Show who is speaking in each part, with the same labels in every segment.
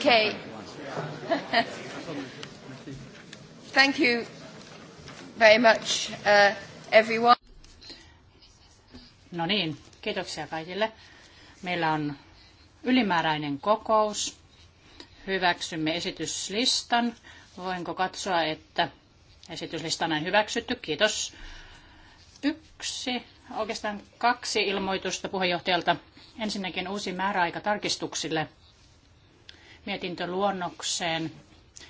Speaker 1: Okay.
Speaker 2: Thank you very much, uh, everyone.
Speaker 3: No niin, kiitoksia kaikille. Meillä on ylimääräinen kokous. Hyväksymme esityslistan. Voinko katsoa, että esityslista on hyväksytty? Kiitos. Yksi, oikeastaan kaksi ilmoitusta puheenjohtajalta. Ensinnäkin uusi määräaika tarkistuksille – mietintöluonnokseen,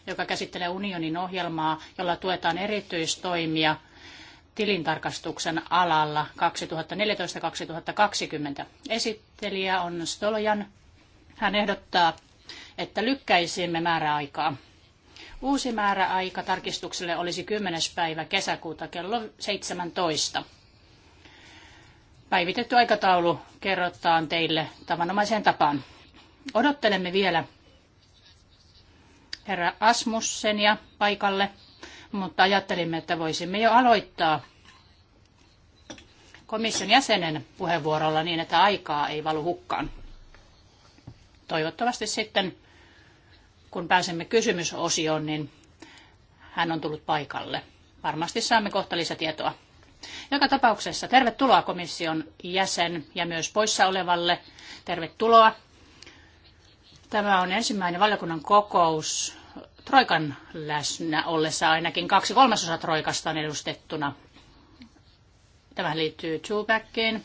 Speaker 3: joka käsittelee unionin ohjelmaa, jolla tuetaan erityistoimia tilintarkastuksen alalla 2014-2020. Esittelijä on Stolojan. Hän ehdottaa, että lykkäisimme määräaikaa. Uusi määräaika tarkistukselle olisi 10. päivä kesäkuuta kello 17. Päivitetty aikataulu kerrotaan teille tavanomaiseen tapaan. Odottelemme vielä herra Asmussenia paikalle, mutta ajattelimme, että voisimme jo aloittaa komission jäsenen puheenvuorolla niin, että aikaa ei valu hukkaan. Toivottavasti sitten, kun pääsemme kysymysosioon, niin hän on tullut paikalle. Varmasti saamme kohta lisätietoa. Joka tapauksessa tervetuloa komission jäsen ja myös poissa olevalle. Tervetuloa. Tämä on ensimmäinen valiokunnan kokous Troikan läsnä ollessa ainakin kaksi kolmasosa Troikasta on edustettuna. Tämä liittyy Tupackiin.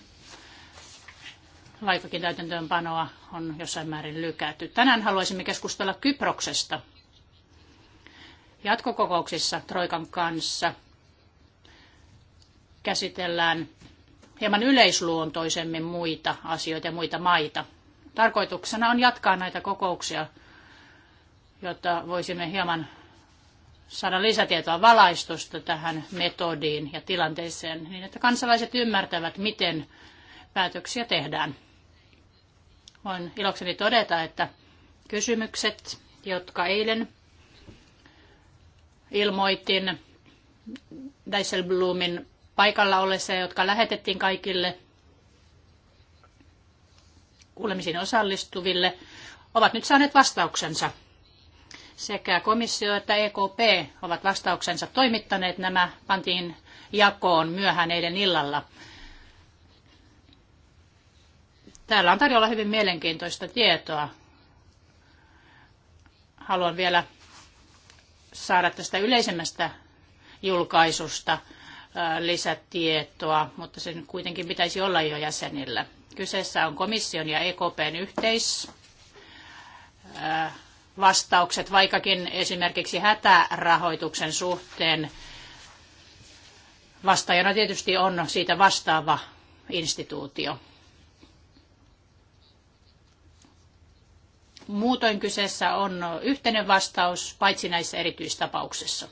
Speaker 3: Laikakin täytäntöönpanoa on jossain määrin lykätty. Tänään haluaisimme keskustella Kyproksesta. Jatkokokouksissa Troikan kanssa käsitellään hieman yleisluontoisemmin muita asioita ja muita maita – Tarkoituksena on jatkaa näitä kokouksia, jotta voisimme hieman saada lisätietoa valaistusta tähän metodiin ja tilanteeseen, niin että kansalaiset ymmärtävät, miten päätöksiä tehdään. Voin ilokseni todeta, että kysymykset, jotka eilen ilmoitin Dijsselbloomin paikalla ollessa, jotka lähetettiin kaikille kuulemisiin osallistuville ovat nyt saaneet vastauksensa. Sekä komissio että EKP ovat vastauksensa toimittaneet. Nämä pantiin jakoon myöhään eilen illalla. Täällä on tarjolla hyvin mielenkiintoista tietoa. Haluan vielä saada tästä yleisemmästä julkaisusta lisätietoa, mutta sen kuitenkin pitäisi olla jo jäsenillä. Kyseessä on komission ja EKPn yhteis vastaukset, vaikkakin esimerkiksi hätärahoituksen suhteen vastaajana tietysti on siitä vastaava instituutio. Muutoin kyseessä on yhteinen vastaus, paitsi näissä erityistapauksissa.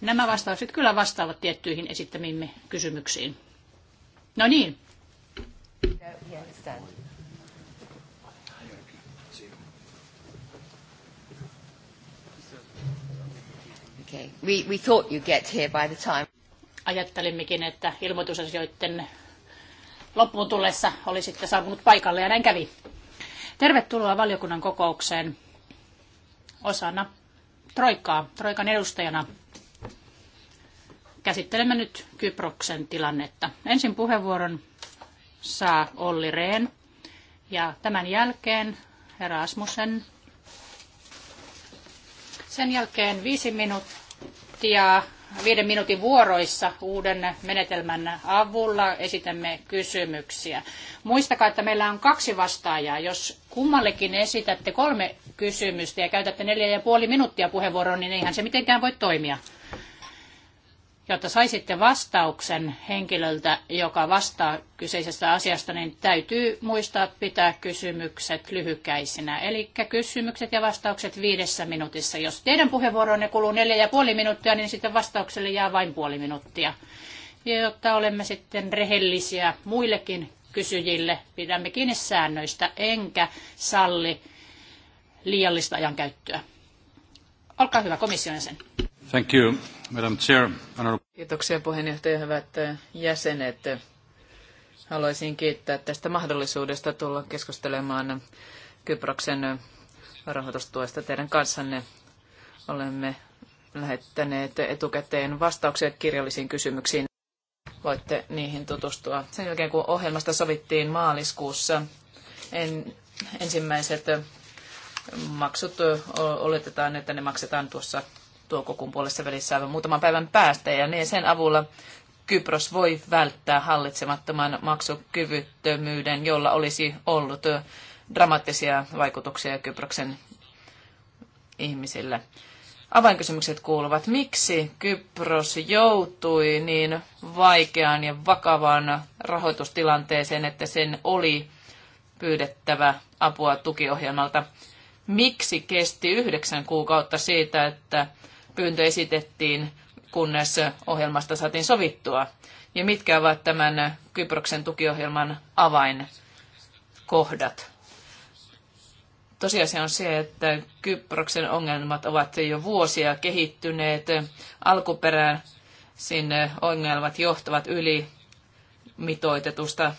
Speaker 3: Nämä vastaukset kyllä vastaavat tiettyihin esittämiimme kysymyksiin. No niin, Okay. We, thought you'd get here by the time. Ajattelimmekin, että ilmoitusasioiden loppuun tullessa olisitte saapunut paikalle ja näin kävi. Tervetuloa valiokunnan kokoukseen osana Troikaa, Troikan edustajana. Käsittelemme nyt Kyproksen tilannetta. Ensin puheenvuoron saa Olli Rehn. Ja tämän jälkeen herra Sen jälkeen viisi minuuttia viiden minuutin vuoroissa uuden menetelmän avulla esitämme kysymyksiä. Muistakaa, että meillä on kaksi vastaajaa. Jos kummallekin esitätte kolme kysymystä ja käytätte neljä ja puoli minuuttia puheenvuoroon, niin eihän se mitenkään voi toimia jotta saisitte vastauksen henkilöltä, joka vastaa kyseisestä asiasta, niin täytyy muistaa pitää kysymykset lyhykäisinä. Eli kysymykset ja vastaukset viidessä minuutissa. Jos teidän puheenvuoronne kuluu neljä ja puoli minuuttia, niin sitten vastaukselle jää vain puoli minuuttia. Ja jotta olemme sitten rehellisiä muillekin kysyjille, pidämme kiinni säännöistä, enkä salli liiallista ajankäyttöä. Olkaa hyvä komission sen.
Speaker 4: Thank you. Madam Chair.
Speaker 5: Kiitoksia puheenjohtaja, hyvät eh, jäsenet. Haluaisin kiittää tästä mahdollisuudesta tulla keskustelemaan Kyproksen eh, rahoitustuesta teidän kanssanne. Olemme lähettäneet etukäteen vastauksia kirjallisiin kysymyksiin. Voitte niihin tutustua. Sen jälkeen kun ohjelmasta sovittiin maaliskuussa, en, ensimmäiset eh, maksut oletetaan, että ne maksetaan tuossa toukokuun puolessa välissä aivan muutaman päivän päästä, ja niin sen avulla Kypros voi välttää hallitsemattoman maksukyvyttömyyden, jolla olisi ollut dramaattisia vaikutuksia Kyproksen ihmisille. Avainkysymykset kuuluvat, miksi Kypros joutui niin vaikeaan ja vakavaan rahoitustilanteeseen, että sen oli pyydettävä apua tukiohjelmalta. Miksi kesti yhdeksän kuukautta siitä, että pyyntö esitettiin, kunnes ohjelmasta saatiin sovittua? Ja mitkä ovat tämän Kyproksen tukiohjelman avainkohdat? Tosiasia on se, että Kyproksen ongelmat ovat jo vuosia kehittyneet. Alkuperään sinne ongelmat johtavat yli mitoitetusta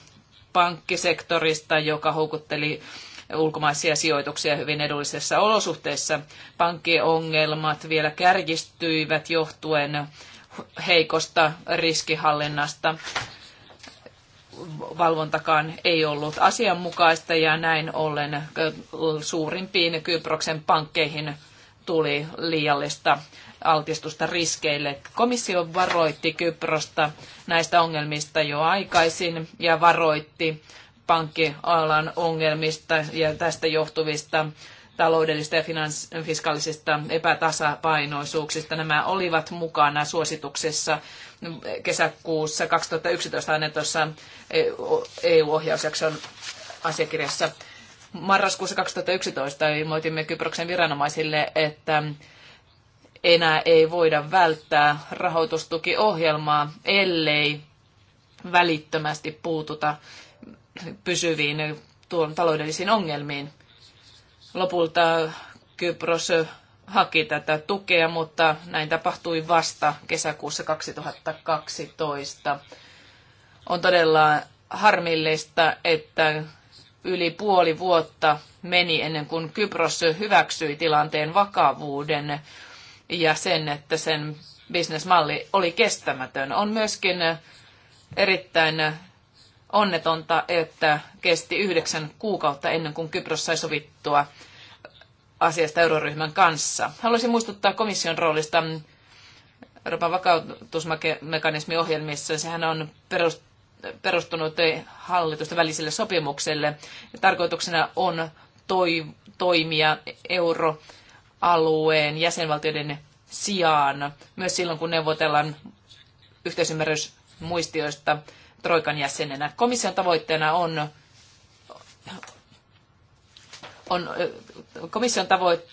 Speaker 5: pankkisektorista, joka houkutteli ulkomaisia sijoituksia hyvin edullisissa olosuhteissa. ongelmat vielä kärjistyivät johtuen heikosta riskihallinnasta. Valvontakaan ei ollut asianmukaista ja näin ollen suurimpiin Kyproksen pankkeihin tuli liiallista altistusta riskeille. Komissio varoitti Kyprosta näistä ongelmista jo aikaisin ja varoitti pankkialan ongelmista ja tästä johtuvista taloudellista ja finans- fiskaalisista epätasapainoisuuksista. Nämä olivat mukana suosituksessa kesäkuussa 2011 annetussa EU-ohjausjakson asiakirjassa. Marraskuussa 2011 ilmoitimme Kyproksen viranomaisille, että enää ei voida välttää rahoitustukiohjelmaa, ellei välittömästi puututa pysyviin eh, tuon taloudellisiin ongelmiin. Lopulta Kypros eh, haki tätä tukea, mutta näin tapahtui vasta kesäkuussa 2012. On todella harmillista, että yli puoli vuotta meni ennen kuin Kypros hyväksyi tilanteen vakavuuden ja sen, että sen bisnesmalli oli kestämätön. On myöskin erittäin onnetonta, että kesti yhdeksän kuukautta ennen kuin Kypros sai sovittua asiasta euroryhmän kanssa. Haluaisin muistuttaa komission roolista Euroopan vakautusmekanismiohjelmissa. Sehän on perustunut hallitusten väliselle sopimukselle. Tarkoituksena on toi, toimia euroalueen jäsenvaltioiden sijaan myös silloin, kun neuvotellaan yhteisymmärrysmuistioista. muistioista Troikan jäsenenä. Komission tavoitteena on, on komission tavoite,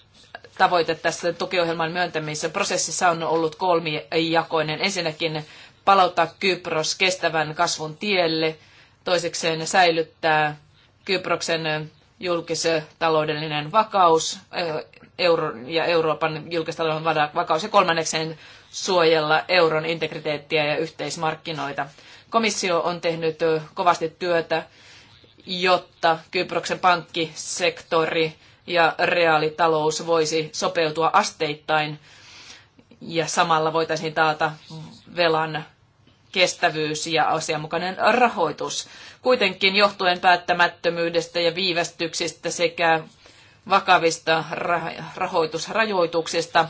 Speaker 5: tavoite tässä tukiohjelman myöntämisen prosessissa on ollut kolmijakoinen. Ensinnäkin palauttaa Kypros kestävän kasvun tielle, toisekseen säilyttää Kyproksen julkistaloudellinen vakaus euro, ja Euroopan julkistalouden vakaus ja kolmanneksi suojella euron integriteettiä ja yhteismarkkinoita. Komissio on tehnyt kovasti työtä, jotta Kyproksen pankkisektori ja reaalitalous voisi sopeutua asteittain ja samalla voitaisiin taata velan kestävyys ja asianmukainen rahoitus. Kuitenkin johtuen päättämättömyydestä ja viivästyksistä sekä vakavista rahoitusrajoituksista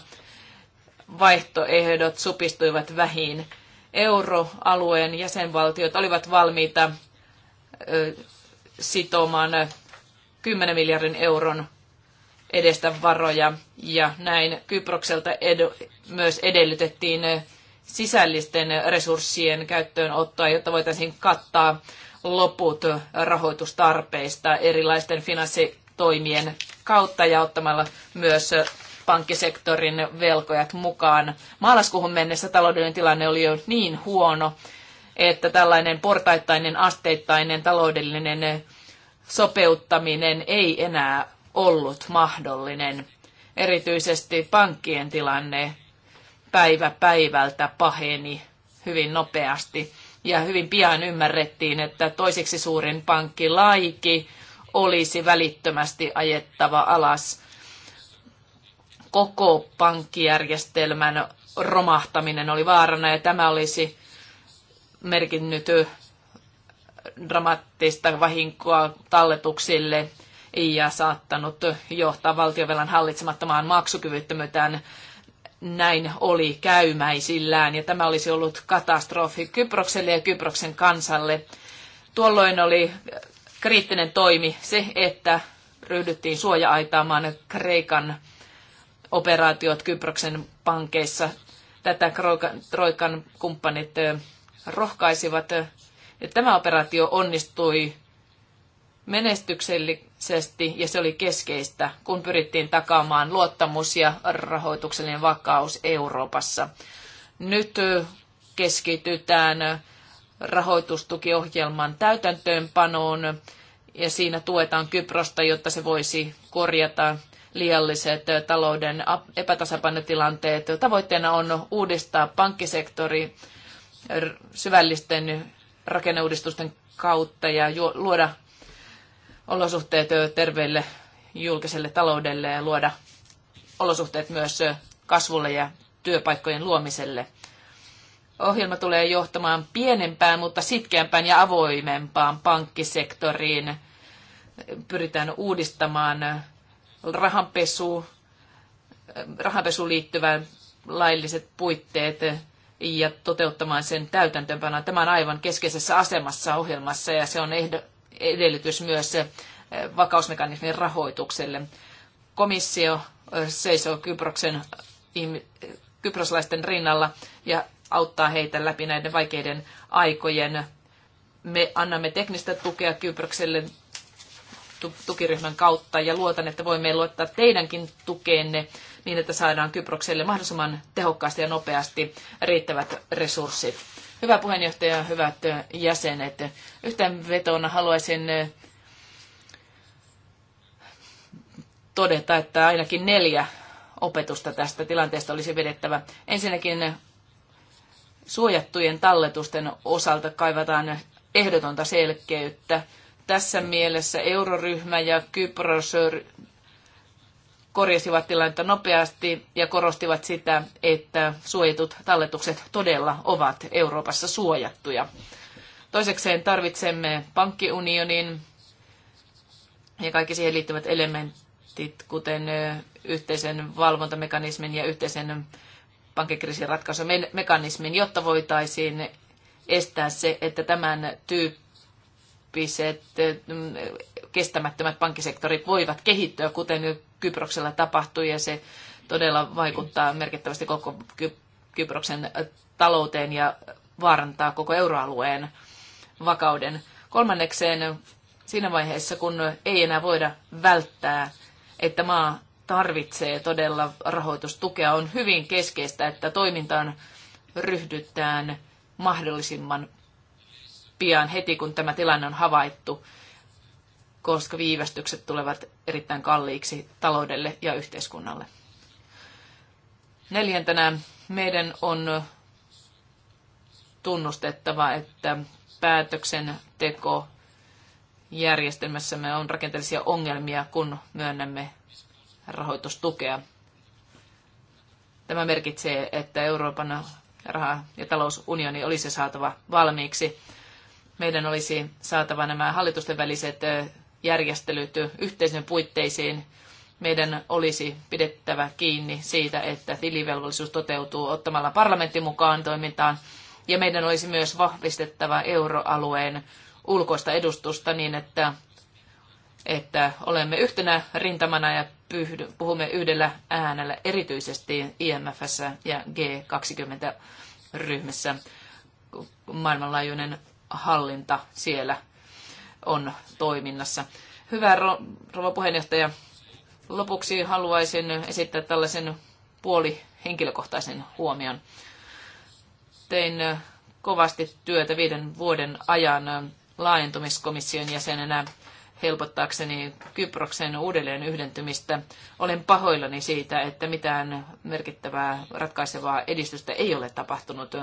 Speaker 5: vaihtoehdot supistuivat vähin euroalueen jäsenvaltiot olivat valmiita sitomaan 10 miljardin euron edestä varoja ja näin Kyprokselta myös edellytettiin sisällisten resurssien käyttöönottoa, jotta voitaisiin kattaa loput rahoitustarpeista erilaisten finanssitoimien kautta ja ottamalla myös pankkisektorin velkojat mukaan. Maalaskuuhun mennessä taloudellinen tilanne oli jo niin huono, että tällainen portaittainen, asteittainen taloudellinen sopeuttaminen ei enää ollut mahdollinen. Erityisesti pankkien tilanne päivä päivältä paheni hyvin nopeasti. Ja hyvin pian ymmärrettiin, että toiseksi suurin pankki Laiki olisi välittömästi ajettava alas koko pankkijärjestelmän romahtaminen oli vaarana ja tämä olisi merkinnyt dramaattista vahinkoa talletuksille ja saattanut johtaa valtiovelan hallitsemattomaan maksukyvyttömyyteen. Näin oli käymäisillään ja tämä olisi ollut katastrofi Kyprokselle ja Kyproksen kansalle. Tuolloin oli kriittinen toimi se, että ryhdyttiin suoja-aitaamaan Kreikan operaatiot Kyproksen pankeissa. Tätä Troikan kumppanit rohkaisivat. Tämä operaatio onnistui menestyksellisesti ja se oli keskeistä, kun pyrittiin takaamaan luottamus ja rahoituksellinen vakaus Euroopassa. Nyt keskitytään rahoitustukiohjelman täytäntöönpanoon ja siinä tuetaan Kyprosta, jotta se voisi korjata liialliset talouden epätasapainotilanteet. Tavoitteena on uudistaa pankkisektori syvällisten rakenneuudistusten kautta ja luoda olosuhteet terveelle julkiselle taloudelle ja luoda olosuhteet myös kasvulle ja työpaikkojen luomiselle. Ohjelma tulee johtamaan pienempään, mutta sitkeämpään ja avoimempaan pankkisektoriin. Pyritään uudistamaan rahanpesu, rahanpesuun liittyvän lailliset puitteet ja toteuttamaan sen täytäntöönpanoa. Tämä on aivan keskeisessä asemassa ohjelmassa ja se on edellytys myös eh, vakausmekanismin rahoitukselle. Komissio eh, seisoo Kyproksen, eh, kyproslaisten rinnalla ja auttaa heitä läpi näiden vaikeiden aikojen. Me annamme teknistä tukea Kyprokselle tukiryhmän kautta ja luotan, että voimme luottaa teidänkin tukeenne niin, että saadaan Kyprokselle mahdollisimman tehokkaasti ja nopeasti riittävät resurssit. Hyvä puheenjohtaja, hyvät jäsenet. Yhteenvetona haluaisin eh, todeta, että ainakin neljä opetusta tästä tilanteesta olisi vedettävä. Ensinnäkin suojattujen talletusten osalta kaivataan ehdotonta selkeyttä. Tässä mielessä euroryhmä ja Kypros korjasivat tilannetta nopeasti ja korostivat sitä, että suojatut talletukset todella ovat Euroopassa suojattuja. Toisekseen tarvitsemme pankkiunionin ja kaikki siihen liittyvät elementit, kuten yhteisen valvontamekanismin ja yhteisen pankkikriisin ratkaisumekanismin, jotta voitaisiin estää se, että tämän tyyppi tyyppiset eh, kestämättömät pankkisektorit voivat kehittyä, kuten Kyproksella tapahtui, ja se todella vaikuttaa merkittävästi koko Kyproksen eh, talouteen ja vaarantaa koko euroalueen vakauden. Kolmannekseen siinä vaiheessa, kun ei enää voida välttää, että maa tarvitsee todella rahoitustukea, on hyvin keskeistä, että toimintaan ryhdytään mahdollisimman pian heti, kun tämä tilanne on havaittu, koska viivästykset tulevat erittäin kalliiksi taloudelle ja yhteiskunnalle. Neljäntenä meidän on tunnustettava, että päätöksenteko järjestelmässämme on rakenteellisia ongelmia, kun myönnämme rahoitustukea. Tämä merkitsee, että Euroopan raha- ja talousunioni olisi saatava valmiiksi. Meidän olisi saatava nämä hallitusten väliset järjestelyt yhteisön puitteisiin. Meidän olisi pidettävä kiinni siitä, että tilivelvollisuus toteutuu ottamalla parlamentti mukaan toimintaan. Ja meidän olisi myös vahvistettava euroalueen ulkoista edustusta niin, että, että olemme yhtenä rintamana ja puhumme yhdellä äänellä erityisesti IMFssä ja G20-ryhmässä. Maailmanlaajuinen hallinta siellä on toiminnassa. Hyvä rouva puheenjohtaja, lopuksi haluaisin esittää tällaisen puoli henkilökohtaisen huomion. Tein kovasti työtä viiden vuoden ajan laajentumiskomission jäsenenä helpottaakseni Kyproksen uudelleen yhdentymistä. Olen pahoillani siitä, että mitään merkittävää ratkaisevaa edistystä ei ole tapahtunut.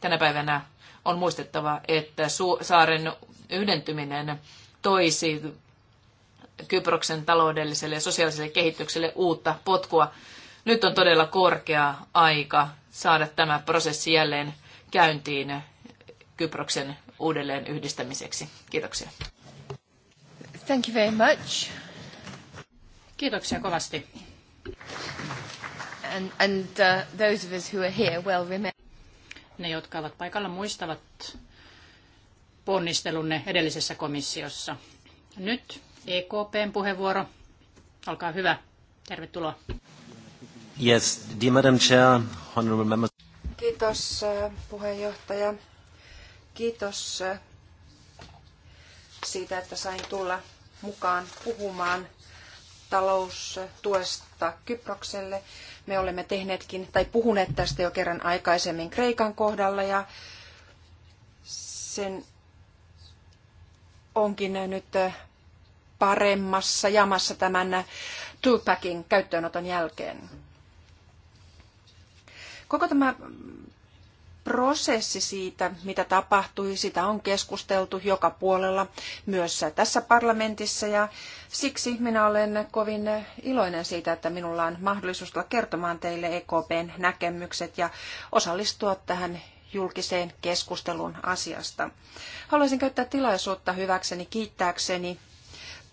Speaker 5: Tänä päivänä on muistettava, että saaren yhdentyminen toisi Kyproksen taloudelliselle ja sosiaaliselle kehitykselle uutta potkua. Nyt on todella korkea aika saada tämä prosessi jälleen käyntiin Kyproksen uudelleen yhdistämiseksi. Kiitoksia.
Speaker 2: Thank you very much.
Speaker 3: Kiitoksia kovasti. And,
Speaker 2: and uh, those of us who are here well remember.
Speaker 3: Ne, jotka ovat paikalla, muistavat ponnistelunne edellisessä komissiossa. Nyt EKPn puheenvuoro.
Speaker 2: Olkaa hyvä. Tervetuloa.
Speaker 1: Yes, dear Madam Chair, honorable members.
Speaker 2: Kiitos äh, puheenjohtaja. Kiitos äh, siitä, että sain tulla mukaan puhumaan taloustuesta Kyprokselle. Me olemme tehneetkin tai puhuneet tästä jo kerran aikaisemmin Kreikan kohdalla ja sen onkin nyt paremmassa jamassa tämän Tupakin käyttöönoton jälkeen. Koko tämä prosessi siitä, mitä tapahtui, sitä on keskusteltu joka puolella, myös tässä parlamentissa. Ja siksi minä olen kovin iloinen siitä, että minulla on mahdollisuus tulla kertomaan teille EKPn näkemykset ja osallistua tähän julkiseen keskusteluun asiasta. Haluaisin käyttää tilaisuutta hyväkseni kiittääkseni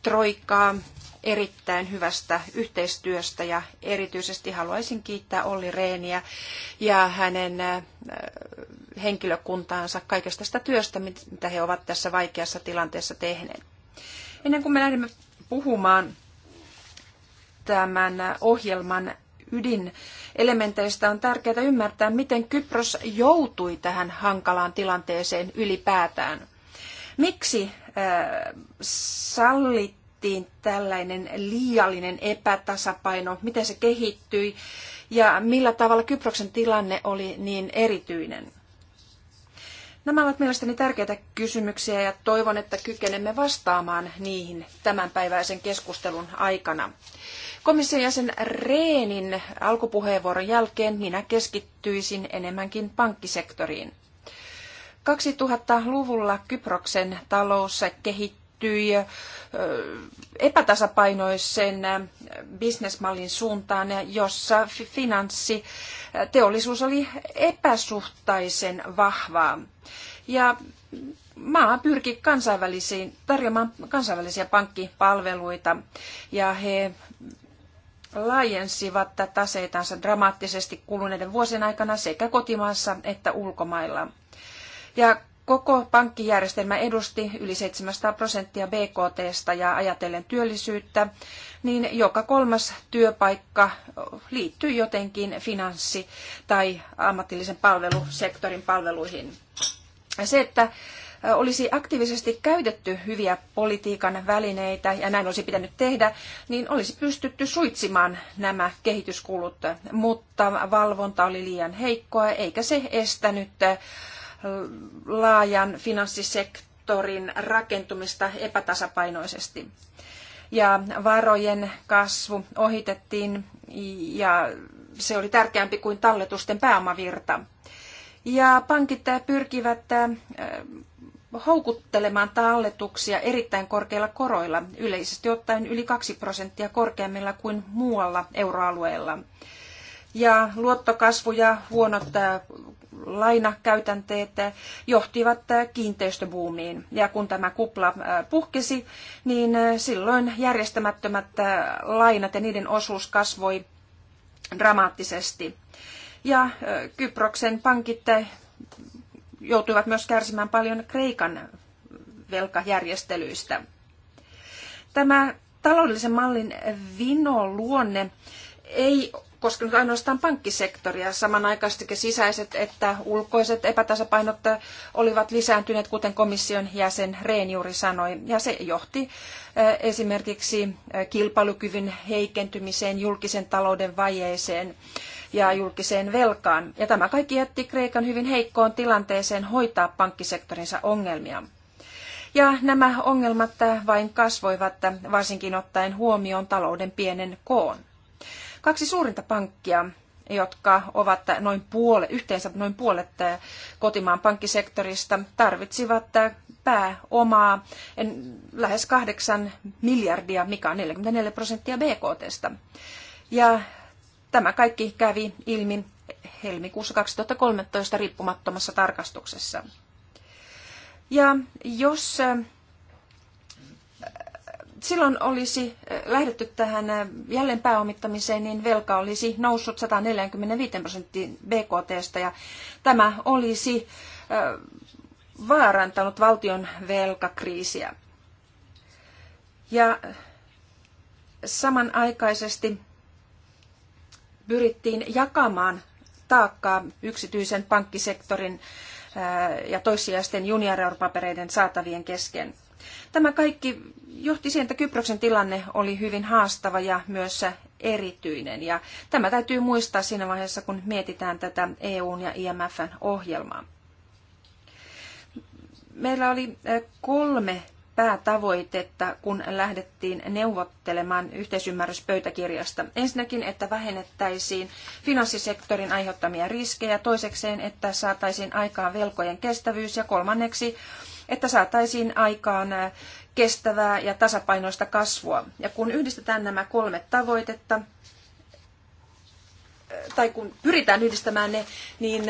Speaker 2: Troikkaa erittäin hyvästä yhteistyöstä ja erityisesti haluaisin kiittää Olli Reeniä ja hänen äh, henkilökuntaansa kaikesta tästä työstä, mitä he ovat tässä vaikeassa tilanteessa tehneet. Ennen kuin me lähdemme puhumaan tämän ohjelman ydinelementeistä on tärkeää ymmärtää, miten Kypros joutui tähän hankalaan tilanteeseen ylipäätään. Miksi äh, sallit havaittiin tällainen liiallinen epätasapaino, miten se kehittyi ja millä tavalla Kyproksen tilanne oli niin erityinen? Nämä ovat mielestäni tärkeitä kysymyksiä ja toivon, että kykenemme vastaamaan niihin tämänpäiväisen keskustelun aikana. Komission jäsen Reenin alkupuheenvuoron jälkeen minä keskittyisin enemmänkin pankkisektoriin. 2000-luvulla Kyproksen talous kehittyi siirtyi epätasapainoisen bisnesmallin suuntaan, jossa finanssi teollisuus oli epäsuhtaisen vahvaa. Ja maa pyrki kansainvälisiin, tarjoamaan kansainvälisiä pankkipalveluita ja he laajensivat taseitansa dramaattisesti kuluneiden vuosien aikana sekä kotimaassa että ulkomailla. Ja Koko pankkijärjestelmä edusti yli 700 prosenttia BKTstä ja ajatellen työllisyyttä, niin joka kolmas työpaikka liittyy jotenkin finanssi- tai ammatillisen palvelusektorin palveluihin. Ja se, että olisi aktiivisesti käytetty hyviä politiikan välineitä ja näin olisi pitänyt tehdä, niin olisi pystytty suitsimaan nämä kehityskulut, mutta valvonta oli liian heikkoa eikä se estänyt laajan finanssisektorin rakentumista epätasapainoisesti. Ja varojen kasvu ohitettiin ja se oli tärkeämpi kuin talletusten pääomavirta. Ja pankit pyrkivät äh, houkuttelemaan talletuksia erittäin korkeilla koroilla, yleisesti ottaen yli 2 prosenttia korkeammilla kuin muualla euroalueella. Ja luottokasvu ja huonot äh, lainakäytänteet johtivat kiinteistöbuumiin. Ja kun tämä kupla äh, puhkesi, niin äh, silloin järjestämättömät äh, lainat ja niiden osuus kasvoi dramaattisesti. Ja Kyproksen pankit joutuivat myös kärsimään paljon Kreikan velkajärjestelyistä. Tämä taloudellisen mallin vino luonne ei koskenut ainoastaan pankkisektoria. Samanaikaisesti sisäiset että ulkoiset epätasapainot olivat lisääntyneet, kuten komission jäsen Rehn juuri sanoi, ja se johti eh, esimerkiksi eh, kilpailukyvyn heikentymiseen, julkisen talouden vajeeseen ja julkiseen velkaan. Ja tämä kaikki jätti Kreikan hyvin heikkoon tilanteeseen hoitaa pankkisektorinsa ongelmia. Ja nämä ongelmat eh, vain kasvoivat, varsinkin ottaen huomioon talouden pienen koon. Kaksi suurinta pankkia, jotka ovat noin puole, yhteensä noin puolet eh, kotimaan pankkisektorista, tarvitsivat eh, pääomaa en, lähes kahdeksan miljardia, mikä on 44 prosenttia BKTstä. Ja tämä kaikki kävi ilmi helmikuussa 2013 riippumattomassa tarkastuksessa. Ja jos eh, silloin olisi eh, lähdetty tähän eh, jälleen pääomittamiseen, niin velka olisi noussut 145 prosenttiin BKTstä ja tämä olisi eh, vaarantanut valtion velkakriisiä. Ja samanaikaisesti pyrittiin jakamaan taakkaa yksityisen pankkisektorin ja toissijaisten junioripapereiden saatavien kesken – Tämä kaikki johti siihen, että Kyproksen tilanne oli hyvin haastava ja myös erityinen. Ja tämä täytyy muistaa siinä vaiheessa, kun mietitään tätä EUn ja IMFn ohjelmaa. Meillä oli eh, kolme päätavoitetta, kun lähdettiin neuvottelemaan yhteisymmärryspöytäkirjasta. Ensinnäkin, että vähennettäisiin finanssisektorin aiheuttamia riskejä, toisekseen, että saataisiin aikaan velkojen kestävyys ja kolmanneksi, että saataisiin aikaan kestävää ja tasapainoista kasvua. Ja kun yhdistetään nämä kolme tavoitetta, tai kun pyritään yhdistämään ne, niin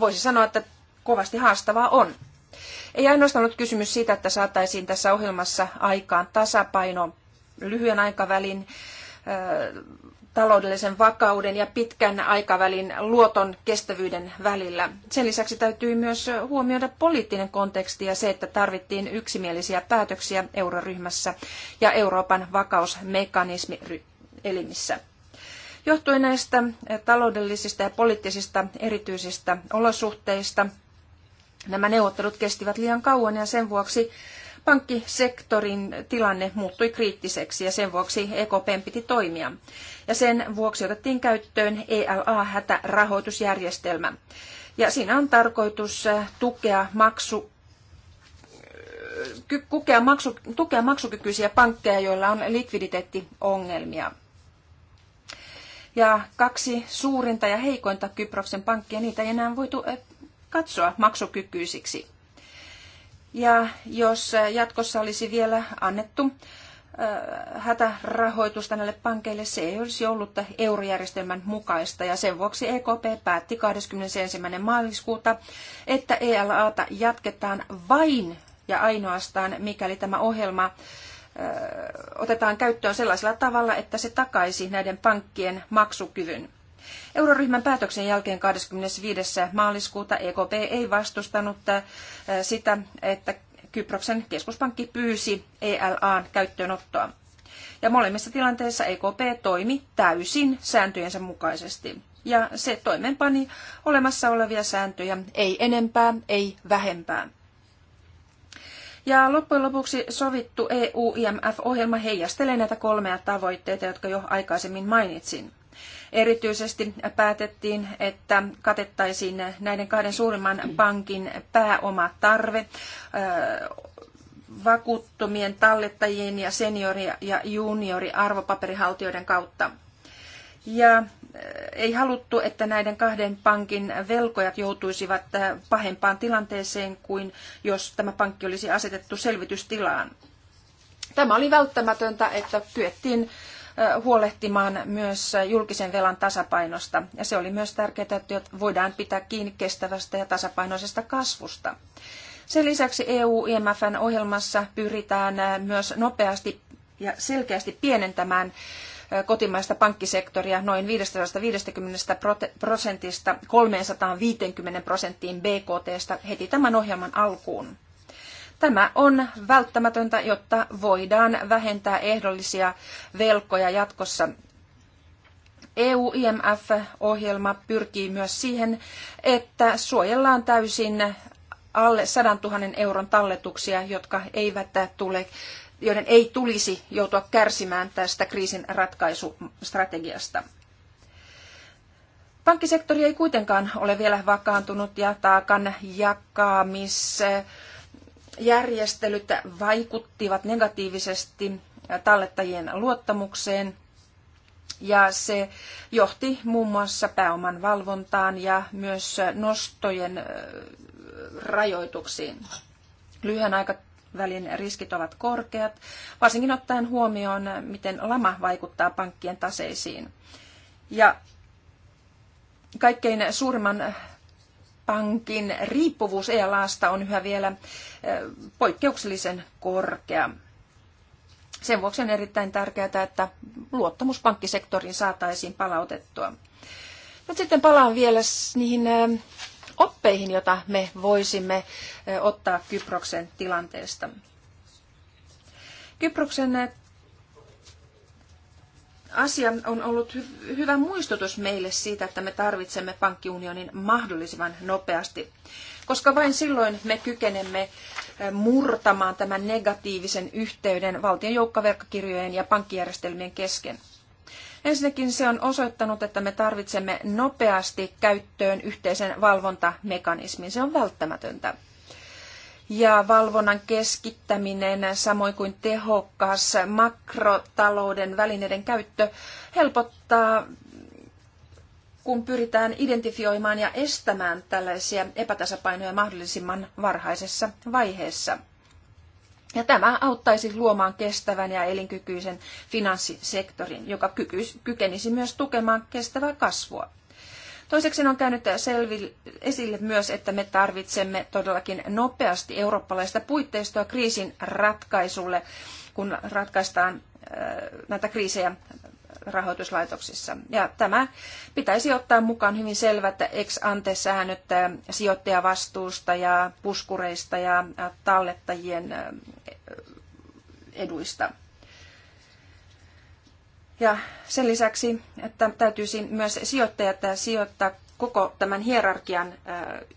Speaker 2: voisi sanoa, että kovasti haastavaa on. Ei ainoastaan ollut kysymys siitä, että saataisiin tässä ohjelmassa aikaan tasapaino lyhyen aikavälin taloudellisen vakauden ja pitkän aikavälin luoton kestävyyden välillä. Sen lisäksi täytyy myös huomioida poliittinen konteksti ja se, että tarvittiin yksimielisiä päätöksiä euroryhmässä ja Euroopan vakausmekanismielimissä. Johtuen näistä taloudellisista ja poliittisista erityisistä olosuhteista nämä neuvottelut kestivät liian kauan ja sen vuoksi pankkisektorin tilanne muuttui kriittiseksi ja sen vuoksi EKP piti toimia. Ja sen vuoksi otettiin käyttöön ELA-hätärahoitusjärjestelmä. Ja siinä on tarkoitus äh, tukea maksu tukea, äh, maksu, tukea maksukykyisiä pankkeja, joilla on likviditeettiongelmia. Ja kaksi suurinta ja heikointa Kyproksen pankkia, niitä ei enää voitu äh, katsoa maksukykyisiksi. Ja jos jatkossa olisi vielä annettu hätärahoitusta näille pankeille, se ei olisi ollut eurojärjestelmän mukaista ja sen vuoksi EKP päätti 21. maaliskuuta, että ELAta jatketaan vain ja ainoastaan, mikäli tämä ohjelma otetaan käyttöön sellaisella tavalla, että se takaisi näiden pankkien maksukyvyn. Euroryhmän päätöksen jälkeen 25. maaliskuuta EKP ei vastustanut äh, sitä, että Kyproksen keskuspankki pyysi ELAn käyttöönottoa. Ja molemmissa tilanteissa EKP toimi täysin sääntöjensä mukaisesti. Ja se toimeenpani olemassa olevia sääntöjä, ei enempää, ei vähempää. Ja loppujen lopuksi sovittu EU-IMF-ohjelma heijastelee näitä kolmea tavoitteita, jotka jo aikaisemmin mainitsin. Erityisesti päätettiin, että katettaisiin näiden kahden suurimman pankin pääomatarve vakuuttomien tallettajien ja seniori- ja juniori kautta. Ja ei haluttu, että näiden kahden pankin velkojat joutuisivat pahempaan tilanteeseen kuin jos tämä pankki olisi asetettu selvitystilaan. Tämä oli välttämätöntä, että kyettiin huolehtimaan myös julkisen velan tasapainosta. Ja se oli myös tärkeää, että voidaan pitää kiinni kestävästä ja tasapainoisesta kasvusta. Sen lisäksi EU-IMFn ohjelmassa pyritään myös nopeasti ja selkeästi pienentämään kotimaista pankkisektoria noin 550 prosentista 350 prosenttiin BKTstä heti tämän ohjelman alkuun. Tämä on välttämätöntä, jotta voidaan vähentää ehdollisia velkoja jatkossa. EU-IMF-ohjelma pyrkii myös siihen, että suojellaan täysin alle 100 000 euron talletuksia, jotka eivät tule joiden ei tulisi joutua kärsimään tästä kriisin ratkaisustrategiasta. Pankkisektori ei kuitenkaan ole vielä vakaantunut ja taakan jakamis järjestelyt vaikuttivat negatiivisesti tallettajien luottamukseen ja se johti muun muassa pääoman valvontaan ja myös nostojen rajoituksiin. Lyhyen aikavälin riskit ovat korkeat, varsinkin ottaen huomioon, miten lama vaikuttaa pankkien taseisiin. Ja kaikkein suurimman pankin riippuvuus ELAsta on yhä vielä poikkeuksellisen korkea. Sen vuoksi on erittäin tärkeää, että luottamus pankkisektoriin saataisiin palautettua. Nyt sitten palaan vielä niihin oppeihin, joita me voisimme ottaa Kyproksen tilanteesta. Kyproksen asia on ollut hy- hyvä muistutus meille siitä, että me tarvitsemme pankkiunionin mahdollisimman nopeasti, koska vain silloin me kykenemme murtamaan tämän negatiivisen yhteyden valtion joukkoverkkokirjojen ja pankkijärjestelmien kesken. Ensinnäkin se on osoittanut, että me tarvitsemme nopeasti käyttöön yhteisen valvontamekanismin. Se on välttämätöntä ja valvonnan keskittäminen, samoin kuin tehokas makrotalouden välineiden käyttö helpottaa, kun pyritään identifioimaan ja estämään tällaisia epätasapainoja mahdollisimman varhaisessa vaiheessa. Ja tämä auttaisi luomaan kestävän ja elinkykyisen finanssisektorin, joka kykenisi myös tukemaan kestävää kasvua. Toiseksi on käynyt esille myös, että me tarvitsemme todellakin nopeasti eurooppalaista puitteistoa kriisin ratkaisulle, kun ratkaistaan äh, näitä kriisejä rahoituslaitoksissa. Ja tämä pitäisi ottaa mukaan hyvin selvät ex ante säännöt äh, sijoittajavastuusta ja puskureista ja äh, tallettajien eduista. Ja sen lisäksi, että täytyisi myös sijoittajat sijoittaa koko tämän hierarkian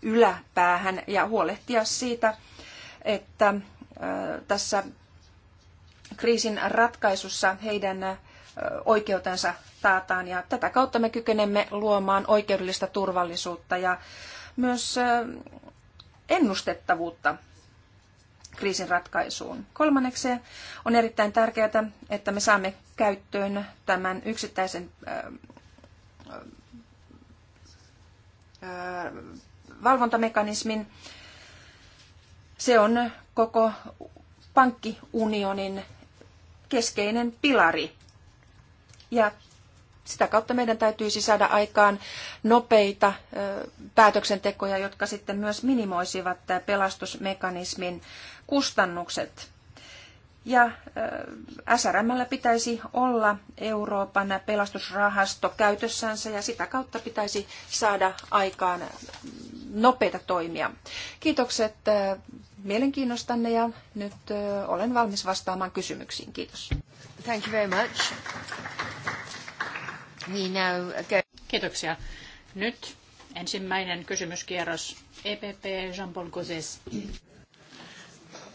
Speaker 2: yläpäähän ja huolehtia siitä, että tässä kriisin ratkaisussa heidän oikeutensa taataan. Ja tätä kautta me kykenemme luomaan oikeudellista turvallisuutta ja myös ennustettavuutta kriisin ratkaisuun. Kolmanneksi on erittäin tärkeää, että me saamme käyttöön tämän yksittäisen valvontamekanismin. Se on koko pankkiunionin keskeinen pilari. Ja sitä kautta meidän täytyisi saada aikaan nopeita päätöksentekoja, jotka sitten myös minimoisivat pelastusmekanismin kustannukset. Ja SRMllä pitäisi olla Euroopan pelastusrahasto käytössänsä ja sitä kautta pitäisi saada aikaan nopeita toimia. Kiitokset mielenkiinnostanne ja nyt olen valmis vastaamaan kysymyksiin. Kiitos. Thank you very much. We now go. Kiitoksia. Nyt ensimmäinen
Speaker 3: kysymyskierros EPP Jean-Paul Gauzès.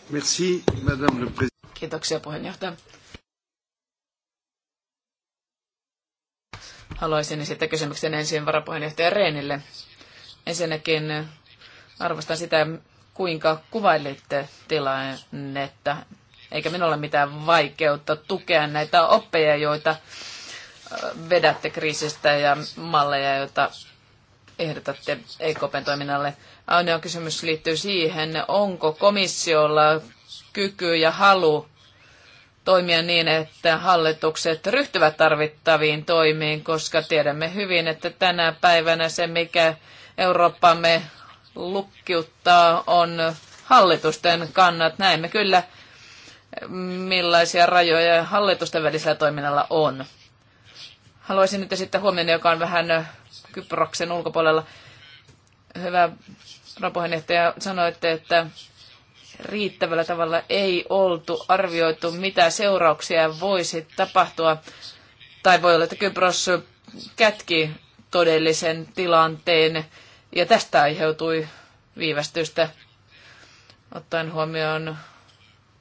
Speaker 4: Merci, Madame le
Speaker 5: Kiitoksia puheenjohtaja. Haluaisin esittää kysymyksen ensin varapuheenjohtaja Reenille. Ensinnäkin arvostan sitä, kuinka kuvailitte tilannetta, eikä minulla ole mitään vaikeutta tukea näitä oppeja, joita vedätte kriisistä ja malleja, joita ehdotatte EKPn toiminnalle? Ainoa kysymys liittyy siihen, onko komissiolla kyky ja halu toimia niin, että hallitukset ryhtyvät tarvittaviin toimiin, koska tiedämme hyvin, että tänä päivänä se, mikä Eurooppamme lukkiuttaa, on hallitusten kannat. Näemme kyllä, millaisia rajoja hallitusten välisellä toiminnalla on. Haluaisin nyt esittää huomioon, joka on vähän Kyproksen ulkopuolella. Hyvä rapuheenjohtaja, sanoitte, että riittävällä tavalla ei oltu arvioitu, mitä seurauksia voisi tapahtua. Tai voi olla, että Kypros kätki todellisen tilanteen ja tästä aiheutui viivästystä ottaen huomioon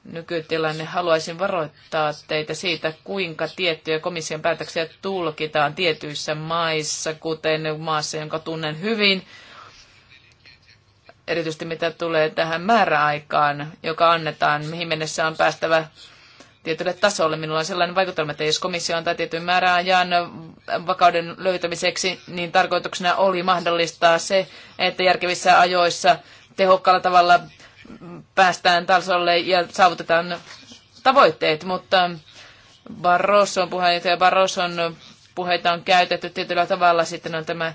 Speaker 5: nykytilanne. Haluaisin varoittaa teitä siitä, kuinka tiettyjä komission päätöksiä tulkitaan tietyissä maissa, kuten maassa, jonka tunnen hyvin. Erityisesti mitä tulee tähän määräaikaan, joka annetaan, mihin mennessä on päästävä tietylle tasolle. Minulla on sellainen vaikutelma, että jos komissio antaa tietyn määräajan vakauden löytämiseksi, niin tarkoituksena oli mahdollistaa se, että järkevissä ajoissa tehokkaalla tavalla päästään tasolle ja saavutetaan tavoitteet, mutta Barroson puheenjohtaja Barroson puheita on käytetty tietyllä tavalla. Sitten on tämä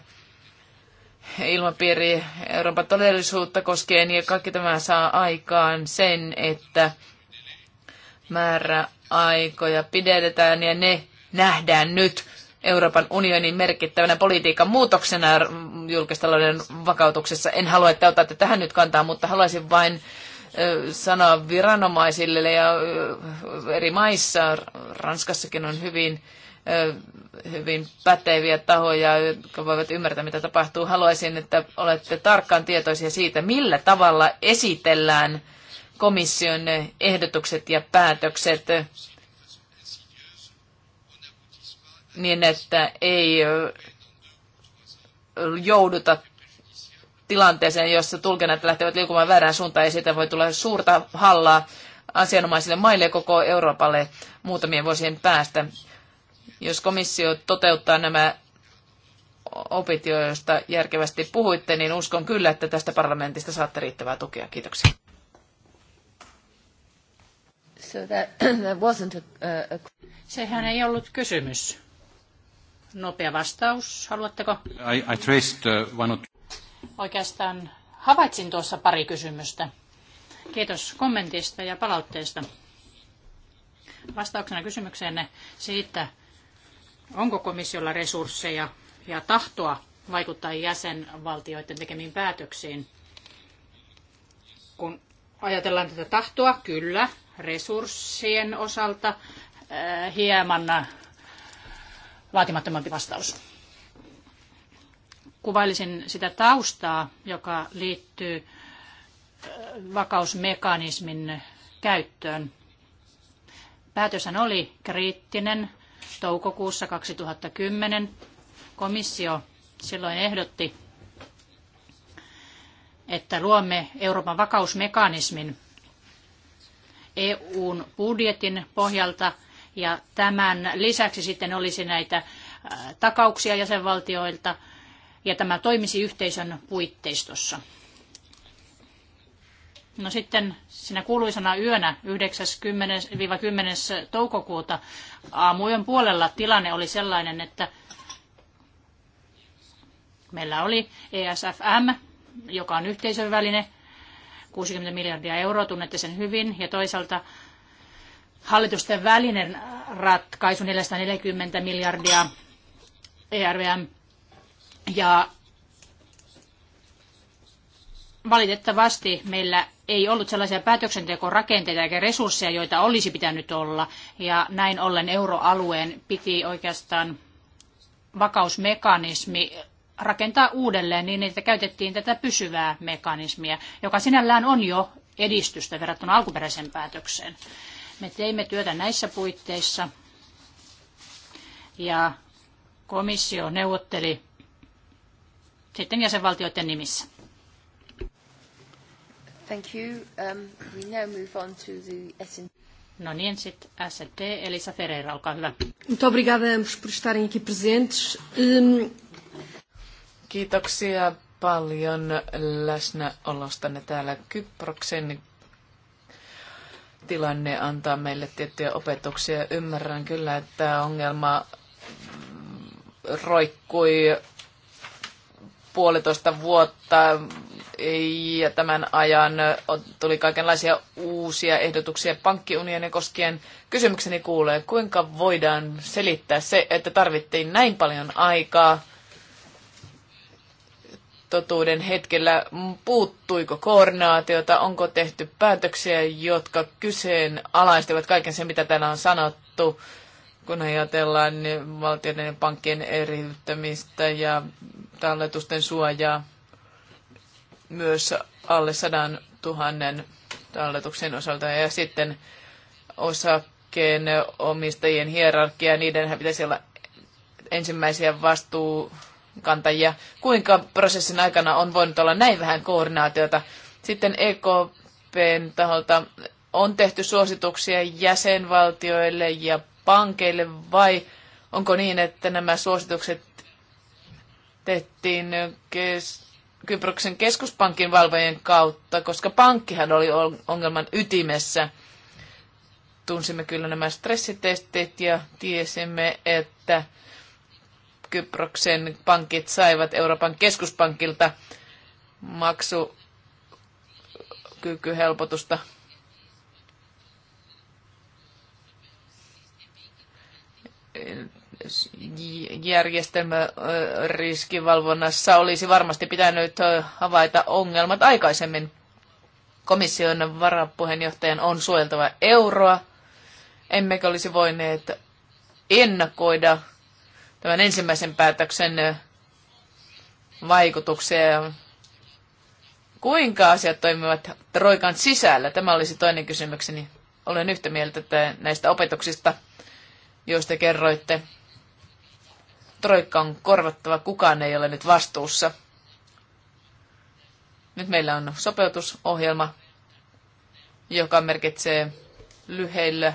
Speaker 5: ilmapiiri Euroopan todellisuutta koskien ja kaikki tämä saa aikaan sen, että määräaikoja pidetään ja ne nähdään nyt Euroopan unionin merkittävänä politiikan muutoksena julkistalouden vakautuksessa. En halua, että otatte tähän nyt kantaa, mutta haluaisin vain sanoa viranomaisille ja eri maissa, Ranskassakin on hyvin, hyvin päteviä tahoja, jotka voivat ymmärtää, mitä tapahtuu. Haluaisin, että olette tarkkaan tietoisia siitä, millä tavalla esitellään komission ehdotukset ja päätökset niin että ei jouduta tilanteeseen, jossa tulkinnat lähtevät liukumaan väärään suuntaan ja siitä voi tulla suurta hallaa asianomaisille maille ja koko Euroopalle muutamien vuosien päästä. Jos komissio toteuttaa nämä opit, joista järkevästi puhuitte, niin uskon kyllä, että tästä parlamentista saatte riittävää tukea. Kiitoksia.
Speaker 3: So that, that wasn't a, a... Sehän ei ollut kysymys. Nopea vastaus, haluatteko? I, I traced, uh, one Oikeastaan havaitsin tuossa pari kysymystä. Kiitos kommentista ja palautteesta. Vastauksena kysymykseenne siitä, onko komissiolla resursseja ja tahtoa vaikuttaa jäsenvaltioiden tekemiin päätöksiin. Kun ajatellaan tätä tahtoa, kyllä, resurssien osalta äh, hieman vaatimattomampi vastaus. Kuvailisin sitä taustaa, joka liittyy vakausmekanismin käyttöön. Päätöshän oli kriittinen toukokuussa 2010. Komissio silloin ehdotti, että luomme Euroopan vakausmekanismin EUn budjetin pohjalta – ja tämän lisäksi sitten olisi näitä äh, takauksia jäsenvaltioilta ja tämä toimisi yhteisön puitteistossa. No sitten sinä kuuluisana yönä 9-10 toukokuuta aamuyön puolella tilanne oli sellainen, että meillä oli ESFM, joka on yhteisön väline, 60 miljardia euroa, tunnette sen hyvin, ja toisaalta hallitusten välinen ratkaisu 440 miljardia ERVM ja valitettavasti meillä ei ollut sellaisia päätöksentekorakenteita eikä resursseja, joita olisi pitänyt olla. Ja näin ollen euroalueen piti oikeastaan vakausmekanismi rakentaa uudelleen niin, että käytettiin tätä pysyvää mekanismia, joka sinällään on jo edistystä verrattuna alkuperäiseen päätökseen. Me teimme työtä näissä puitteissa ja komissio neuvotteli sitten jäsenvaltioiden nimissä.
Speaker 2: Thank you. Um, we now move on to the SN.
Speaker 3: No niin, sitten S&T, Elisa Ferreira, olkaa hyvä.
Speaker 2: Muito obrigada ambos por estarem aqui presentes. Um...
Speaker 5: Kiitoksia paljon läsnäolostanne täällä Kyproksen tilanne antaa meille tiettyjä opetuksia. Ymmärrän kyllä, että ongelma roikkui puolitoista vuotta ja tämän ajan tuli kaikenlaisia uusia ehdotuksia pankkiunionin koskien. Kysymykseni kuulee, kuinka voidaan selittää se, että tarvittiin näin paljon aikaa totuuden hetkellä, puuttuiko koordinaatiota, onko tehty päätöksiä, jotka kyseenalaistivat kaiken sen, mitä täällä on sanottu, kun ajatellaan niin valtioiden ja pankkien eriyttämistä ja talletusten suojaa myös alle 100 tuhannen talletuksen osalta ja sitten osakkeen omistajien hierarkia, niidenhän pitäisi olla ensimmäisiä vastuu kantajia. Kuinka prosessin aikana on voinut olla näin vähän koordinaatiota? Sitten EKPn taholta on tehty suosituksia jäsenvaltioille ja pankeille vai onko niin, että nämä suositukset tehtiin kes- Kyproksen keskuspankin valvojen kautta, koska pankkihan oli ongelman ytimessä. Tunsimme kyllä nämä stressitestit ja tiesimme, että Kyproksen pankit saivat Euroopan keskuspankilta maksukykyhelpotusta. järjestelmä riskivalvonnassa olisi varmasti pitänyt havaita ongelmat aikaisemmin. Komission varapuheenjohtajan on suojeltava euroa. Emmekä olisi voineet ennakoida tämän ensimmäisen päätöksen vaikutuksia. Kuinka asiat toimivat Troikan sisällä? Tämä olisi toinen kysymykseni. Olen yhtä mieltä näistä opetuksista, joista kerroitte. Troikka on korvattava, kukaan ei ole nyt vastuussa. Nyt meillä on sopeutusohjelma, joka merkitsee lyheillä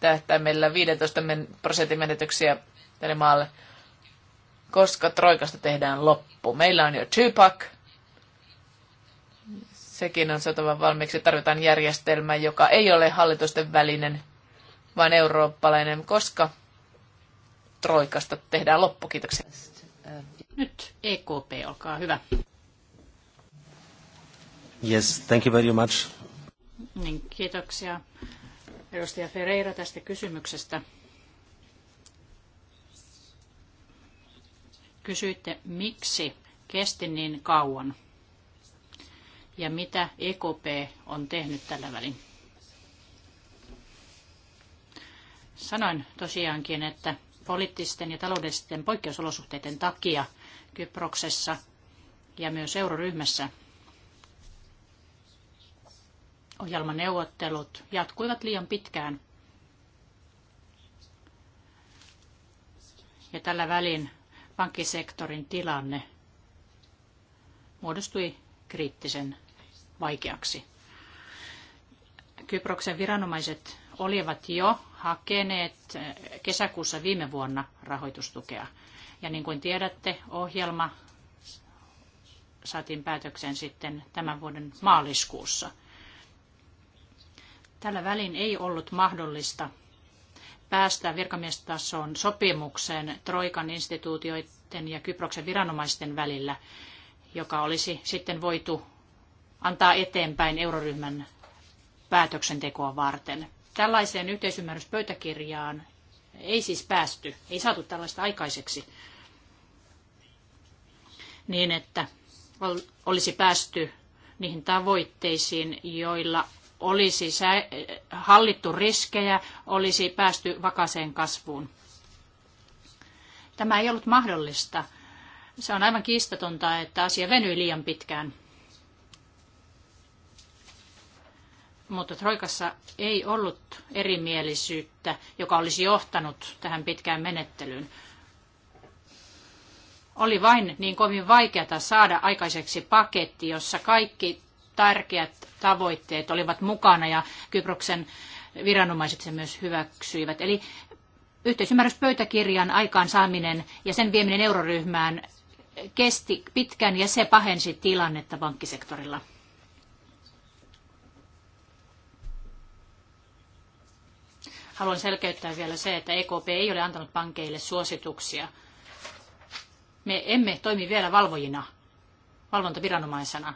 Speaker 5: tähtäimellä 15 prosentin menetyksiä tälle maalle, koska Troikasta tehdään loppu. Meillä on jo Tupac, sekin on saatava valmiiksi. Tarvitaan järjestelmä, joka ei ole hallitusten välinen, vaan eurooppalainen, koska Troikasta tehdään loppu. Kiitoksia. Nyt EKP, olkaa hyvä.
Speaker 1: Yes, thank you very much.
Speaker 3: Niin, kiitoksia edustaja Ferreira tästä kysymyksestä. Kysyitte, miksi kesti niin kauan ja mitä EKP on tehnyt tällä välin. Sanoin tosiaankin, että poliittisten ja taloudellisten poikkeusolosuhteiden takia Kyproksessa ja myös euroryhmässä ohjelmaneuvottelut jatkuivat liian pitkään. Ja tällä välin pankkisektorin tilanne muodostui kriittisen vaikeaksi. Kyproksen viranomaiset olivat jo hakeneet kesäkuussa viime vuonna rahoitustukea. Ja niin kuin tiedätte, ohjelma saatiin päätökseen sitten tämän vuoden maaliskuussa. Tällä välin ei ollut mahdollista päästä virkamiestason sopimukseen Troikan instituutioiden ja Kyproksen viranomaisten välillä, joka olisi sitten voitu antaa eteenpäin euroryhmän päätöksentekoa varten. Tällaiseen yhteisymmärryspöytäkirjaan ei siis päästy, ei saatu tällaista aikaiseksi niin, että olisi päästy niihin tavoitteisiin, joilla olisi hallittu riskejä, olisi päästy vakaseen kasvuun. Tämä ei ollut mahdollista. Se on aivan kiistatonta, että asia venyi liian pitkään. Mutta Troikassa ei ollut erimielisyyttä, joka olisi johtanut tähän pitkään menettelyyn. Oli vain niin kovin vaikeata saada aikaiseksi paketti, jossa kaikki tärkeät tavoitteet olivat mukana ja Kyproksen viranomaiset sen myös hyväksyivät. Eli yhteisymmärryspöytäkirjan aikaansaaminen ja sen vieminen euroryhmään kesti pitkään ja se pahensi tilannetta pankkisektorilla. Haluan selkeyttää vielä se, että EKP ei ole antanut pankeille suosituksia. Me emme toimi vielä valvojina, valvontaviranomaisena.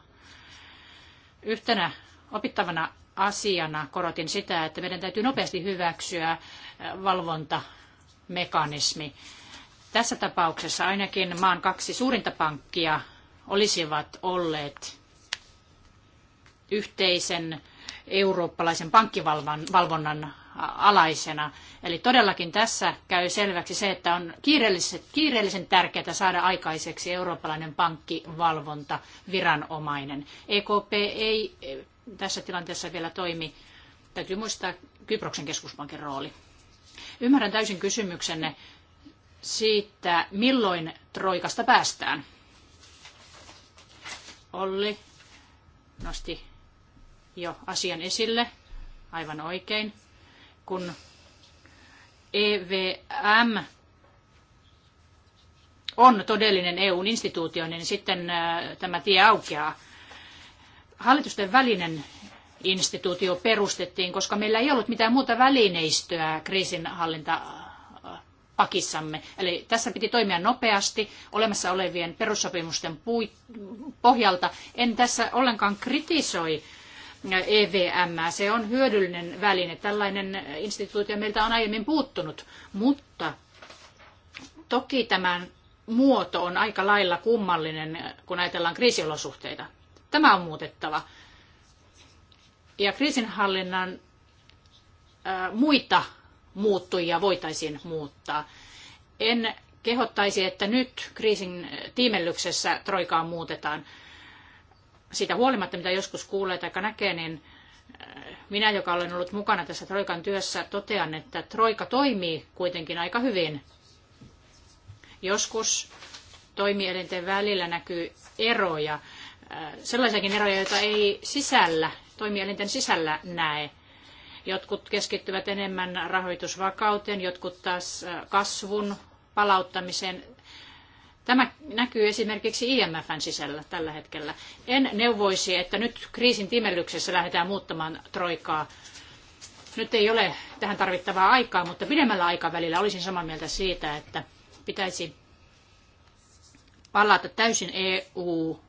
Speaker 3: Yhtenä opittavana asiana korotin sitä, että meidän täytyy nopeasti hyväksyä valvontamekanismi. Tässä tapauksessa ainakin maan kaksi suurinta pankkia olisivat olleet yhteisen eurooppalaisen pankkivalvonnan alaisena. Eli todellakin tässä käy selväksi se, että on kiireellisen tärkeää saada aikaiseksi eurooppalainen pankkivalvonta viranomainen. EKP ei e, tässä tilanteessa vielä toimi. Täytyy muistaa Kyproksen keskuspankin rooli. Ymmärrän täysin kysymyksenne siitä, milloin Troikasta päästään. Olli nosti jo asian esille, aivan oikein kun EVM on todellinen EU-instituutio, niin sitten äh, tämä tie aukeaa. Hallitusten välinen instituutio perustettiin, koska meillä ei ollut mitään muuta välineistöä kriisinhallinta äh, pakissamme. Eli tässä piti toimia nopeasti olemassa olevien perussopimusten pohjalta. En tässä ollenkaan kritisoi EVM. Se on hyödyllinen väline. Tällainen instituutio meiltä on aiemmin puuttunut, mutta toki tämän muoto on aika lailla kummallinen, kun ajatellaan kriisiolosuhteita. Tämä on muutettava. Ja kriisinhallinnan muita muuttujia voitaisiin muuttaa. En kehottaisi, että nyt kriisin tiimellyksessä troikaa muutetaan siitä huolimatta, mitä joskus kuulee tai näkee, niin äh, minä, joka olen ollut mukana tässä Troikan työssä, totean, että Troika toimii kuitenkin aika hyvin. Joskus toimielinten välillä näkyy eroja, äh, sellaisiakin eroja, joita ei sisällä, toimielinten sisällä näe. Jotkut keskittyvät enemmän rahoitusvakauteen, jotkut taas äh, kasvun palauttamiseen. Tämä näkyy esimerkiksi IMFn sisällä tällä hetkellä. En neuvoisi, että nyt kriisin timellyksessä lähdetään muuttamaan troikaa. Nyt ei ole tähän tarvittavaa aikaa, mutta pidemmällä aikavälillä olisin samaa mieltä siitä, että pitäisi palata täysin EU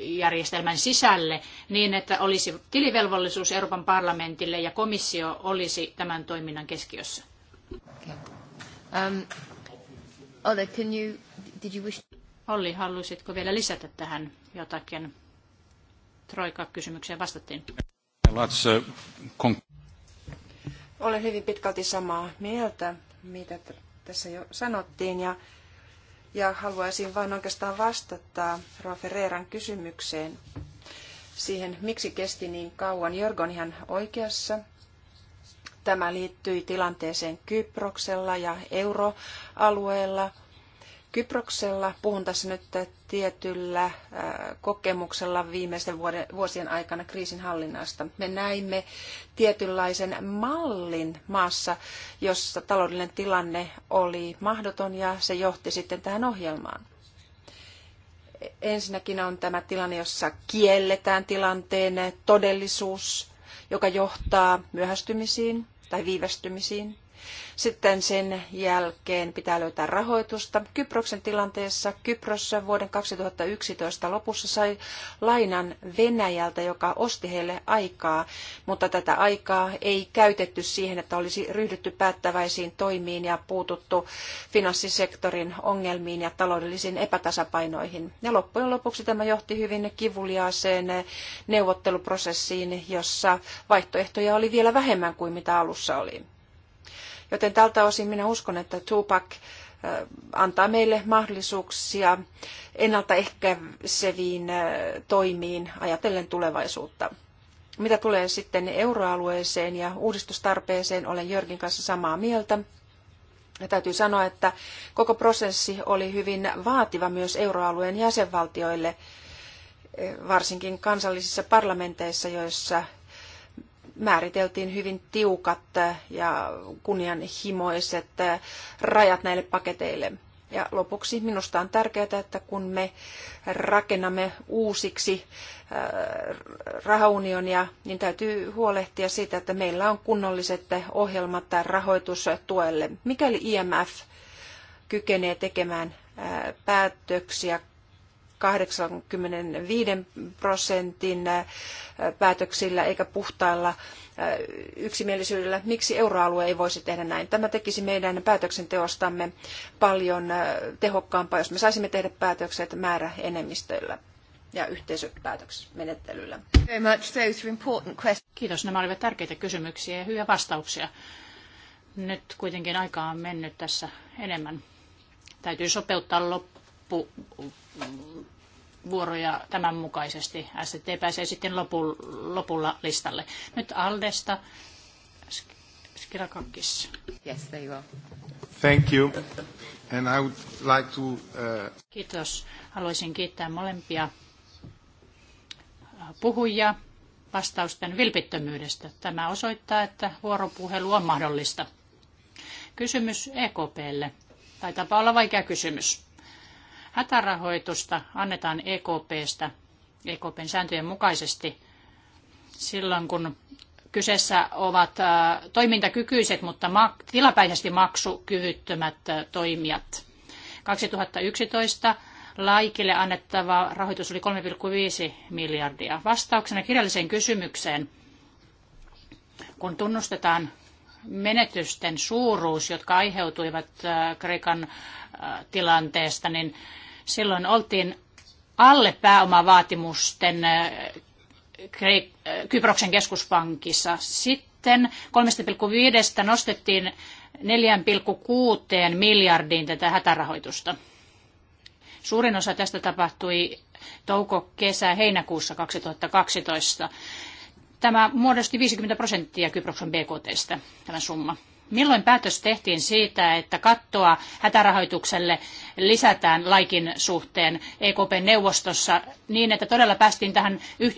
Speaker 3: järjestelmän sisälle niin, että olisi tilivelvollisuus Euroopan parlamentille ja komissio olisi tämän toiminnan keskiössä. Okay. Um, Olle, can you, did you wish... Olli, haluaisitko vielä lisätä tähän jotakin?
Speaker 2: Troika-kysymykseen vastattiin. Uh, Olen hyvin pitkälti samaa mieltä, mitä tässä jo sanottiin, ja, ja haluaisin vain oikeastaan vastata Roa kysymykseen siihen, miksi kesti niin kauan. Jörg on ihan oikeassa. Tämä liittyi tilanteeseen Kyproksella ja euro alueella. Kyproksella puhun tässä nyt tietyllä äh, kokemuksella viimeisten vuosien aikana kriisinhallinnasta. Me näimme tietynlaisen mallin maassa, jossa taloudellinen tilanne oli mahdoton ja se johti sitten tähän ohjelmaan. Ensinnäkin on tämä tilanne, jossa kielletään tilanteen todellisuus, joka johtaa myöhästymisiin tai viivästymisiin sitten sen jälkeen pitää löytää rahoitusta. Kyproksen tilanteessa Kypros vuoden 2011 lopussa sai lainan Venäjältä, joka osti heille aikaa, mutta tätä aikaa ei käytetty siihen, että olisi ryhdytty päättäväisiin toimiin ja puututtu finanssisektorin ongelmiin ja taloudellisiin epätasapainoihin. Ja loppujen lopuksi tämä johti hyvin kivuliaaseen neuvotteluprosessiin, jossa vaihtoehtoja oli vielä vähemmän kuin mitä alussa oli. Joten tältä osin minä uskon, että Tupac äh, antaa meille mahdollisuuksia ennaltaehkäiseviin äh, toimiin ajatellen tulevaisuutta. Mitä tulee sitten euroalueeseen ja uudistustarpeeseen, olen Jörgin kanssa samaa mieltä. Ja täytyy sanoa, että koko prosessi oli hyvin vaativa myös euroalueen jäsenvaltioille, varsinkin kansallisissa parlamenteissa, joissa määriteltiin hyvin tiukat ja kunnianhimoiset rajat näille paketeille. Ja lopuksi minusta on tärkeää, että kun me rakennamme uusiksi äh, rahaunionia, niin täytyy huolehtia siitä, että meillä on kunnolliset ohjelmat tai tuelle. Mikäli IMF kykenee tekemään äh, päätöksiä 85 prosentin äh, päätöksillä eikä puhtailla äh, yksimielisyydellä. Miksi euroalue ei voisi tehdä näin? Tämä tekisi meidän päätöksenteostamme paljon äh, tehokkaampaa, jos me saisimme tehdä päätökset määrä enemmistöllä ja yhteisöpäätöksmenettelyllä.
Speaker 3: Kiitos. Nämä olivat tärkeitä kysymyksiä ja hyviä vastauksia. Nyt kuitenkin aikaa on mennyt tässä enemmän. Täytyy sopeuttaa loppuun loppuvuoroja tämän mukaisesti. ST pääsee sitten lopu, lopulla listalle. Nyt Aldesta. Skirakakis. Yes, there you are.
Speaker 1: Thank you. And I would like to, uh...
Speaker 3: Kiitos. Haluaisin kiittää molempia uh, puhujia vastausten vilpittömyydestä. Tämä osoittaa, että vuoropuhelu on mahdollista. Kysymys EKPlle. Taitaapa olla vaikea kysymys hätärahoitusta annetaan EKPstä, EKPn sääntöjen mukaisesti silloin, kun kyseessä ovat äh, toimintakykyiset, mutta tilapäisesti maksukyvyttömät äh, toimijat. 2011 Laikille annettava rahoitus oli 3,5 miljardia. Vastauksena kirjalliseen kysymykseen, kun tunnustetaan menetysten suuruus, jotka aiheutuivat äh, Kreikan tilanteesta, niin Silloin oltiin alle pääomavaatimusten Kyproksen keskuspankissa. Sitten 3,5 nostettiin 4,6 miljardiin tätä hätärahoitusta. Suurin osa tästä tapahtui touko, kesä, heinäkuussa 2012. Tämä muodosti 50 prosenttia Kyproksen BKTstä, tämä summa. Milloin päätös tehtiin siitä, että kattoa hätärahoitukselle lisätään laikin suhteen EKP-neuvostossa niin, että todella päästiin tähän 9,6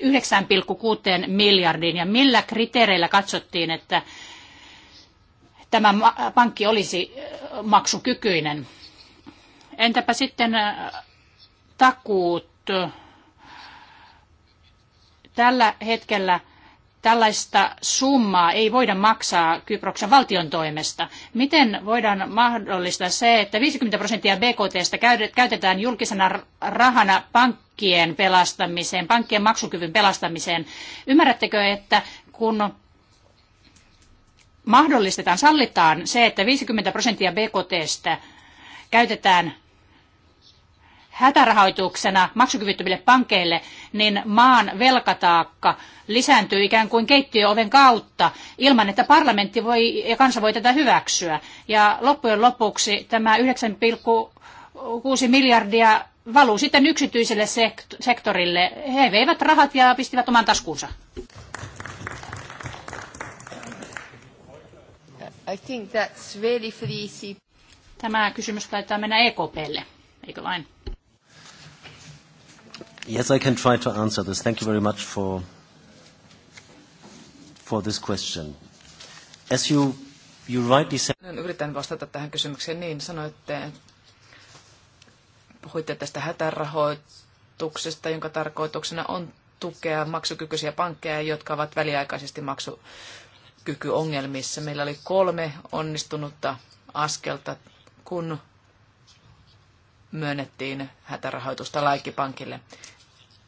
Speaker 3: miljardiin ja millä kriteereillä katsottiin, että tämä pankki olisi maksukykyinen? Entäpä sitten takuut? Tällä hetkellä tällaista summaa ei voida maksaa Kyproksen valtion toimesta. Miten voidaan mahdollistaa se, että 50 prosenttia BKTstä käytetään julkisena rahana pankkien pelastamiseen, pankkien maksukyvyn pelastamiseen? Ymmärrättekö, että kun mahdollistetaan, sallitaan se, että 50 prosenttia BKTstä käytetään hätärahoituksena maksukyvyttömille pankeille, niin maan velkataakka lisääntyy ikään kuin keittiöoven kautta ilman, että parlamentti voi ja kansa voi tätä hyväksyä. Ja loppujen lopuksi tämä 9,6 miljardia valuu sitten yksityiselle sektorille. He veivät rahat ja pistivät oman taskuunsa. I think that's really for the EC. Tämä kysymys taitaa mennä EKPlle, eikö vain?
Speaker 1: Yes, I can try to answer this. Thank you very much for, this question. As you, you rightly said...
Speaker 5: Yritän vastata tähän kysymykseen niin. Sanoitte, puhuitte tästä hätärahoituksesta, jonka tarkoituksena on tukea maksukykyisiä pankkeja, jotka ovat väliaikaisesti maksukykyongelmissa. Meillä oli kolme onnistunutta askelta, kun myönnettiin hätärahoitusta Laikipankille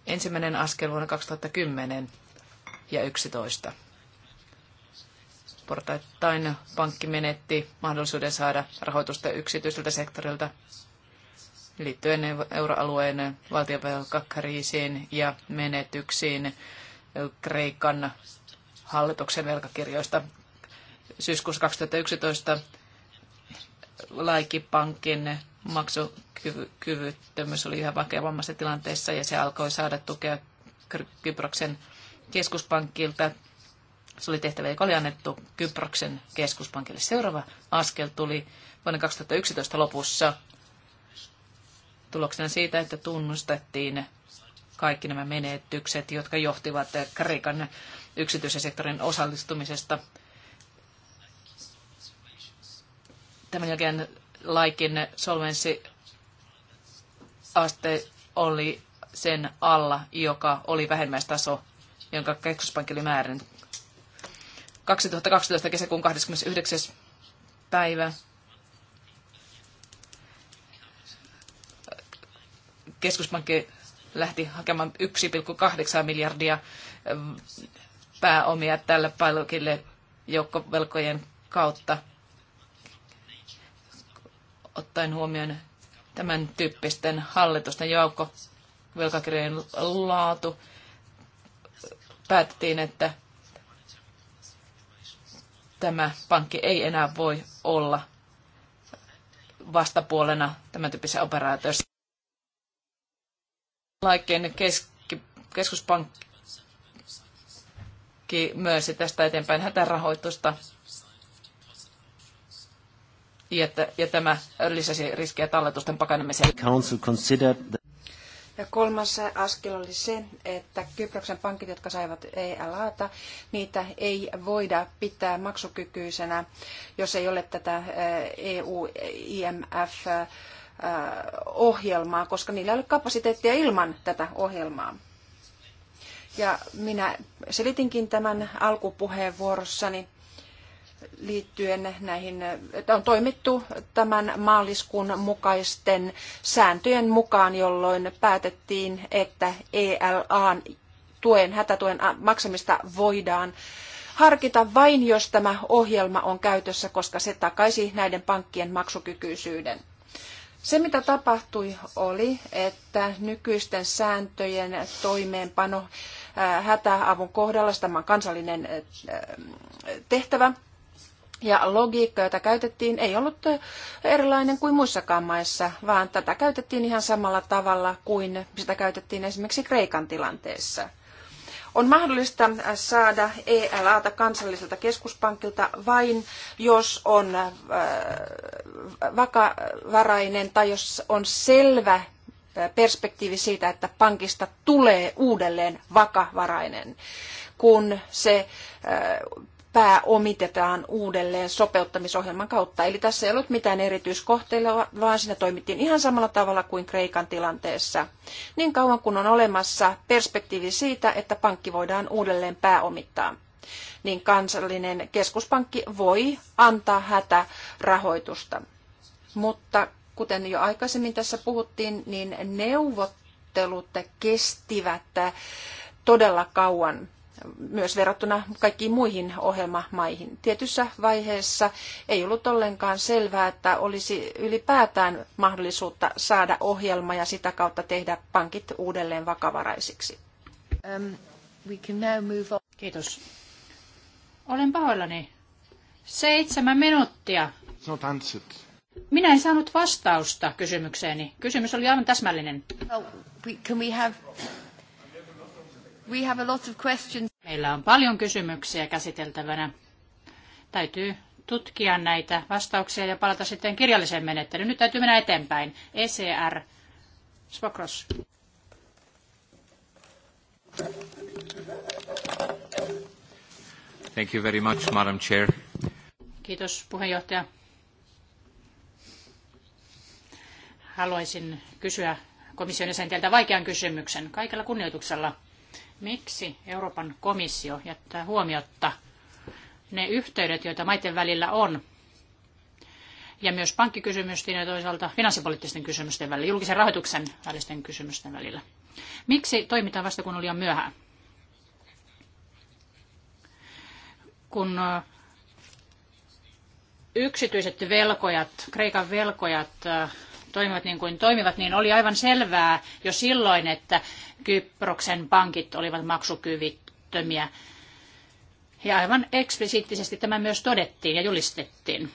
Speaker 5: ensimmäinen askel vuonna 2010 ja 2011. Portaittain pankki menetti mahdollisuuden saada rahoitusta yksityiseltä sektorilta liittyen euroalueen valtionvelkakriisiin ja menetyksiin Kreikan hallituksen velkakirjoista. Syyskuussa 2011 Laikipankin maksukyvyttömyys oli yhä vakavammassa tilanteessa ja se alkoi saada tukea Kyproksen keskuspankilta. Se oli tehtävä, joka oli annettu Kyproksen keskuspankille. Seuraava askel tuli vuonna 2011 lopussa tuloksena siitä, että tunnustettiin kaikki nämä menetykset, jotka johtivat Kreikan yksityisen sektorin osallistumisesta Tämän jälkeen laikin solvenssiaste oli sen alla, joka oli vähemmäistaso, jonka keskuspankki oli määrännyt. 2012 kesäkuun 29. päivä keskuspankki lähti hakemaan 1,8 miljardia pääomia tälle palkille joukkovelkojen kautta – ottaen huomioon tämän tyyppisten hallitusten joukko velkakirjojen laatu. Päätettiin, että tämä pankki ei enää voi olla vastapuolena tämän tyyppisessä operaatiossa. Laikkeen keski, keskuspankki myönsi tästä eteenpäin hätärahoitusta ja, ja tämä lisäsi riskejä talletusten pakanemiseen. Ja kolmas askel oli se,
Speaker 2: että Kyproksen pankit, jotka saivat ELAta, niitä ei voida pitää maksukykyisenä, jos ei ole tätä EU-IMF-ohjelmaa, koska niillä ei ole kapasiteettia ilman tätä ohjelmaa. Ja minä selitinkin tämän alkupuheenvuorossani liittyen näihin, että on toimittu tämän maaliskuun mukaisten sääntöjen mukaan, jolloin päätettiin, että ELAn tuen, hätätuen maksamista voidaan harkita vain, jos tämä ohjelma on käytössä, koska se takaisi näiden pankkien maksukykyisyyden. Se, mitä tapahtui, oli, että nykyisten sääntöjen toimeenpano hätäavun kohdalla, tämä on kansallinen tehtävä, ja logiikka, jota käytettiin, ei ollut erilainen kuin muissakaan maissa, vaan tätä käytettiin ihan samalla tavalla kuin sitä käytettiin esimerkiksi Kreikan tilanteessa. On mahdollista saada ELAta kansalliselta keskuspankilta vain, jos on äh, vakavarainen tai jos on selvä äh, perspektiivi siitä, että pankista tulee uudelleen vakavarainen kun se äh, pääomitetaan uudelleen sopeuttamisohjelman kautta. Eli tässä ei ollut mitään erityiskohteilla, vaan siinä toimittiin ihan samalla tavalla kuin Kreikan tilanteessa. Niin kauan kun on olemassa perspektiivi siitä, että pankki voidaan uudelleen pääomittaa, niin kansallinen keskuspankki voi antaa hätärahoitusta. Mutta kuten jo aikaisemmin tässä puhuttiin, niin neuvottelut kestivät todella kauan myös verrattuna kaikkiin muihin ohjelmamaihin. Tietyssä vaiheessa ei ollut ollenkaan selvää, että olisi ylipäätään mahdollisuutta saada ohjelma ja sitä kautta tehdä pankit uudelleen vakavaraisiksi.
Speaker 3: Um, Kiitos. Olen pahoillani. Seitsemän minuuttia. Minä en saanut vastausta kysymykseeni. Kysymys oli aivan täsmällinen. Well, we, can we have... We have a lot of questions. Meillä on paljon kysymyksiä käsiteltävänä. Täytyy tutkia näitä vastauksia ja palata sitten kirjalliseen menettelyyn. Nyt täytyy mennä eteenpäin. ECR. Spokros.
Speaker 4: Thank you very much, Madam Chair.
Speaker 3: Kiitos puheenjohtaja. Haluaisin kysyä komission jäsentiltä vaikean kysymyksen kaikella kunnioituksella. Miksi Euroopan komissio jättää huomiotta ne yhteydet, joita maiden välillä on, ja myös pankkikysymysten ja toisaalta finanssipoliittisten kysymysten välillä, julkisen rahoituksen välisten kysymysten välillä? Miksi toimitaan vasta kun on liian myöhään? Kun yksityiset velkojat, Kreikan velkojat toimivat niin kuin toimivat, niin oli aivan selvää jo silloin, että Kyproksen pankit olivat maksukyvyttömiä. Ja aivan eksplisiittisesti tämä myös todettiin ja julistettiin.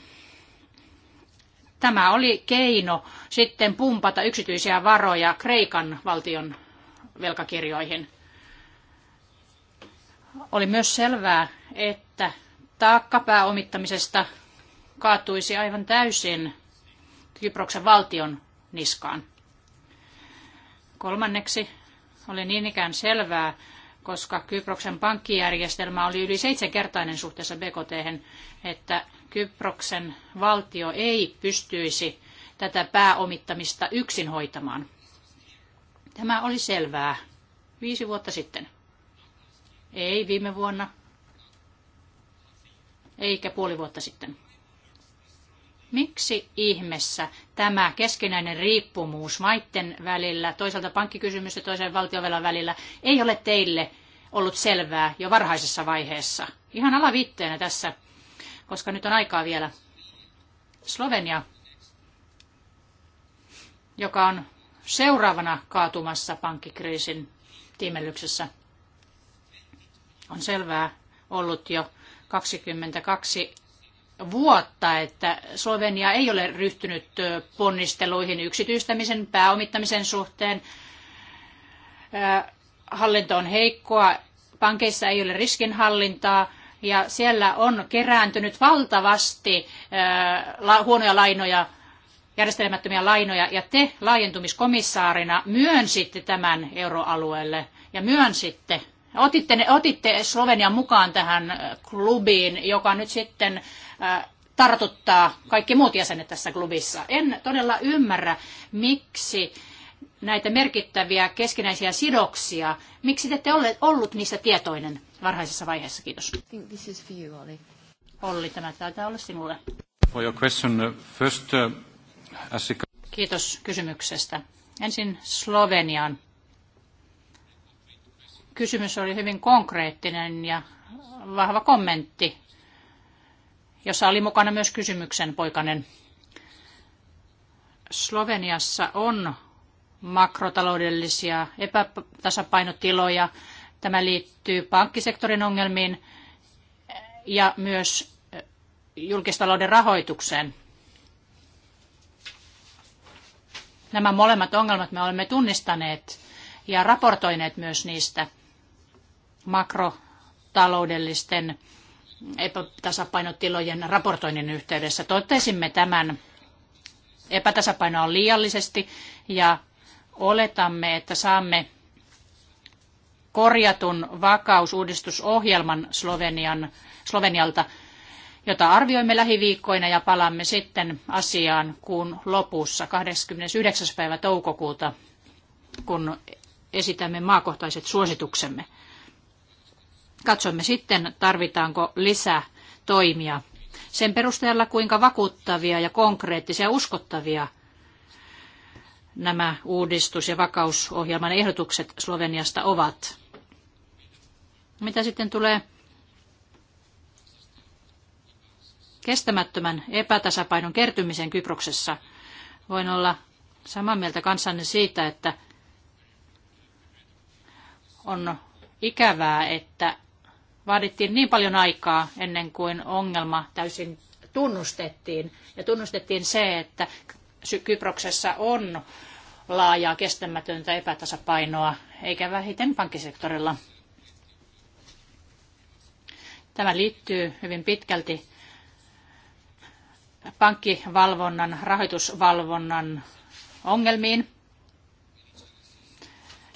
Speaker 3: Tämä oli keino sitten pumpata yksityisiä varoja Kreikan valtion velkakirjoihin. Oli myös selvää, että taakka pääomittamisesta kaatuisi aivan täysin Kyproksen valtion niskaan. Kolmanneksi oli niin ikään selvää, koska Kyproksen pankkijärjestelmä oli yli seitsemänkertainen suhteessa BKT, että Kyproksen valtio ei pystyisi tätä pääomittamista yksin hoitamaan. Tämä oli selvää viisi vuotta sitten. Ei viime vuonna, eikä puoli vuotta sitten. Miksi ihmeessä tämä keskinäinen riippumus maiden välillä, toisaalta pankkikysymys ja toisen valtiovelan välillä, ei ole teille ollut selvää jo varhaisessa vaiheessa? Ihan alaviitteenä tässä, koska nyt on aikaa vielä. Slovenia, joka on seuraavana kaatumassa pankkikriisin tiimellyksessä, on selvää ollut jo 22 vuotta, että Slovenia ei ole ryhtynyt ponnisteluihin yksityistämisen, pääomittamisen suhteen. Hallinto on heikkoa, pankeissa ei ole riskinhallintaa ja siellä on kerääntynyt valtavasti huonoja lainoja, järjestelemättömiä lainoja ja te laajentumiskomissaarina myönsitte tämän euroalueelle ja myönsitte Otitte, ne, otitte Slovenian mukaan tähän äh, klubiin, joka nyt sitten äh, tartuttaa kaikki muut jäsenet tässä klubissa. En todella ymmärrä, miksi näitä merkittäviä keskinäisiä sidoksia, miksi te ette ole ollut niistä tietoinen varhaisessa vaiheessa? Kiitos. You, Olli. Olli, tämä taitaa olla sinulle.
Speaker 4: For your question, uh, first, uh, as...
Speaker 3: Kiitos kysymyksestä. Ensin Slovenian Kysymys oli hyvin konkreettinen ja vahva kommentti, jossa oli mukana myös kysymyksen poikanen. Sloveniassa on makrotaloudellisia epätasapainotiloja. Tämä liittyy pankkisektorin ongelmiin ja myös julkistalouden rahoitukseen. Nämä molemmat ongelmat me olemme tunnistaneet ja raportoineet myös niistä – makrotaloudellisten epätasapainotilojen raportoinnin yhteydessä. Totesimme tämän epätasapainoa liiallisesti ja oletamme, että saamme korjatun vakausuudistusohjelman Slovenian, Slovenialta, jota arvioimme lähiviikkoina ja palaamme sitten asiaan kuun lopussa 29. päivä toukokuuta, kun esitämme maakohtaiset suosituksemme. Katsomme sitten, tarvitaanko lisää toimia sen perusteella, kuinka vakuuttavia ja konkreettisia uskottavia nämä uudistus- ja vakausohjelman ehdotukset Sloveniasta ovat. Mitä sitten tulee kestämättömän epätasapainon kertymisen Kyproksessa? Voin olla samaa mieltä kanssanne siitä, että on ikävää, että vaadittiin niin paljon aikaa ennen kuin ongelma täysin tunnustettiin. Ja tunnustettiin se, että Kyproksessa on laajaa kestämätöntä epätasapainoa, eikä vähiten pankkisektorilla. Tämä liittyy hyvin pitkälti pankkivalvonnan, rahoitusvalvonnan ongelmiin.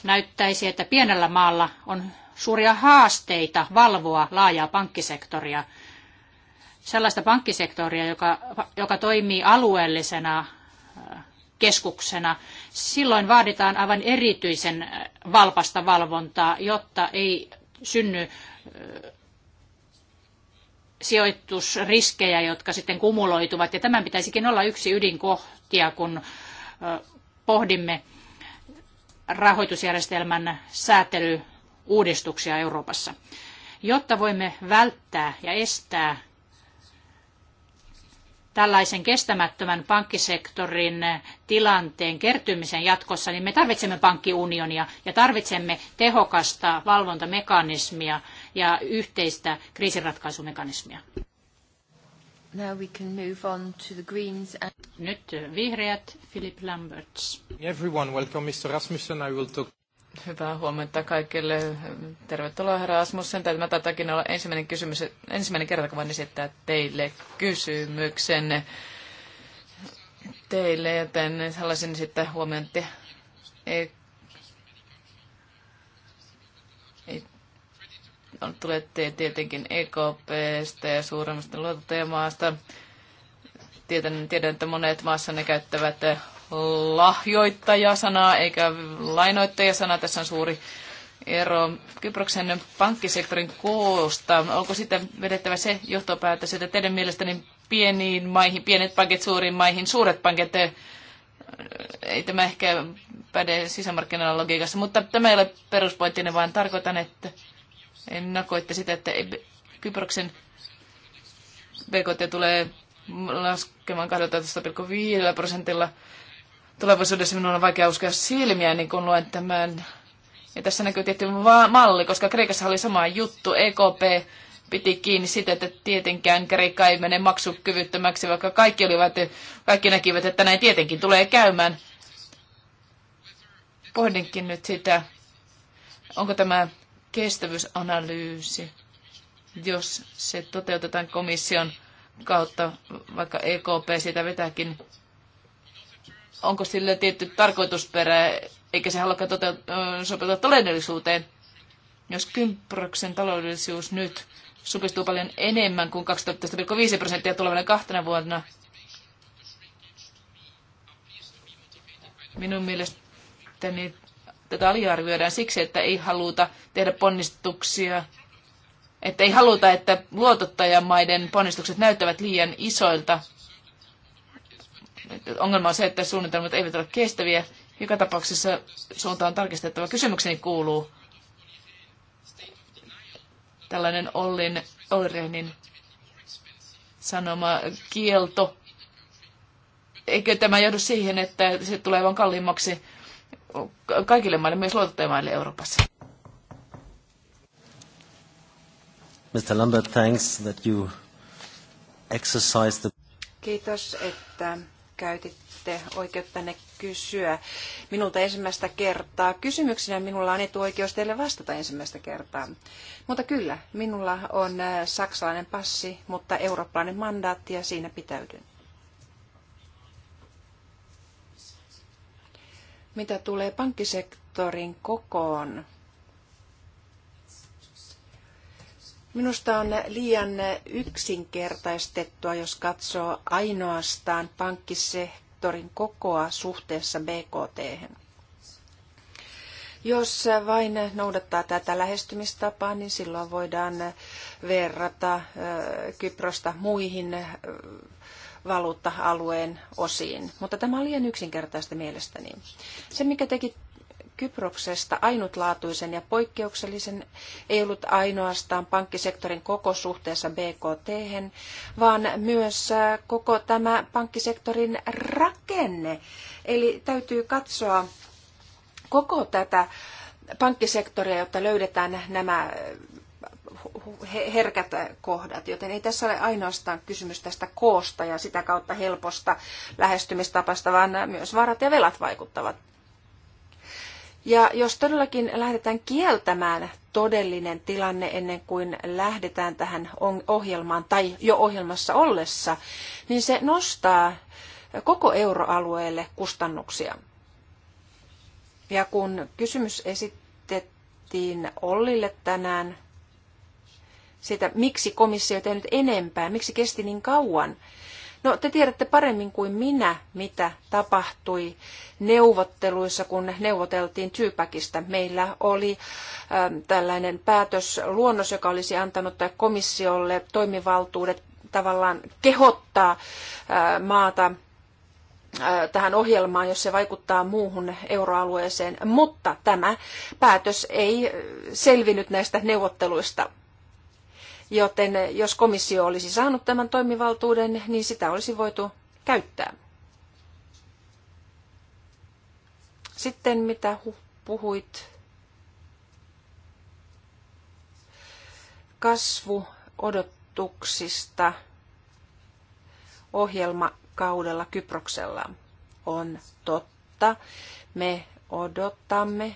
Speaker 3: Näyttäisi, että pienellä maalla on suuria haasteita valvoa laajaa pankkisektoria. Sellaista pankkisektoria, joka, joka toimii alueellisena äh, keskuksena. Silloin vaaditaan aivan erityisen äh, valpasta valvontaa, jotta ei synny äh, sijoitusriskejä, jotka sitten kumuloituvat. Ja tämän pitäisikin olla yksi ydinkohtia, kun pohdimme rahoitusjärjestelmän säätelyä uudistuksia Euroopassa. Jotta voimme välttää ja estää tällaisen kestämättömän pankkisektorin tilanteen kertymisen jatkossa, niin me tarvitsemme pankkiunionia ja tarvitsemme tehokasta valvontamekanismia ja yhteistä kriisinratkaisumekanismia. And... Nyt vihreät, Philip
Speaker 5: Lamberts. Everyone, welcome Mr. Rasmussen. I will talk... Hyvää huomenta kaikille. Tervetuloa herra Asmussen. Tämä taitakin olla ensimmäinen kysymys, ensimmäinen kerta, kun voin esittää teille kysymyksen teille, joten haluaisin sitten huomioon, e- e- tulette tietenkin EKPstä ja suuremmasta luototeemaasta. Tiedän, tiedän, että monet maassa ne käyttävät lahjoittajasanaa eikä lainoittajasanaa. Tässä on suuri ero Kyproksen pankkisektorin koosta. Onko sitten vedettävä se johtopäätös, että teidän mielestäni pieniin maihin, pienet pankit suuriin maihin, suuret pankit, eh, ei tämä ehkä päde sisämarkkinoiden logiikassa, mutta tämä ei ole peruspointtinen, vaan tarkoitan, että ennakoitte sitä, että Kyproksen BKT tulee laskemaan 12,5 prosentilla tulevaisuudessa minun on vaikea uskoa silmiä, niin kun luen tämän. Ja tässä näkyy tietty malli, koska Kreikassa oli sama juttu. EKP piti kiinni sitä, että tietenkään Kreikka ei mene maksukyvyttömäksi, vaikka kaikki, olivat, kaikki näkivät, että näin tietenkin tulee käymään. Pohdinkin nyt sitä, onko tämä kestävyysanalyysi, jos se toteutetaan komission kautta, vaikka EKP sitä vetääkin onko sillä tietty tarkoitusperä, eikä se halukaan toteut- sopeutua todellisuuteen. Jos Kyproksen taloudellisuus nyt supistuu paljon enemmän kuin 12,5 prosenttia tulevana kahtena vuonna, minun mielestäni tätä aliarvioidaan siksi, että ei haluta tehdä ponnistuksia, että ei haluta, että luotottajamaiden ponnistukset näyttävät liian isoilta Ongelma on se, että suunnitelmat eivät ole kestäviä. Joka tapauksessa suunta on tarkistettava. Kysymykseni kuuluu, tällainen Ollin Olrenin sanoma kielto. Eikö tämä johdu siihen, että se tulee vain kalliimmaksi kaikille maille, myös luotettajamaille Euroopassa?
Speaker 1: Mr. Lambert, thanks that you exercise the...
Speaker 2: Kiitos, että käytitte oikeuttanne kysyä minulta ensimmäistä kertaa. Kysymyksenä minulla on etuoikeus teille vastata ensimmäistä kertaa. Mutta kyllä, minulla on äh, saksalainen passi, mutta eurooppalainen mandaatti ja siinä pitäydyn. Mitä tulee pankkisektorin kokoon, Minusta on liian yksinkertaistettua, jos katsoo ainoastaan pankkisektorin kokoa suhteessa BKT. Jos vain noudattaa tätä lähestymistapaa, niin silloin voidaan verrata Kyprosta muihin valuutta-alueen osiin. Mutta tämä on liian yksinkertaista mielestäni. Se, mikä teki Kyproksesta ainutlaatuisen ja poikkeuksellisen ei ollut ainoastaan pankkisektorin koko suhteessa BKT, vaan myös äh, koko tämä pankkisektorin rakenne. Eli täytyy katsoa koko tätä pankkisektoria, jotta löydetään nämä äh, herkät kohdat, joten ei tässä ole ainoastaan kysymys tästä koosta ja sitä kautta helposta lähestymistapasta, vaan myös varat ja velat vaikuttavat ja jos todellakin lähdetään kieltämään todellinen tilanne ennen kuin lähdetään tähän ohjelmaan tai jo ohjelmassa ollessa, niin se nostaa koko euroalueelle kustannuksia. Ja kun kysymys esitettiin Ollille tänään siitä, miksi komissio ei tehnyt enempää, miksi kesti niin kauan, No, te tiedätte paremmin kuin minä, mitä tapahtui neuvotteluissa, kun neuvoteltiin Tyypäkistä. Meillä oli äh, tällainen päätösluonnos, joka olisi antanut komissiolle toimivaltuudet tavallaan kehottaa äh, maata äh, tähän ohjelmaan, jos se vaikuttaa muuhun euroalueeseen, mutta tämä päätös ei äh, selvinnyt näistä neuvotteluista. Joten jos komissio olisi saanut tämän toimivaltuuden, niin sitä olisi voitu käyttää. Sitten mitä puhuit? Kasvuodotuksista ohjelmakaudella Kyproksella on totta. Me odotamme,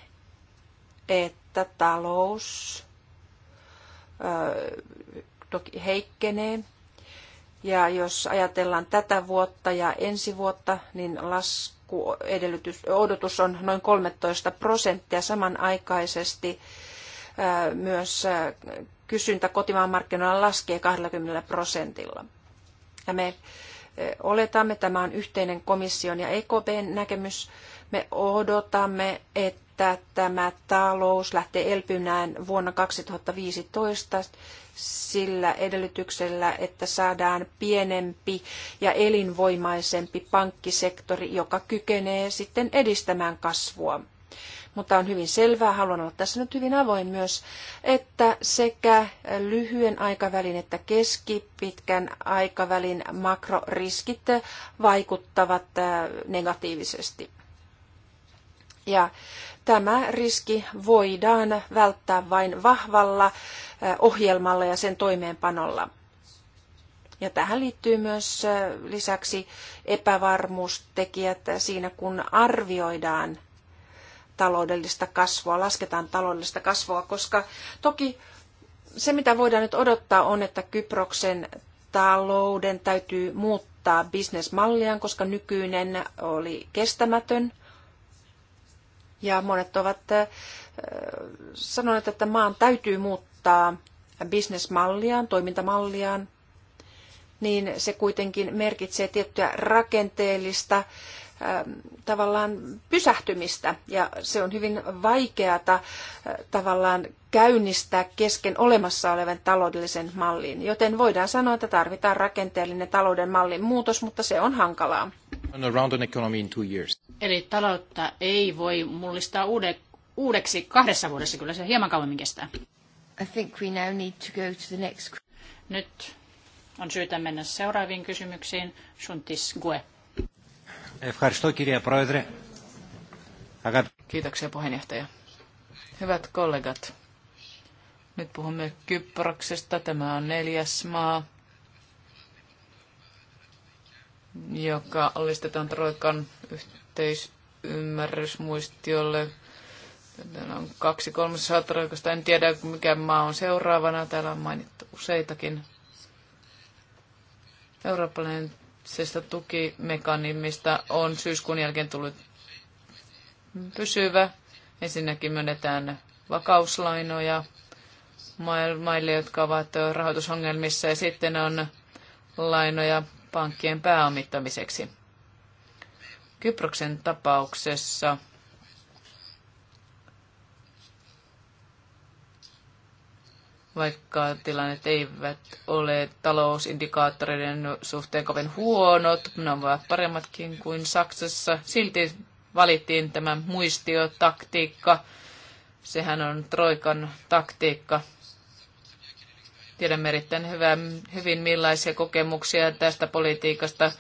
Speaker 2: että talous toki heikkenee. Ja jos ajatellaan tätä vuotta ja ensi vuotta, niin lasku odotus on noin 13 prosenttia samanaikaisesti. Myös kysyntä kotimaan markkinoilla laskee 20 prosentilla. Ja me oletamme, tämä on yhteinen komission ja EKPn näkemys, me odotamme, että että tämä talous lähtee elpymään vuonna 2015 sillä edellytyksellä, että saadaan pienempi ja elinvoimaisempi pankkisektori, joka kykenee sitten edistämään kasvua. Mutta on hyvin selvää, haluan olla tässä nyt hyvin avoin myös, että sekä lyhyen aikavälin että keskipitkän aikavälin makroriskit vaikuttavat äh, negatiivisesti. Ja Tämä riski voidaan välttää vain vahvalla ohjelmalla ja sen toimeenpanolla. Ja tähän liittyy myös lisäksi epävarmuustekijät siinä, kun arvioidaan taloudellista kasvua, lasketaan taloudellista kasvua, koska toki se, mitä voidaan nyt odottaa, on, että Kyproksen talouden täytyy muuttaa bisnesmalliaan, koska nykyinen oli kestämätön. Ja monet ovat sanoneet, että maan täytyy muuttaa bisnesmalliaan, toimintamalliaan, niin se kuitenkin merkitsee tiettyä rakenteellista tavallaan pysähtymistä ja se on hyvin vaikeata tavallaan käynnistää kesken olemassa olevan taloudellisen mallin. Joten voidaan sanoa, että tarvitaan rakenteellinen talouden mallin muutos, mutta se on hankalaa.
Speaker 4: Around an economy in two years.
Speaker 3: Eli taloutta ei voi mullistaa uude, uudeksi kahdessa vuodessa, kyllä se hieman kauemmin kestää.
Speaker 2: I think we now need to go to the next... Nyt
Speaker 3: on syytä mennä
Speaker 5: seuraaviin kysymyksiin. Suntis Gue. Kiitoksia puheenjohtaja. Hyvät kollegat, nyt puhumme Kyproksesta. Tämä on neljäs maa, joka alistetaan Troikan yhteisymmärrysmuistiolle. Täällä on kaksi kolmasosaa Troikasta. En tiedä, mikä maa on seuraavana. Täällä on mainittu useitakin. Eurooppalaisesta tukimekanismista on syyskuun jälkeen tullut pysyvä. Ensinnäkin myönnetään vakauslainoja maille, jotka ovat rahoitusongelmissa, ja sitten on lainoja pankkien pääomittamiseksi. Kyproksen tapauksessa vaikka tilannet eivät ole talousindikaattoreiden suhteen kovin huonot, ne ovat paremmatkin kuin Saksassa, silti valittiin tämä muistiotaktiikka. Sehän on Troikan taktiikka. Tiedämme erittäin hyvin, millaisia kokemuksia tästä politiikasta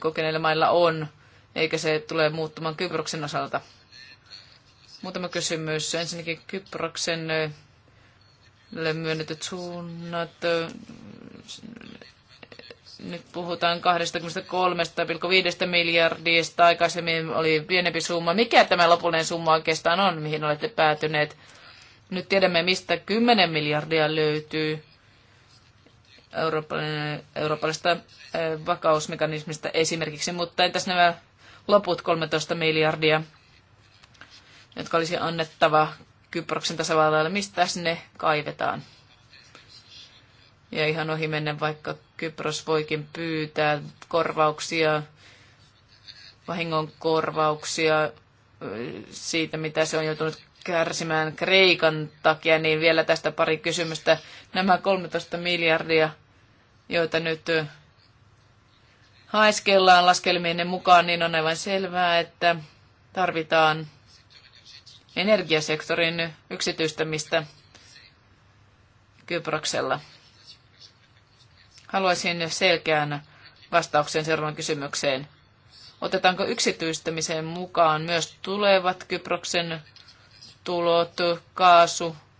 Speaker 5: kokeneilla mailla on, eikä se tule muuttumaan Kyproksen osalta. Muutama kysymys. Ensinnäkin Kyproksen myönnetyt suunnat. Nyt puhutaan 23,5 miljardista. Aikaisemmin oli pienempi summa. Mikä tämä lopullinen summa oikeastaan on, mihin olette päätyneet? Nyt tiedämme, mistä 10 miljardia löytyy eurooppalaisesta äh, vakausmekanismista esimerkiksi, mutta entäs nämä loput 13 miljardia, jotka olisi annettava Kyproksen tasavallalle, mistä ne kaivetaan? Ja ihan ohi mennä, vaikka Kypros voikin pyytää korvauksia, vahingon korvauksia äh, siitä, mitä se on joutunut kärsimään Kreikan takia, niin vielä tästä pari kysymystä. Nämä 13 miljardia, joita nyt haiskellaan laskelmienne mukaan, niin on aivan selvää, että tarvitaan energiasektorin yksityistämistä Kyproksella. Haluaisin selkeän vastauksen seuraavaan kysymykseen. Otetaanko yksityistämiseen mukaan myös tulevat Kyproksen tulot,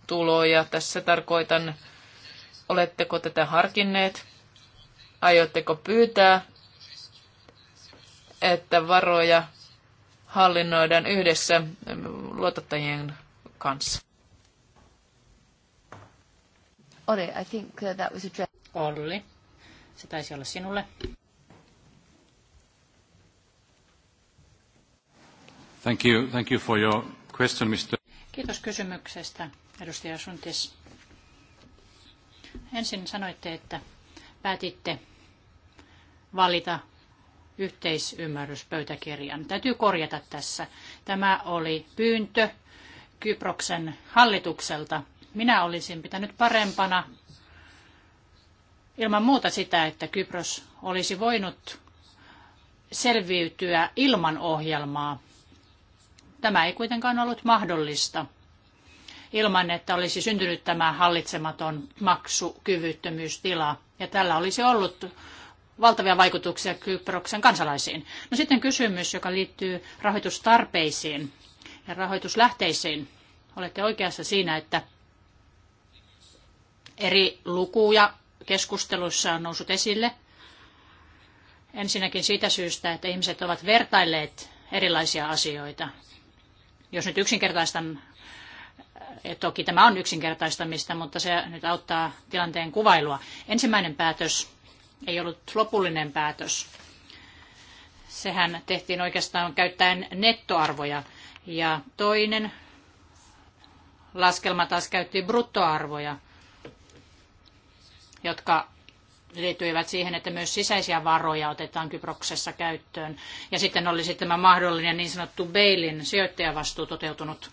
Speaker 5: tuloja Tässä tarkoitan, oletteko tätä harkinneet? Aiotteko pyytää, että varoja hallinnoidaan yhdessä luotottajien kanssa?
Speaker 3: Olli, I think uh, that was a Olli, se taisi olla sinulle.
Speaker 4: Thank you. Thank you for your question, Mr.
Speaker 3: Kiitos kysymyksestä, edustaja Suntis. Ensin sanoitte, että päätitte valita yhteisymmärryspöytäkirjan. Täytyy korjata tässä. Tämä oli pyyntö Kyproksen hallitukselta. Minä olisin pitänyt parempana ilman muuta sitä, että Kypros olisi voinut selviytyä ilman ohjelmaa Tämä ei kuitenkaan ollut mahdollista ilman, että olisi syntynyt tämä hallitsematon maksukyvyttömyystila. Ja tällä olisi ollut valtavia vaikutuksia Kyproksen kansalaisiin. No sitten kysymys, joka liittyy rahoitustarpeisiin ja rahoituslähteisiin. Olette oikeassa siinä, että eri lukuja keskusteluissa on noussut esille. Ensinnäkin siitä syystä, että ihmiset ovat vertailleet erilaisia asioita. Jos nyt yksinkertaistan, eh, toki tämä on yksinkertaistamista, mutta se nyt auttaa tilanteen kuvailua. Ensimmäinen päätös ei ollut lopullinen päätös. Sehän tehtiin oikeastaan käyttäen nettoarvoja. Ja toinen laskelma taas käytti bruttoarvoja, jotka liittyivät siihen, että myös sisäisiä varoja otetaan Kyproksessa käyttöön. Ja sitten oli sitten tämä mahdollinen niin sanottu Beilin sijoittajavastuu toteutunut.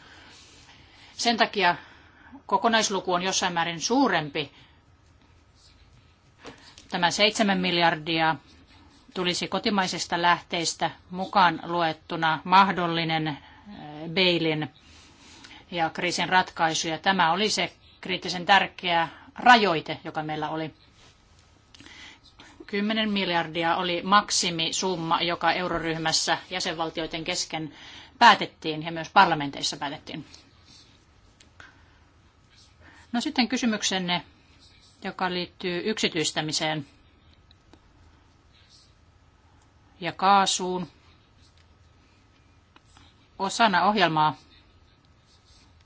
Speaker 3: Sen takia kokonaisluku on jossain määrin suurempi. Tämä 7 miljardia tulisi kotimaisista lähteistä mukaan luettuna mahdollinen eh, Beilin ja kriisin ratkaisu. Ja tämä oli se kriittisen tärkeä rajoite, joka meillä oli. 10 miljardia oli maksimisumma, joka euroryhmässä jäsenvaltioiden kesken päätettiin ja myös parlamenteissa päätettiin. No sitten kysymyksenne, joka liittyy yksityistämiseen ja kaasuun. Osana ohjelmaa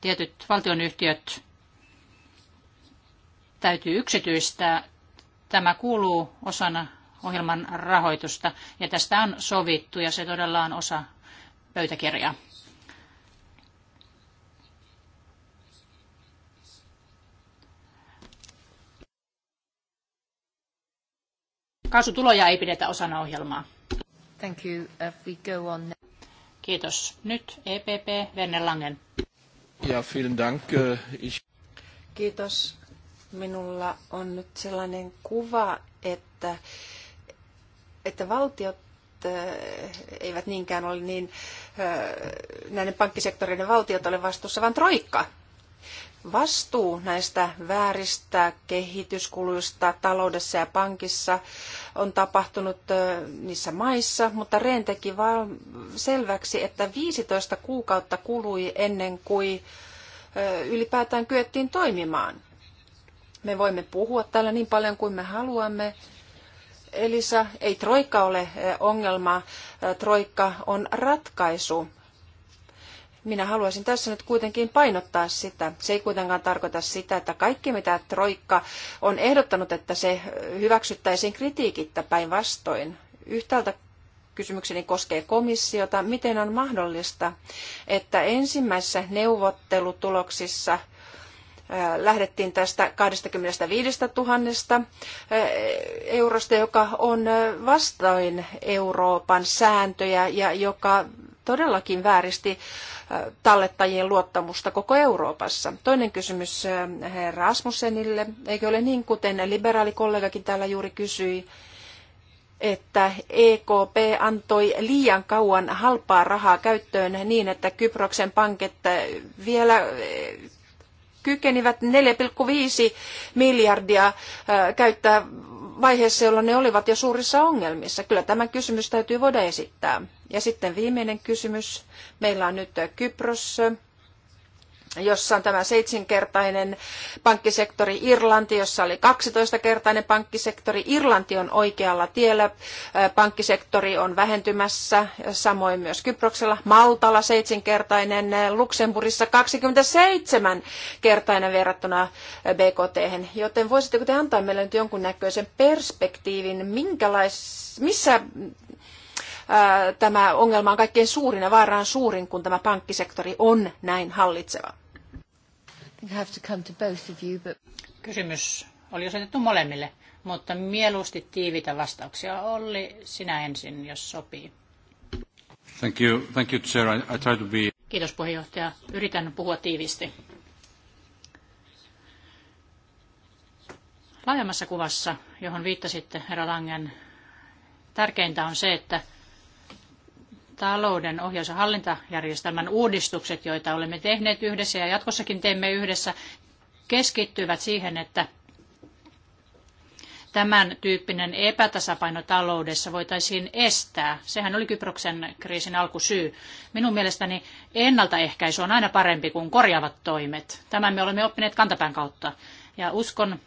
Speaker 3: tietyt valtionyhtiöt täytyy yksityistää Tämä kuuluu osana ohjelman rahoitusta ja tästä on sovittu ja se todella on osa pöytäkirjaa. Kaasutuloja ei pidetä osana ohjelmaa. Thank you. If we go on. Kiitos. Nyt EPP, Venne Langen.
Speaker 4: Ja, vielen Dank. Äh, ich...
Speaker 2: Kiitos. Minulla on nyt sellainen kuva, että, että valtiot eh, eivät niinkään ole niin, eh, näiden pankkisektoreiden valtiot ole vastuussa, vaan troikka. Vastuu näistä vääristä kehityskuluista taloudessa ja pankissa on tapahtunut eh, niissä maissa, mutta Rehn teki selväksi, että 15 kuukautta kului ennen kuin ylipäätään kyettiin toimimaan. Me voimme puhua täällä niin paljon kuin me haluamme. Elisa, ei troikka ole eh, ongelma, eh, troikka on ratkaisu. Minä haluaisin tässä nyt kuitenkin painottaa sitä. Se ei kuitenkaan tarkoita sitä, että kaikki mitä troikka on ehdottanut, että se hyväksyttäisiin kritiikittä päinvastoin. Yhtäältä kysymykseni koskee komissiota. Miten on mahdollista, että ensimmäisessä neuvottelutuloksissa – lähdettiin tästä 25 000 eurosta, joka on vastoin Euroopan sääntöjä ja joka todellakin vääristi tallettajien luottamusta koko Euroopassa. Toinen kysymys Rasmussenille. Eikö ole niin, kuten liberaalikollegakin täällä juuri kysyi, että EKP antoi liian kauan halpaa rahaa käyttöön niin, että Kyproksen pankit vielä kykenivät 4,5 miljardia äh, käyttää vaiheessa, jolloin ne olivat jo suurissa ongelmissa. Kyllä tämä kysymys täytyy voida esittää. Ja sitten viimeinen kysymys. Meillä on nyt Kypros jossa on tämä seitsinkertainen pankkisektori Irlanti, jossa oli 12-kertainen pankkisektori. Irlanti on oikealla tiellä, pankkisektori on vähentymässä, samoin myös Kyproksella. Maltalla seitsinkertainen, Luxemburgissa 27-kertainen verrattuna BKT. hen. Joten voisitteko te antaa meille nyt jonkunnäköisen perspektiivin, minkälais, missä tämä ongelma on kaikkein suurin ja vaara on suurin, kun tämä pankkisektori on näin hallitseva
Speaker 5: have to come to both of you, but...
Speaker 3: Kysymys oli osoitettu molemmille, mutta mieluusti tiivitä vastauksia. Olli, sinä ensin, jos sopii.
Speaker 4: Thank you, thank you, Chair. I, I try to be...
Speaker 3: Kiitos puheenjohtaja. Yritän puhua tiivisti. Laajemmassa kuvassa, johon viittasitte, herra Langen, tärkeintä on se, että talouden ohjaus- ja hallintajärjestelmän uudistukset, joita olemme tehneet yhdessä ja jatkossakin teemme yhdessä, keskittyvät siihen, että tämän tyyppinen epätasapaino taloudessa voitaisiin estää. Sehän oli Kyproksen kriisin alkusyy. Minun mielestäni ennaltaehkäisy on aina parempi kuin korjaavat toimet. Tämän me olemme oppineet kantapään kautta. Ja uskon,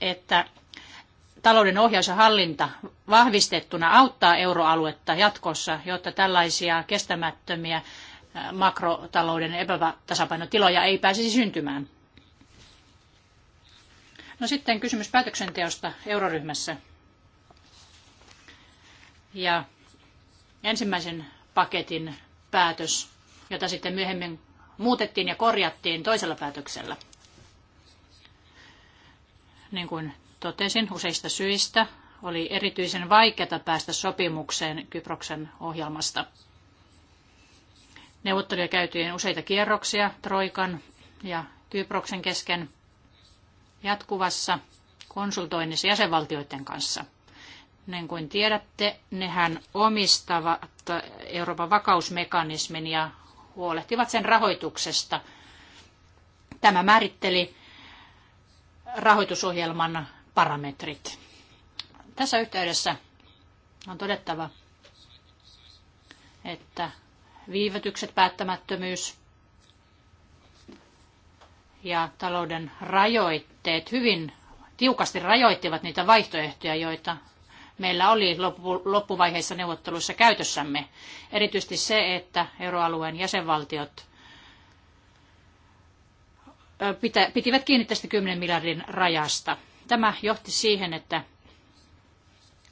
Speaker 3: että talouden ohjaus ja hallinta vahvistettuna auttaa euroaluetta jatkossa, jotta tällaisia kestämättömiä makrotalouden epätasapainotiloja ei pääsisi syntymään. No sitten kysymys päätöksenteosta euroryhmässä. Ja ensimmäisen paketin päätös, jota sitten myöhemmin muutettiin ja korjattiin toisella päätöksellä. Niin kuin totesin useista syistä, oli erityisen vaikeata päästä sopimukseen Kyproksen ohjelmasta. Neuvotteluja käytiin useita kierroksia Troikan ja Kyproksen kesken jatkuvassa konsultoinnissa jäsenvaltioiden kanssa. Niin kuin tiedätte, nehän omistavat Euroopan vakausmekanismin ja huolehtivat sen rahoituksesta. Tämä määritteli rahoitusohjelman parametrit. Tässä yhteydessä on todettava, että viivätykset, päättämättömyys ja talouden rajoitteet hyvin tiukasti rajoittivat niitä vaihtoehtoja, joita meillä oli loppuvaiheessa neuvotteluissa käytössämme. Erityisesti se, että euroalueen jäsenvaltiot pitivät kiinni tästä 10 miljardin rajasta. Tämä johti siihen, että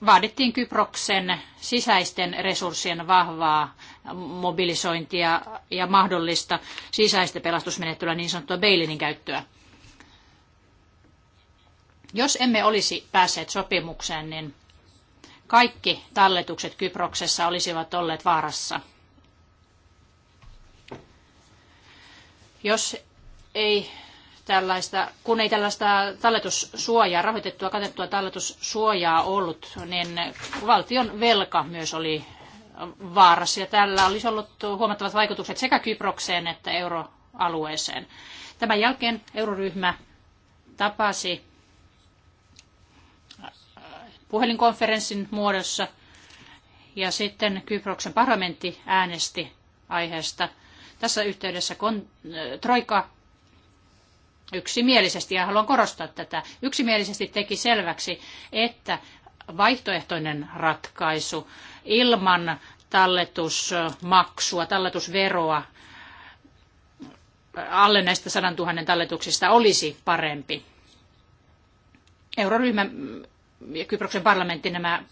Speaker 3: vaadittiin Kyproksen sisäisten resurssien vahvaa mobilisointia ja mahdollista sisäistä pelastusmenettelyä, niin sanottua Beilinin käyttöä. Jos emme olisi päässeet sopimukseen, niin kaikki talletukset Kyproksessa olisivat olleet vaarassa. Jos ei tällaista, kun ei tällaista talletussuojaa, rahoitettua katettua talletussuojaa ollut, niin valtion velka myös oli vaarassa. Ja tällä olisi ollut huomattavat vaikutukset sekä Kyprokseen että euroalueeseen. Tämän jälkeen euroryhmä tapasi puhelinkonferenssin muodossa ja sitten Kyproksen parlamentti äänesti aiheesta. Tässä yhteydessä kon, äh, Troika yksimielisesti, ja haluan korostaa tätä, yksimielisesti teki selväksi, että vaihtoehtoinen ratkaisu ilman talletusmaksua, talletusveroa alle näistä 100 000 talletuksista olisi parempi. Euroryhmä ja Kyproksen parlamentti nämä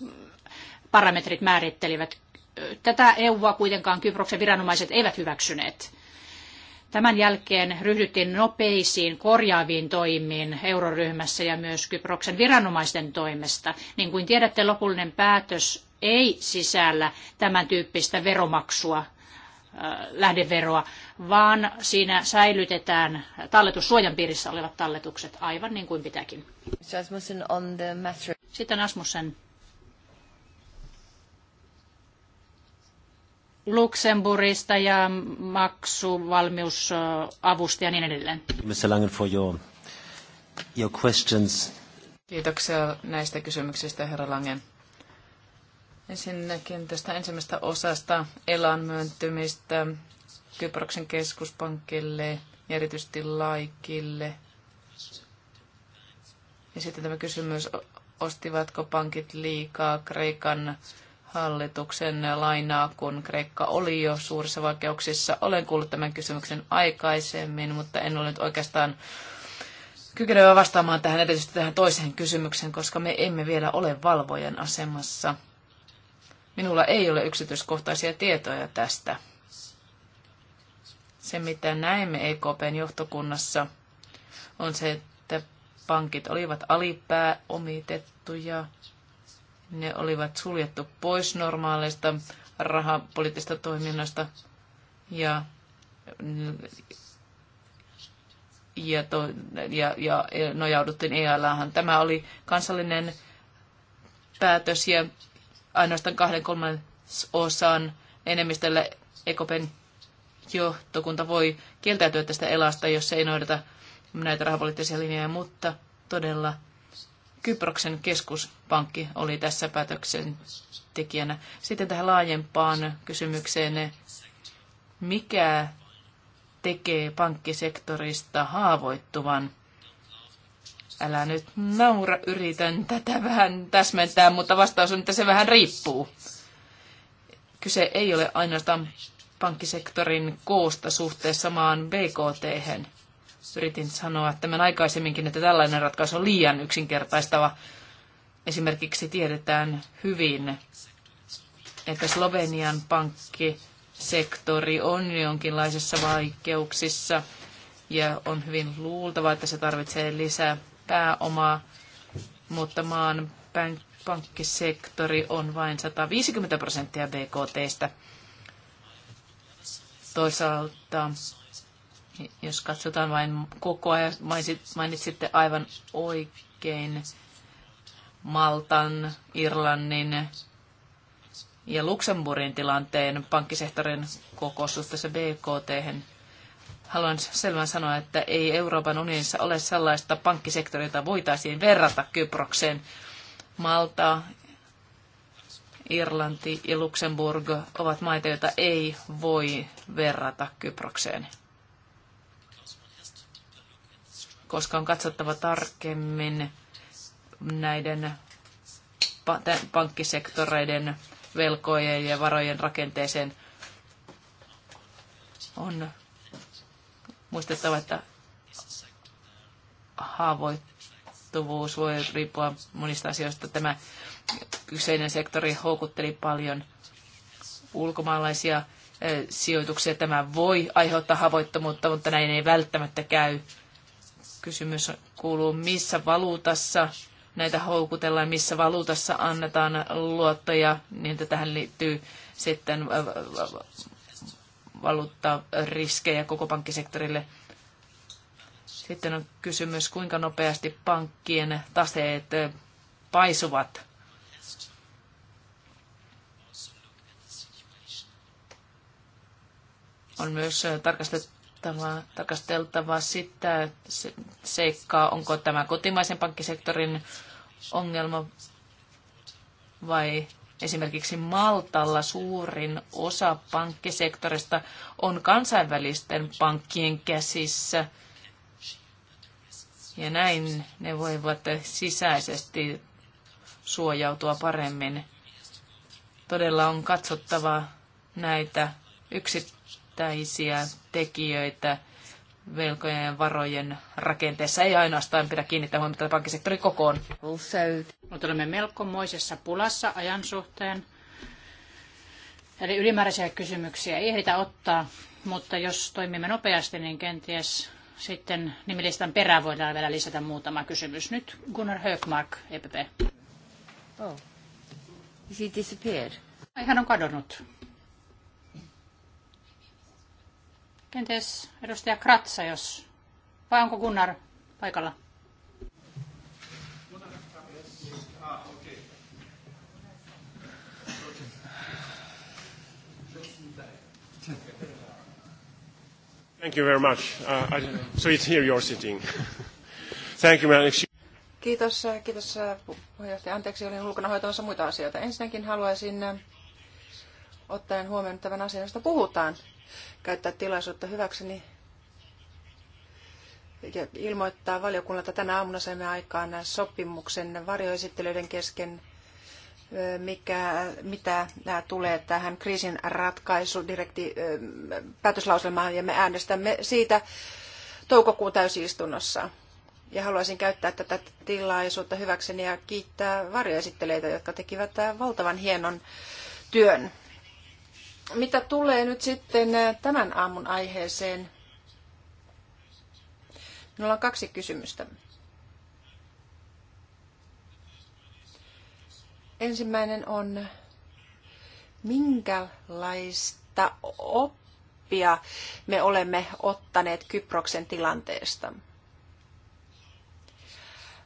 Speaker 3: parametrit määrittelivät. Tätä EUa kuitenkaan Kyproksen viranomaiset eivät hyväksyneet. Tämän jälkeen ryhdyttiin nopeisiin korjaaviin toimiin euroryhmässä ja myös Kyproksen viranomaisten toimesta. Niin kuin tiedätte, lopullinen päätös ei sisällä tämän tyyppistä veromaksua, lähdeveroa, vaan siinä säilytetään talletussuojan piirissä olevat talletukset aivan niin kuin pitääkin. Sitten Asmussen Luxemburgista ja maksuvalmiusavusta ja niin
Speaker 5: edelleen.
Speaker 1: Mr. Langen for your, your questions.
Speaker 5: Kiitoksia näistä kysymyksistä, herra Langen. Ensinnäkin tästä ensimmäisestä osasta elan myöntymistä Kyproksen keskuspankille ja erityisesti laikille. Ja sitten tämä kysymys, ostivatko pankit liikaa Kreikan hallituksen lainaa, kun Kreikka oli jo suurissa vaikeuksissa. Olen kuullut tämän kysymyksen aikaisemmin, mutta en ole nyt oikeastaan kykenevä vastaamaan tähän erityisesti tähän toiseen kysymykseen, koska me emme vielä ole valvojen asemassa. Minulla ei ole yksityiskohtaisia tietoja tästä. Se, mitä näemme EKPn johtokunnassa, on se, että pankit olivat alipääomitettuja ne olivat suljettu pois normaalista rahapoliittisesta toiminnasta ja, ja, to, ja, ja nojauduttiin ELAhan. Tämä oli kansallinen päätös ja ainoastaan kahden kolmannen osan enemmistöllä EKPn johtokunta voi kieltäytyä tästä elasta, jos ei noudata näitä rahapoliittisia linjoja, mutta todella Kyproksen keskuspankki oli tässä päätöksen tekijänä. Sitten tähän laajempaan kysymykseen, mikä tekee pankkisektorista haavoittuvan? Älä nyt naura, yritän tätä vähän täsmentää, mutta vastaus on, että se vähän riippuu. Kyse ei ole ainoastaan pankkisektorin koosta suhteessa maan BKT. -hän yritin sanoa tämän aikaisemminkin, että tällainen ratkaisu on liian yksinkertaistava. Esimerkiksi tiedetään hyvin, että Slovenian pankkisektori on jonkinlaisissa vaikeuksissa ja on hyvin luultava, että se tarvitsee lisää pääomaa, mutta maan pankkisektori on vain 150 prosenttia BKTstä. Toisaalta jos katsotaan vain koko ajan, mainitsitte aivan oikein Maltan, Irlannin ja Luxemburgin tilanteen pankkisehtorin koko suhteessa BKT. -hän. Haluan selvän sanoa, että ei Euroopan unionissa ole sellaista pankkisektoria, jota voitaisiin verrata Kyprokseen. Malta, Irlanti ja Luxemburg ovat maita, joita ei voi verrata Kyprokseen koska on katsottava tarkemmin näiden pankkisektoreiden velkojen ja varojen rakenteeseen. On muistettava, että haavoittuvuus voi riippua monista asioista. Tämä kyseinen sektori houkutteli paljon ulkomaalaisia eh, sijoituksia. Tämä voi aiheuttaa havoittomuutta, mutta näin ei välttämättä käy. Kysymys kuuluu, missä valuutassa näitä houkutellaan, missä valuutassa annetaan luottoja, niin että tähän liittyy sitten äh, äh, riskejä koko pankkisektorille. Sitten on kysymys, kuinka nopeasti pankkien taseet äh, paisuvat. On myös tarkastettu tarkastettava, tarkasteltava sitä seikkaa, onko tämä kotimaisen pankkisektorin ongelma vai esimerkiksi Maltalla suurin osa pankkisektorista on kansainvälisten pankkien käsissä. Ja näin ne voivat sisäisesti suojautua paremmin. Todella on katsottava näitä yksittäisiä tekijöitä velkojen ja varojen rakenteessa. Ei ainoastaan pidä kiinnittää huomiota pankkisektorin kokoon. Mutta olemme melkomoisessa pulassa ajan suhteen. Eli
Speaker 3: ylimääräisiä kysymyksiä ei ehditä ottaa, mutta jos toimimme nopeasti, niin kenties sitten nimilistan perään voidaan vielä lisätä muutama kysymys. Nyt Gunnar Högmark, EPP. Oh. Is he disappeared? Hän on kadonnut. Kenties edustaja Kratsa, jos... Vai onko Gunnar paikalla?
Speaker 1: Thank you very much. Uh, I, so it's here you're sitting. Thank you, man.
Speaker 2: Kiitos, äh, kiitos äh, puheenjohtaja. Anteeksi, olin ulkona hoitamassa muita asioita. Ensinnäkin haluaisin äh, ottaen huomioon tämän asian, josta puhutaan, käyttää tilaisuutta hyväkseni ja ilmoittaa valiokunnalta tänä aamuna saimme aikaan sopimuksen varjoesittelyiden kesken, mikä, mitä nämä tulee tähän kriisin direkti päätöslauselmaan ja me äänestämme siitä toukokuun täysistunnossa. Ja haluaisin käyttää tätä tilaisuutta hyväkseni ja kiittää varjoesitteleitä, jotka tekivät valtavan hienon työn. Mitä tulee nyt sitten äh, tämän aamun aiheeseen? Minulla on kaksi kysymystä. Ensimmäinen on, minkälaista oppia me olemme ottaneet Kyproksen tilanteesta?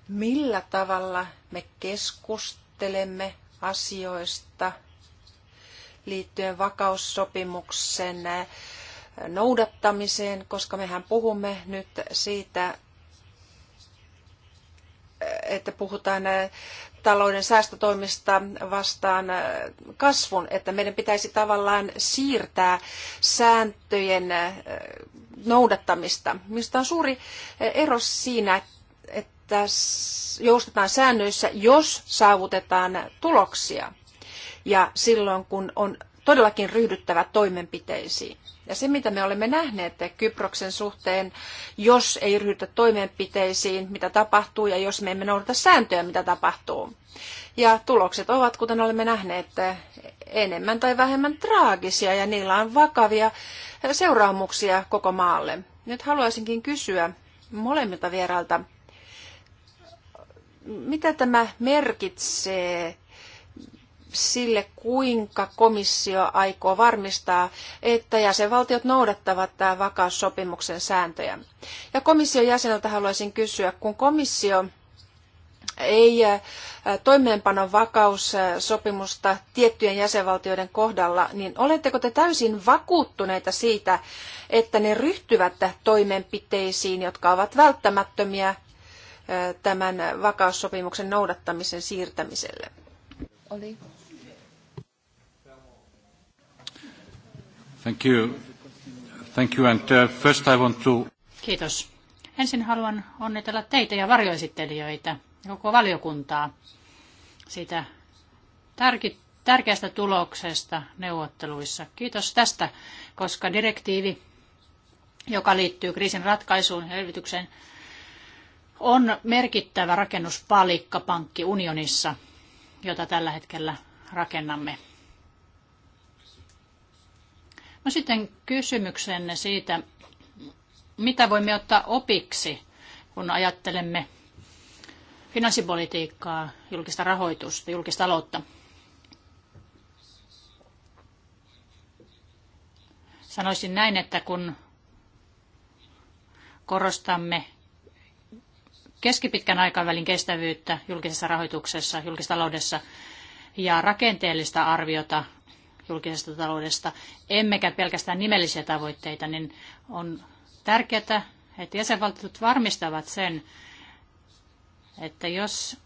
Speaker 2: Millä tavalla me keskustelemme asioista – liittyen vakaussopimuksen noudattamiseen, koska mehän puhumme nyt siitä, että puhutaan talouden säästötoimista vastaan kasvun, että meidän pitäisi tavallaan siirtää sääntöjen noudattamista. Minusta on suuri ero siinä, että joustetaan säännöissä, jos saavutetaan tuloksia ja silloin kun on todellakin ryhdyttävä toimenpiteisiin. Ja se, mitä me olemme nähneet Kyproksen suhteen, jos ei ryhdytä toimenpiteisiin, mitä tapahtuu, ja jos me emme noudata sääntöjä, mitä tapahtuu. Ja tulokset ovat, kuten olemme nähneet, enemmän tai vähemmän traagisia, ja niillä on vakavia seuraamuksia koko maalle. Nyt haluaisinkin kysyä molemmilta vierailta, mitä tämä merkitsee sille, kuinka komissio aikoo varmistaa, että jäsenvaltiot noudattavat tämä vakaussopimuksen sääntöjä. Ja komission jäseneltä haluaisin kysyä, kun komissio ei toimeenpanon vakaussopimusta tiettyjen jäsenvaltioiden kohdalla, niin oletteko te täysin vakuuttuneita siitä, että ne ryhtyvät toimenpiteisiin, jotka ovat välttämättömiä tämän vakaussopimuksen noudattamisen siirtämiselle? Oli. Kiitos.
Speaker 3: Ensin haluan onnitella teitä ja varjoesittelijöitä ja koko valiokuntaa siitä tärkeästä tuloksesta neuvotteluissa. Kiitos tästä, koska direktiivi, joka liittyy kriisin ratkaisuun ja elvytykseen, on merkittävä rakennuspalikka pankkiunionissa, jota tällä hetkellä rakennamme. No sitten kysymyksenne siitä, mitä voimme ottaa opiksi, kun ajattelemme finanssipolitiikkaa, julkista rahoitusta, julkista aloutta. Sanoisin näin, että kun korostamme keskipitkän aikavälin kestävyyttä julkisessa rahoituksessa, julkistaloudessa ja rakenteellista arviota julkisesta taloudesta, emmekä pelkästään nimellisiä tavoitteita, niin on tärkeää, että jäsenvaltiot varmistavat sen, että jos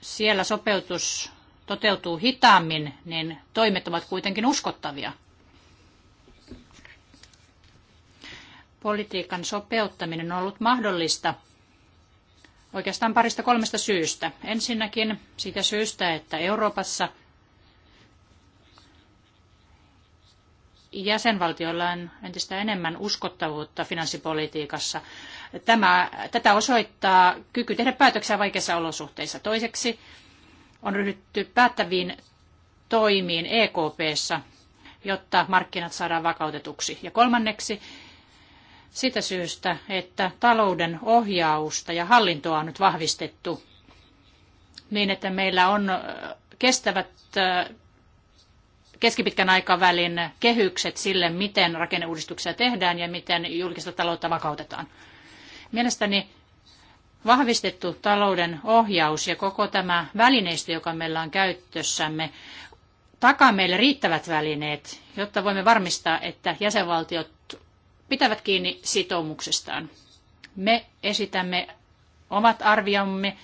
Speaker 3: siellä sopeutus toteutuu hitaammin, niin toimet ovat kuitenkin uskottavia. Politiikan sopeuttaminen on ollut mahdollista oikeastaan parista kolmesta syystä. Ensinnäkin siitä syystä, että Euroopassa – jäsenvaltioilla on entistä enemmän uskottavuutta finanssipolitiikassa. Tämä, tätä osoittaa kyky tehdä päätöksiä vaikeissa olosuhteissa. Toiseksi on ryhdytty päättäviin toimiin EKPssä, jotta markkinat saadaan vakautetuksi. Ja kolmanneksi sitä syystä, että talouden ohjausta ja hallintoa on nyt vahvistettu niin, että meillä on kestävät keskipitkän aikavälin kehykset sille, miten rakenneuudistuksia tehdään ja miten julkista taloutta vakautetaan. Mielestäni vahvistettu talouden ohjaus ja koko tämä välineistö, joka meillä on käytössämme, takaa meille riittävät välineet, jotta voimme varmistaa, että jäsenvaltiot pitävät kiinni sitoumuksestaan. Me esitämme omat arviomme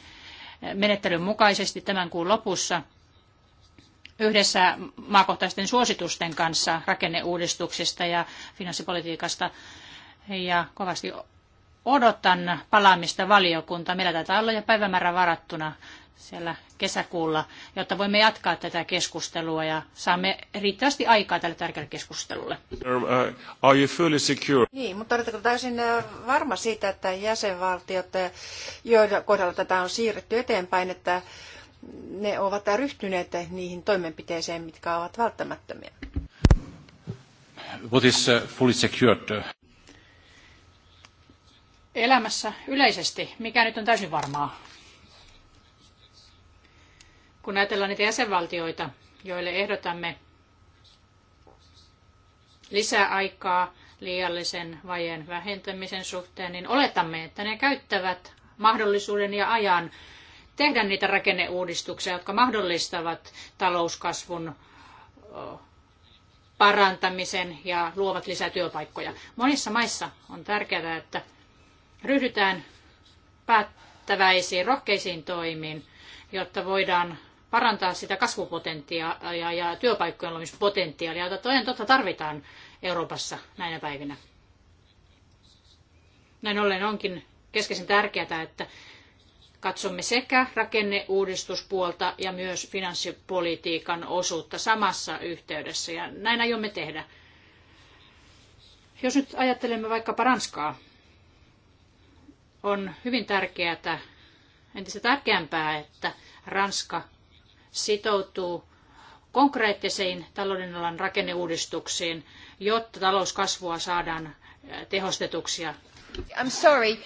Speaker 3: menettelyn mukaisesti tämän kuun lopussa – yhdessä maakohtaisten suositusten kanssa rakenneuudistuksista ja finanssipolitiikasta. Ja kovasti odotan palaamista valiokuntaan. Meillä taitaa olla jo päivämäärä varattuna siellä kesäkuulla, jotta voimme jatkaa tätä keskustelua ja saamme riittävästi aikaa tälle tärkeälle
Speaker 2: keskustelulle.
Speaker 4: Uh, are you fully secure?
Speaker 2: Niin, mutta oletteko täysin uh, varma siitä, että jäsenvaltiot, uh, joiden kohdalla tätä on siirretty eteenpäin, että ne ovat ryhtyneet niihin toimenpiteisiin, mitkä ovat välttämättömiä.
Speaker 4: What is uh, fully secured?
Speaker 3: Elämässä yleisesti, mikä nyt on täysin varmaa? Kun ajatellaan niitä jäsenvaltioita, joille ehdotamme lisäaikaa liiallisen vajeen vähentämisen suhteen, niin oletamme, että ne käyttävät mahdollisuuden ja ajan tehdä niitä rakenneuudistuksia, jotka mahdollistavat talouskasvun parantamisen ja luovat lisää työpaikkoja. Monissa maissa on tärkeää, että ryhdytään päättäväisiin, rohkeisiin toimiin, jotta voidaan parantaa sitä kasvupotentiaalia ja työpaikkojen luomispotentiaalia, jota toden totta tarvitaan Euroopassa näinä päivinä. Näin ollen onkin keskeisen tärkeää, että katsomme sekä rakenneuudistuspuolta ja myös finanssipolitiikan osuutta samassa yhteydessä, ja näin aiomme tehdä. Jos nyt ajattelemme vaikkapa Ranskaa, on hyvin tärkeää, entistä tärkeämpää, että Ranska sitoutuu konkreettisiin taloudenalan rakenneuudistuksiin, jotta talouskasvua saadaan tehostetuksi ja I'm sorry.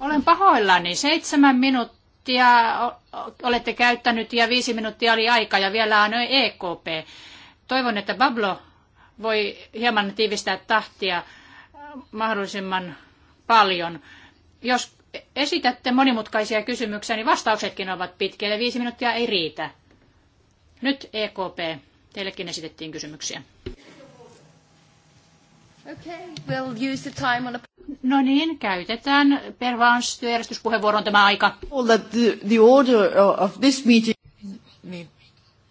Speaker 3: Olen pahoillani. Seitsemän minuuttia olette käyttänyt ja viisi minuuttia oli aika ja vielä on EKP. Toivon, että Pablo voi hieman tiivistää tahtia äh, mahdollisimman paljon. Jos esitätte monimutkaisia kysymyksiä, niin vastauksetkin ovat pitkiä ja viisi minuuttia ei riitä. Nyt EKP, teillekin esitettiin kysymyksiä. Okay, we'll use the time on a... No niin, käytetään per vans tämä aika. Well,
Speaker 5: that the, the order uh, of this meeting... Niin,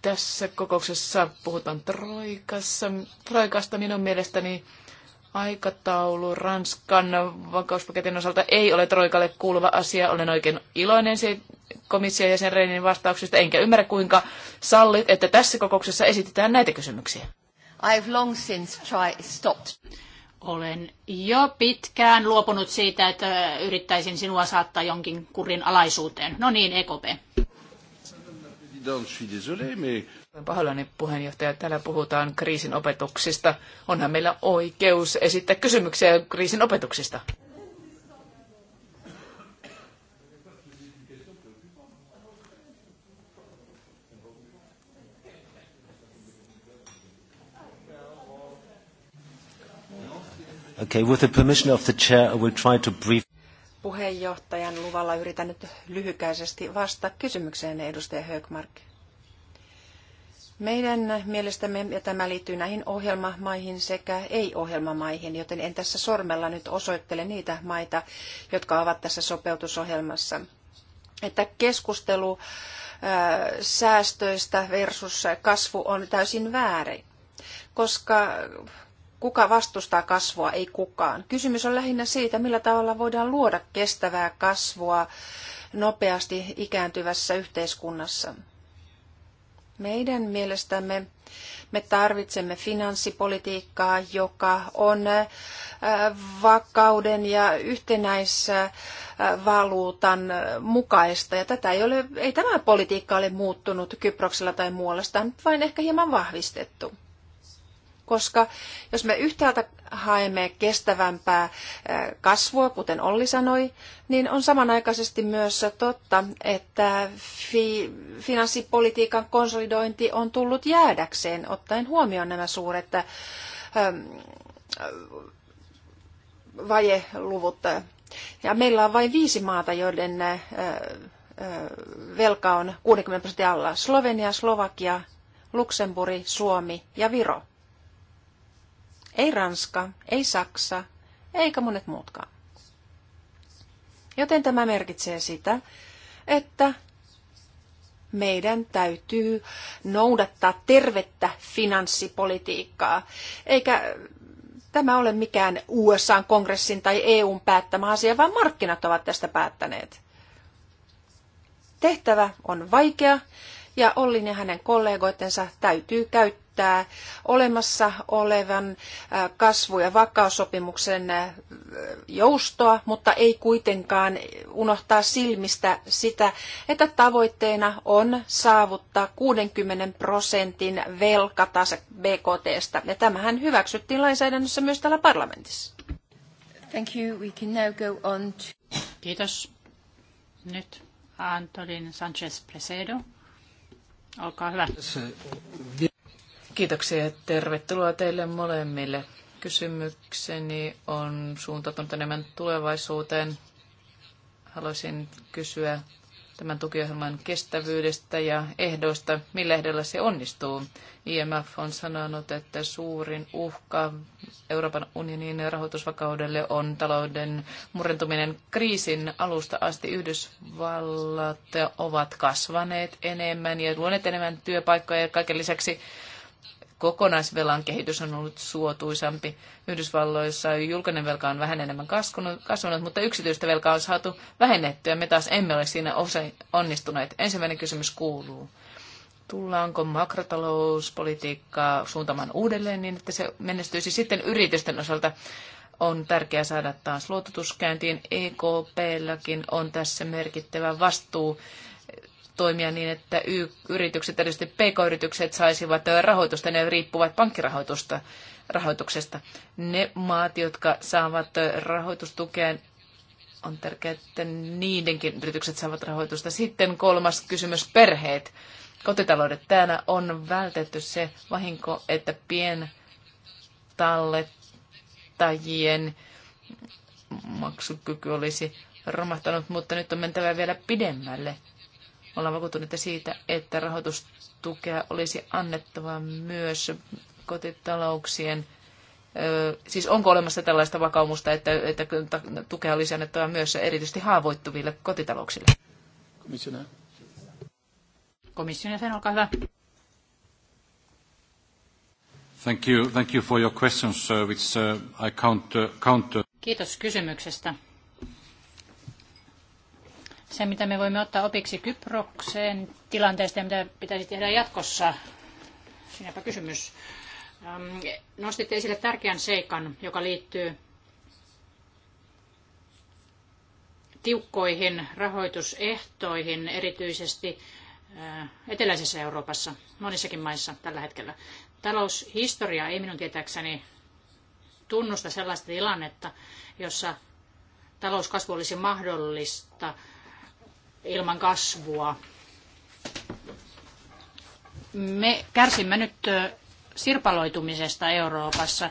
Speaker 5: tässä kokouksessa puhutaan troikassa. Troikasta minun mielestäni aikataulu Ranskan vakauspaketin osalta ei ole Troikalle kuuluva asia. Olen oikein iloinen siitä komission jäsen Reinin vastauksesta, enkä ymmärrä kuinka sallit, että tässä kokouksessa esitetään näitä kysymyksiä.
Speaker 1: I've long
Speaker 3: since tried, stopped. Olen jo pitkään luopunut siitä, että yrittäisin sinua saattaa jonkin kurin alaisuuteen. No niin, EKP.
Speaker 5: Olen pahoillani puheenjohtaja. Täällä puhutaan kriisin opetuksista. Onhan meillä oikeus esittää kysymyksiä kriisin opetuksista.
Speaker 1: Okay, with the permission of the chair, I will try to brief...
Speaker 2: Puheenjohtajan luvalla yritän nyt lyhykäisesti vastata kysymykseen, edustaja Högmark. Meidän mielestämme, ja tämä liittyy näihin ohjelmamaihin sekä ei-ohjelmamaihin, joten en tässä sormella nyt osoittele niitä maita, jotka ovat tässä sopeutusohjelmassa. Että keskustelu äh, säästöistä versus kasvu on täysin väärin, koska Kuka vastustaa kasvua? Ei kukaan. Kysymys on lähinnä siitä, millä tavalla voidaan luoda kestävää kasvua nopeasti ikääntyvässä yhteiskunnassa. Meidän mielestämme me tarvitsemme finanssipolitiikkaa, joka on äh, vakauden ja yhtenäisvaluutan äh, äh, mukaista. Ja tätä ei, ole, ei tämä politiikka ole muuttunut Kyproksella tai muualla, sitä on vain ehkä hieman vahvistettu koska jos me yhtäältä haemme kestävämpää kasvua, kuten Olli sanoi, niin on samanaikaisesti myös totta, että fi- finanssipolitiikan konsolidointi on tullut jäädäkseen, ottaen huomioon nämä suuret vajeluvut. Ja meillä on vain viisi maata, joiden velka on 60 prosenttia alla. Slovenia, Slovakia, Luxemburg, Suomi ja Viro. Ei Ranska, ei Saksa, eikä monet muutkaan. Joten tämä merkitsee sitä, että meidän täytyy noudattaa tervettä finanssipolitiikkaa, eikä tämä ole mikään USA-kongressin tai EUn päättämä asia, vaan markkinat ovat tästä päättäneet. Tehtävä on vaikea ja Ollin ja hänen kollegoitensa täytyy käyttää käyttää olemassa olevan kasvu- ja vakaussopimuksen joustoa, mutta ei kuitenkaan unohtaa silmistä sitä, että tavoitteena on saavuttaa 60 prosentin velkatase BKTstä. Ja tämähän hyväksyttiin lainsäädännössä myös täällä parlamentissa. Thank you. We can now go on
Speaker 3: to... Kiitos. Nyt Antolin Sanchez Presedo.
Speaker 5: Olkaa hyvä. Kiitoksia ja tervetuloa teille molemmille. Kysymykseni on suuntautunut enemmän tulevaisuuteen. Haluaisin kysyä tämän tukiohjelman kestävyydestä ja ehdoista, millä ehdolla se onnistuu. IMF on sanonut, että suurin uhka Euroopan unionin rahoitusvakaudelle on talouden murentuminen kriisin alusta asti. Yhdysvallat ovat kasvaneet enemmän ja luoneet enemmän työpaikkoja ja kaiken lisäksi kokonaisvelan kehitys on ollut suotuisampi. Yhdysvalloissa julkinen velka on vähän enemmän kasvanut, mutta yksityistä velkaa on saatu vähennettyä. Me taas emme ole siinä onnistuneet. Ensimmäinen kysymys kuuluu, tullaanko makrotalouspolitiikkaa suuntamaan uudelleen niin, että se menestyisi sitten yritysten osalta? On tärkeää saada taas luototuskäyntiin. EKPlläkin on tässä merkittävä vastuu toimia niin, että yritykset, erityisesti pk-yritykset, saisivat rahoitusta. Ne riippuvat pankkirahoitusta rahoituksesta. Ne maat, jotka saavat rahoitustukea, on tärkeää, että niidenkin yritykset saavat rahoitusta. Sitten kolmas kysymys, perheet. Kotitaloudet. Täällä on vältetty se vahinko, että pientallettajien maksukyky olisi romahtanut, mutta nyt on mentävä vielä pidemmälle ollaan vakuuttuneita siitä, että rahoitustukea olisi annettava myös kotitalouksien Siis onko olemassa tällaista vakaumusta, että, että tukea olisi annettava myös erityisesti haavoittuville kotitalouksille? Komissionär. Komission jäsen, olkaa hyvä.
Speaker 4: Thank you. Thank you for your questions, which I count. Uh, count. Uh,
Speaker 3: Kiitos kysymyksestä se, mitä me voimme ottaa opiksi Kyprokseen tilanteesta ja mitä pitäisi tehdä jatkossa. Sinäpä kysymys. Ähm, nostitte esille tärkeän seikan, joka liittyy tiukkoihin rahoitusehtoihin, erityisesti äh, eteläisessä Euroopassa, monissakin maissa tällä hetkellä. Taloushistoria ei minun tietääkseni tunnusta sellaista tilannetta, jossa talouskasvu olisi mahdollista ilman kasvua. Me kärsimme nyt sirpaloitumisesta Euroopassa.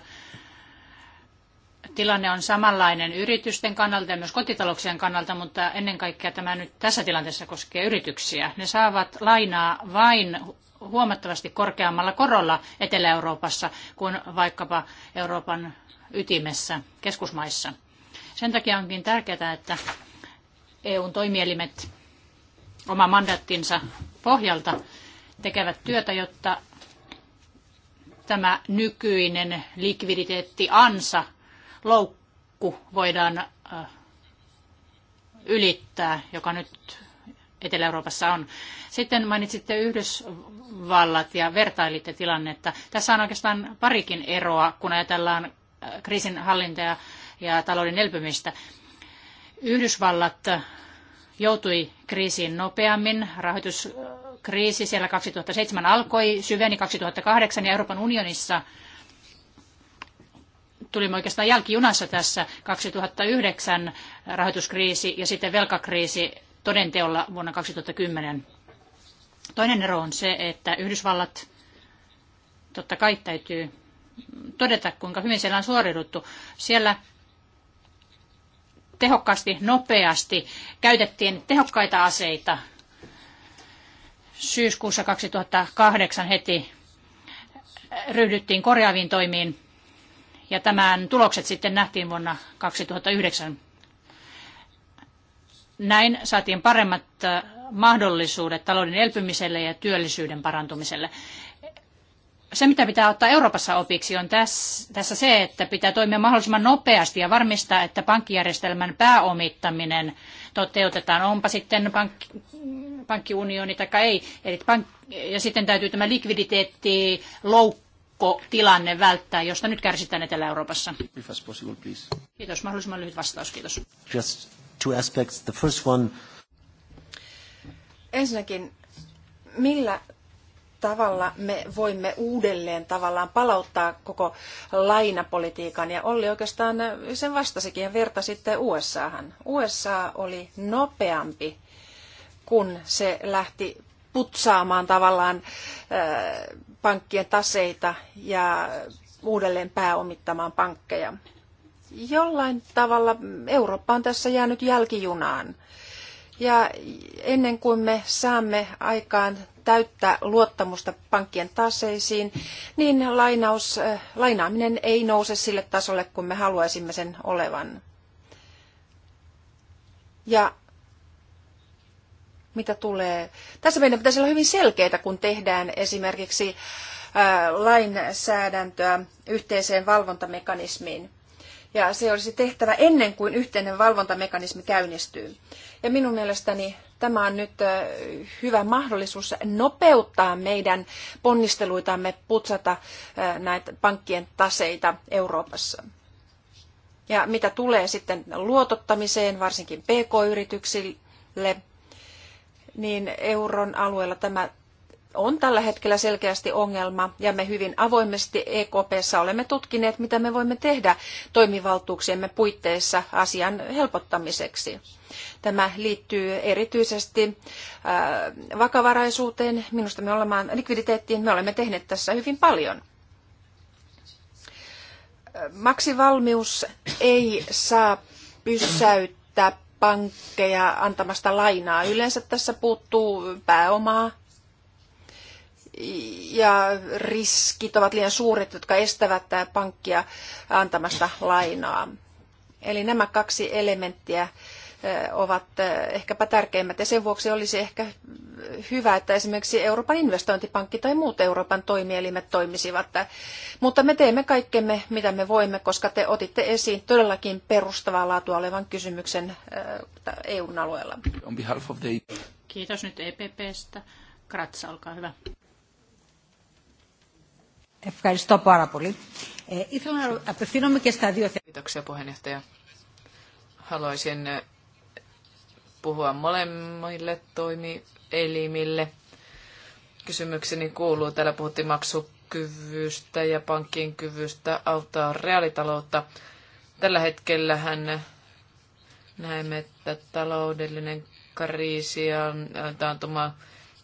Speaker 3: Tilanne on samanlainen yritysten kannalta ja myös kotitalouksien kannalta, mutta ennen kaikkea tämä nyt tässä tilanteessa koskee yrityksiä. Ne saavat lainaa vain huomattavasti korkeammalla korolla Etelä-Euroopassa kuin vaikkapa Euroopan ytimessä, keskusmaissa. Sen takia onkin tärkeää, että EUn toimielimet oma mandattinsa pohjalta tekevät työtä, jotta tämä nykyinen likviditeettiansa loukku voidaan äh, ylittää, joka nyt Etelä-Euroopassa on. Sitten mainitsitte Yhdysvallat ja vertailitte tilannetta. Tässä on oikeastaan parikin eroa, kun ajatellaan äh, kriisin hallintaa ja talouden elpymistä. Yhdysvallat joutui kriisiin nopeammin. Rahoituskriisi siellä 2007 alkoi, syveni 2008 ja Euroopan unionissa tulimme oikeastaan jälkijunassa tässä 2009 rahoituskriisi ja sitten velkakriisi todenteolla vuonna 2010. Toinen ero on se, että Yhdysvallat totta kai täytyy todeta, kuinka hyvin siellä on suoriuduttu. Siellä tehokkaasti, nopeasti, käytettiin tehokkaita aseita syyskuussa 2008 heti ryhdyttiin korjaaviin toimiin ja tämän tulokset sitten nähtiin vuonna 2009. Näin saatiin paremmat äh, mahdollisuudet talouden elpymiselle ja työllisyyden parantumiselle se, mitä pitää ottaa Euroopassa opiksi, on tässä, tässä se, että pitää toimia mahdollisimman nopeasti ja varmistaa, että pankkijärjestelmän pääomittaminen toteutetaan, onpa sitten pankki, pankkiunioni tai ei. Eli pank, ja sitten täytyy tämä likviditeetti tilanne välttää, josta nyt kärsitään Etelä-Euroopassa. Kiitos. Mahdollisimman lyhyt vastaus. Kiitos.
Speaker 1: Just two aspects. The first one...
Speaker 2: Ensinnäkin, millä tavalla me voimme uudelleen tavallaan palauttaa koko lainapolitiikan. Ja Olli oikeastaan sen vastasikin ja sitten USAhan. USA oli nopeampi, kun se lähti putsaamaan tavallaan pankkien taseita ja uudelleen pääomittamaan pankkeja. Jollain tavalla Eurooppa on tässä jäänyt jälkijunaan. Ja ennen kuin me saamme aikaan täyttää luottamusta pankkien taseisiin, niin lainaus, lainaaminen ei nouse sille tasolle, kun me haluaisimme sen olevan. Ja mitä tulee. Tässä meidän pitäisi olla hyvin selkeitä, kun tehdään esimerkiksi lainsäädäntöä yhteiseen valvontamekanismiin ja se olisi tehtävä ennen kuin yhteinen valvontamekanismi käynnistyy. Ja minun mielestäni tämä on nyt hyvä mahdollisuus nopeuttaa meidän ponnisteluitamme putsata näitä pankkien taseita Euroopassa. Ja mitä tulee sitten luotottamiseen, varsinkin pk-yrityksille, niin euron alueella tämä on tällä hetkellä selkeästi ongelma ja me hyvin avoimesti EKPssä olemme tutkineet, mitä me voimme tehdä toimivaltuuksiemme puitteissa asian helpottamiseksi. Tämä liittyy erityisesti äh, vakavaraisuuteen, minusta me olemme likviditeettiin, me olemme tehneet tässä hyvin paljon. Maksivalmius ei saa pysäyttää pankkeja antamasta lainaa. Yleensä tässä puuttuu pääomaa ja riskit ovat liian suuret, jotka estävät pankkia antamasta lainaa. Eli nämä kaksi elementtiä ovat ehkäpä tärkeimmät. Ja sen vuoksi olisi ehkä hyvä, että esimerkiksi Euroopan investointipankki tai muut Euroopan toimielimet toimisivat. Mutta me teemme kaikkemme, mitä me voimme, koska te otitte esiin todellakin perustavaa laatua olevan kysymyksen EUn alueella.
Speaker 3: Kiitos nyt EPPstä. Kratsa,
Speaker 5: olkaa hyvä.
Speaker 2: Ευχαριστώ πάρα πολύ.
Speaker 5: Ε, ήθελα να απευθύνομαι και στα δύο θέματα. Kiitoksia puheenjohtaja. Haluaisin puhua molemmille toimielimille. Kysymykseni kuuluu, täällä puhuttiin maksukyvystä ja pankkien kyvystä auttaa reaalitaloutta. Tällä hetkellä hän näemme, että taloudellinen kriisi ja taantuma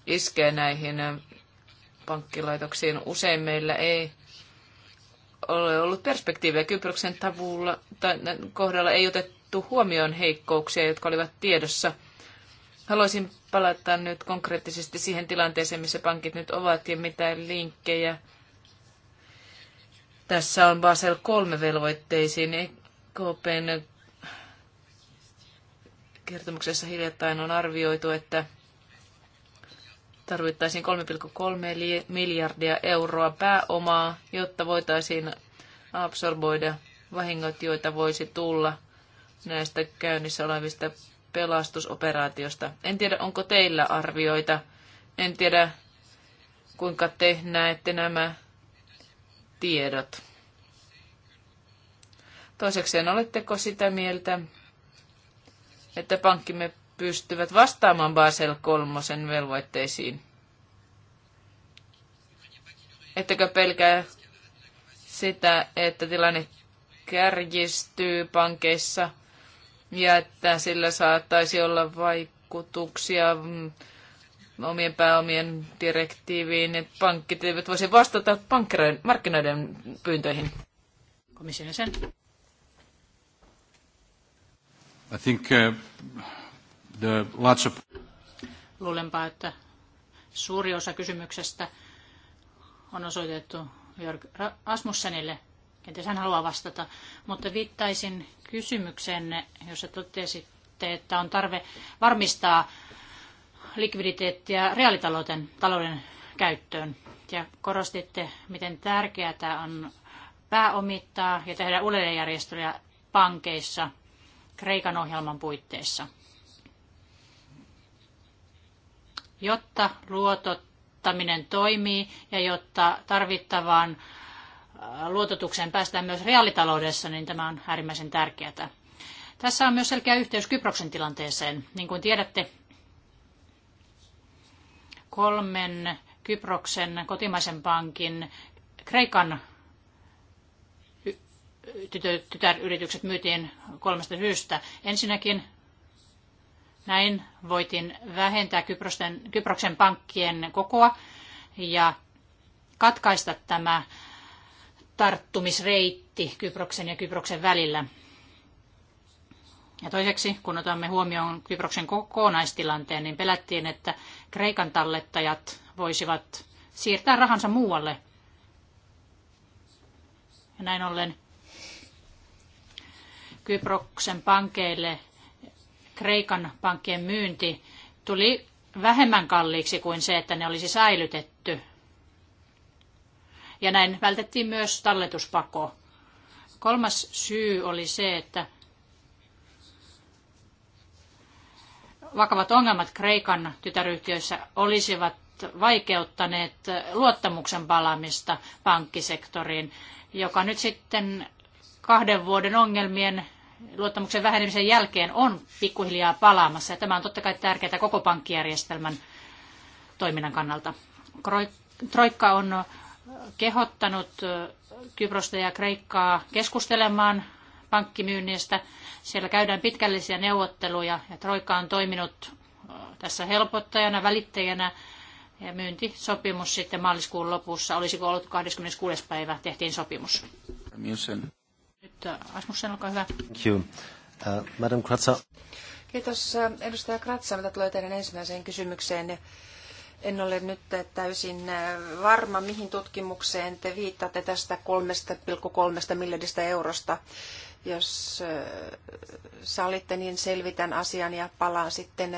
Speaker 5: iskee näihin pankkilaitoksiin. Usein meillä ei ole ollut perspektiiviä. Kyproksen tavulla, tai kohdalla ei otettu huomioon heikkouksia, jotka olivat tiedossa. Haluaisin palata nyt konkreettisesti siihen tilanteeseen, missä pankit nyt ovat ja mitä linkkejä tässä on Basel 3 velvoitteisiin. EKPn kertomuksessa hiljattain on arvioitu, että tarvittaisiin 3,3 miljardia euroa pääomaa, jotta voitaisiin absorboida vahingot, joita voisi tulla näistä käynnissä olevista pelastusoperaatiosta. En tiedä, onko teillä arvioita. En tiedä, kuinka te näette nämä tiedot. Toisekseen, oletteko sitä mieltä, että pankkimme pystyvät vastaamaan Basel kolmosen velvoitteisiin? Ettekö pelkää sitä, että tilanne kärjistyy pankeissa ja että sillä saattaisi olla vaikutuksia mm, omien pääomien direktiiviin, että pankkit eivät voisi vastata markkinoiden pyyntöihin? Komission sen.
Speaker 4: I think uh, the lots of...
Speaker 3: Luulenpa, että suuri osa kysymyksestä on osoitettu Jörg Asmussenille. Kenties hän haluaa vastata, mutta viittaisin kysymykseenne, jossa totesitte, että on tarve varmistaa likviditeettiä reaalitalouden talouden käyttöön. Ja korostitte, miten tärkeää tämä on pääomittaa ja tehdä uudelleenjärjestelyjä pankeissa Kreikan ohjelman puitteissa. jotta luotottaminen toimii ja jotta tarvittavaan äh, luototukseen päästään myös reaalitaloudessa, niin tämä on äärimmäisen tärkeää. Tässä on myös selkeä yhteys Kyproksen tilanteeseen. Niin kuin tiedätte, kolmen Kyproksen kotimaisen pankin Kreikan tytäryritykset myytiin kolmesta syystä. Ensinnäkin näin voitin vähentää Kyprosten, Kyproksen pankkien kokoa ja katkaista tämä tarttumisreitti Kyproksen ja Kyproksen välillä. Ja toiseksi, kun otamme huomioon Kyproksen kokonaistilanteen, niin pelättiin, että Kreikan tallettajat voisivat siirtää rahansa muualle. Ja näin ollen Kyproksen pankeille Kreikan pankkien myynti tuli vähemmän kalliiksi kuin se, että ne olisi säilytetty. Ja näin vältettiin myös talletuspako. Kolmas syy oli se, että vakavat ongelmat Kreikan tytäryhtiöissä olisivat vaikeuttaneet luottamuksen palaamista pankkisektoriin, joka nyt sitten kahden vuoden ongelmien luottamuksen vähenemisen jälkeen on pikkuhiljaa palaamassa. Ja tämä on totta kai tärkeää koko pankkijärjestelmän toiminnan kannalta. Troikka on kehottanut Kyprosta ja Kreikkaa keskustelemaan pankkimyynnistä. Siellä käydään pitkällisiä neuvotteluja ja Troika on toiminut tässä helpottajana, välittäjänä ja myyntisopimus sitten maaliskuun lopussa, olisiko ollut 26. päivä, tehtiin sopimus.
Speaker 2: Äh, Asmussen, olkaa hyvä. Thank you.
Speaker 1: Uh, Madam Kratsa.
Speaker 2: Kiitos äh, edustaja Kratsa, mitä tulee teidän ensimmäiseen kysymykseen. En ole nyt täysin äh, varma, mihin tutkimukseen te viittaatte tästä 3,3 miljardista eurosta. Jos sallitte, niin selvitän asian ja palaan sitten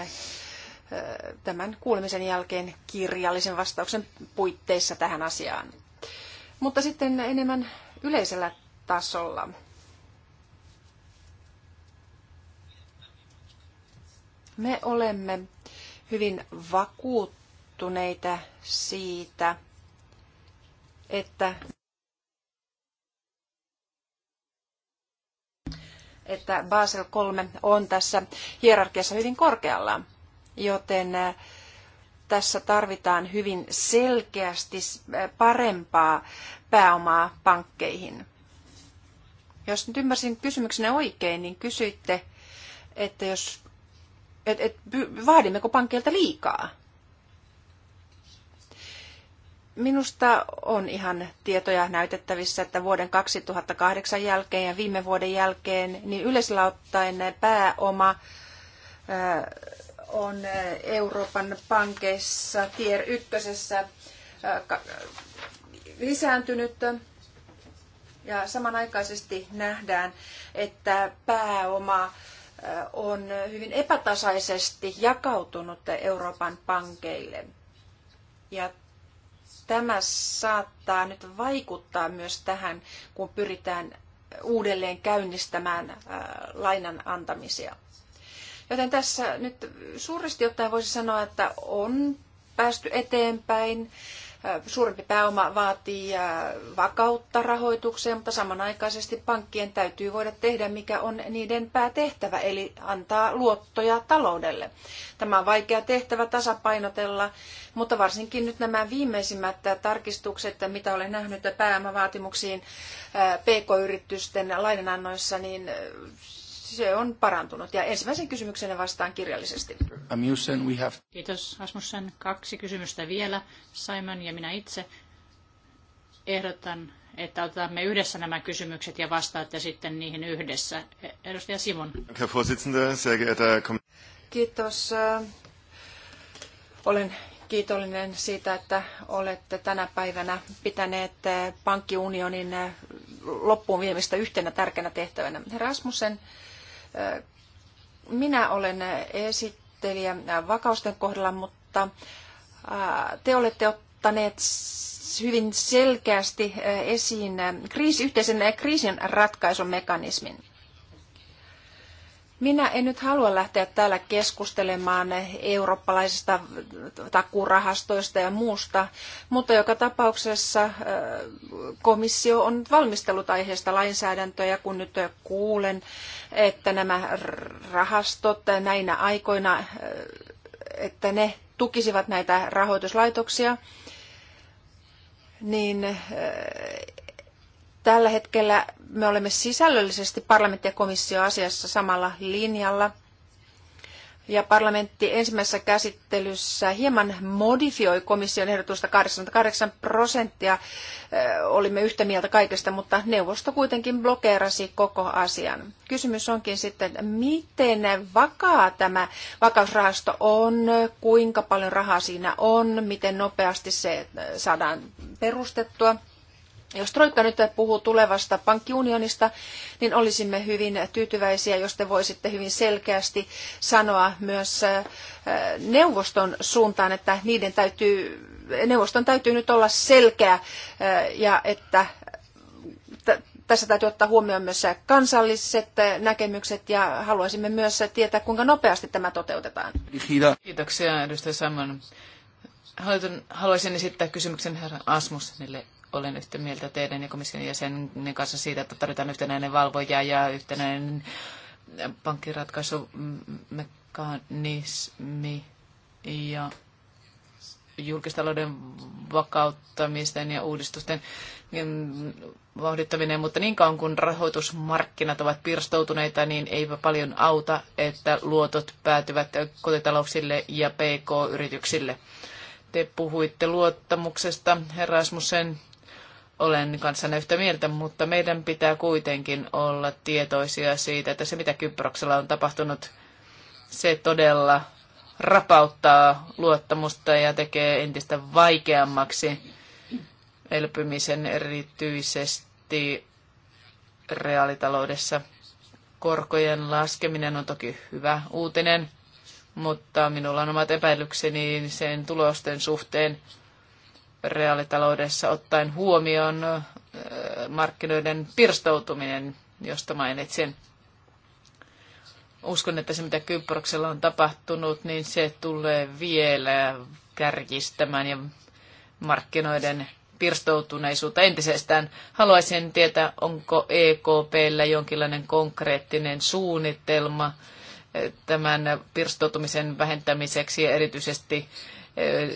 Speaker 2: tämän kuulemisen jälkeen kirjallisen vastauksen puitteissa tähän asiaan. Mutta sitten enemmän yleisellä tasolla. Me olemme hyvin vakuuttuneita siitä, että, että Basel 3 on tässä hierarkiassa hyvin korkealla, joten äh, tässä tarvitaan hyvin selkeästi äh, parempaa pääomaa pankkeihin. Jos nyt ymmärsin kysymyksenä oikein, niin kysyitte, että jos, et, et, vaadimmeko pankkeilta liikaa? Minusta on ihan tietoja näytettävissä, että vuoden 2008 jälkeen ja viime vuoden jälkeen niin yleisellä ottaen pääoma on Euroopan pankeissa tier ykkösessä lisääntynyt ja samanaikaisesti nähdään, että pääoma on hyvin epätasaisesti jakautunut Euroopan pankeille. Ja tämä saattaa nyt vaikuttaa myös tähän, kun pyritään uudelleen käynnistämään lainan antamisia. Joten tässä nyt suuresti ottaen voisi sanoa, että on päästy eteenpäin Suurempi pääoma vaatii vakautta rahoitukseen, mutta samanaikaisesti pankkien täytyy voida tehdä, mikä on niiden päätehtävä, eli antaa luottoja taloudelle. Tämä on vaikea tehtävä tasapainotella, mutta varsinkin nyt nämä viimeisimmät tarkistukset, mitä olen nähnyt pääomavaatimuksiin PK-yritysten lainanannoissa, niin se on parantunut. Ja ensimmäisen kysymyksen vastaan kirjallisesti.
Speaker 4: Amusen, we have...
Speaker 3: Kiitos Asmussen. Kaksi kysymystä vielä. Simon ja minä itse ehdotan, että otamme yhdessä nämä kysymykset ja vastaatte sitten niihin yhdessä. Edustaja Simon.
Speaker 2: Kiitos. Olen kiitollinen siitä, että olette tänä päivänä pitäneet pankkiunionin loppuun viemistä yhtenä tärkeänä tehtävänä. Rasmussen minä olen esittelijä vakausten kohdalla, mutta te olette ottaneet hyvin selkeästi esiin kriisi, yhteisen kriisin ratkaisumekanismin. Minä en nyt halua lähteä täällä keskustelemaan eurooppalaisista takurahastoista ja muusta, mutta joka tapauksessa komissio on valmistellut aiheesta lainsäädäntöä ja kun nyt kuulen että nämä rahastot näinä aikoina, että ne tukisivat näitä rahoituslaitoksia, niin äh, tällä hetkellä me olemme sisällöllisesti parlamentti ja komissio asiassa samalla linjalla – ja parlamentti ensimmäisessä käsittelyssä hieman modifioi komission ehdotusta 88 prosenttia. Olimme yhtä mieltä kaikesta, mutta neuvosto kuitenkin blokeerasi koko asian. Kysymys onkin sitten, miten vakaa tämä vakausrahasto on, kuinka paljon rahaa siinä on, miten nopeasti se saadaan perustettua. Jos Troikka nyt puhuu tulevasta pankkiunionista, niin olisimme hyvin tyytyväisiä, jos te voisitte hyvin selkeästi sanoa myös äh, neuvoston suuntaan, että niiden täytyy, neuvoston täytyy nyt olla selkeä äh, ja että tässä täytyy ottaa huomioon myös kansalliset äh, näkemykset ja haluaisimme myös tietää, kuinka nopeasti tämä toteutetaan.
Speaker 5: Kiitoksia edustaja Samman. Haluaisin esittää kysymyksen herra Asmussenille olen yhtä mieltä teidän ja komission jäsenen kanssa siitä, että tarvitaan yhtenäinen valvoja ja yhtenäinen pankkiratkaisumekanismi ja julkistalouden vakauttamisten ja uudistusten vauhdittaminen, mutta niin kauan kun rahoitusmarkkinat ovat pirstoutuneita, niin ei paljon auta, että luotot päätyvät kotitalouksille ja PK-yrityksille. Te puhuitte luottamuksesta, herra Asmussen, olen kanssanne yhtä mieltä, mutta meidän pitää kuitenkin olla tietoisia siitä, että se mitä Kyproksella on tapahtunut, se todella rapauttaa luottamusta ja tekee entistä vaikeammaksi elpymisen erityisesti reaalitaloudessa. Korkojen laskeminen on toki hyvä uutinen, mutta minulla on omat epäilykseni sen tulosten suhteen reaalitaloudessa ottaen huomioon markkinoiden pirstoutuminen, josta mainitsin. Uskon, että se mitä Kyproksella on tapahtunut, niin se tulee vielä kärjistämään ja markkinoiden pirstoutuneisuutta entisestään. Haluaisin tietää, onko EKPllä jonkinlainen konkreettinen suunnitelma tämän pirstoutumisen vähentämiseksi ja erityisesti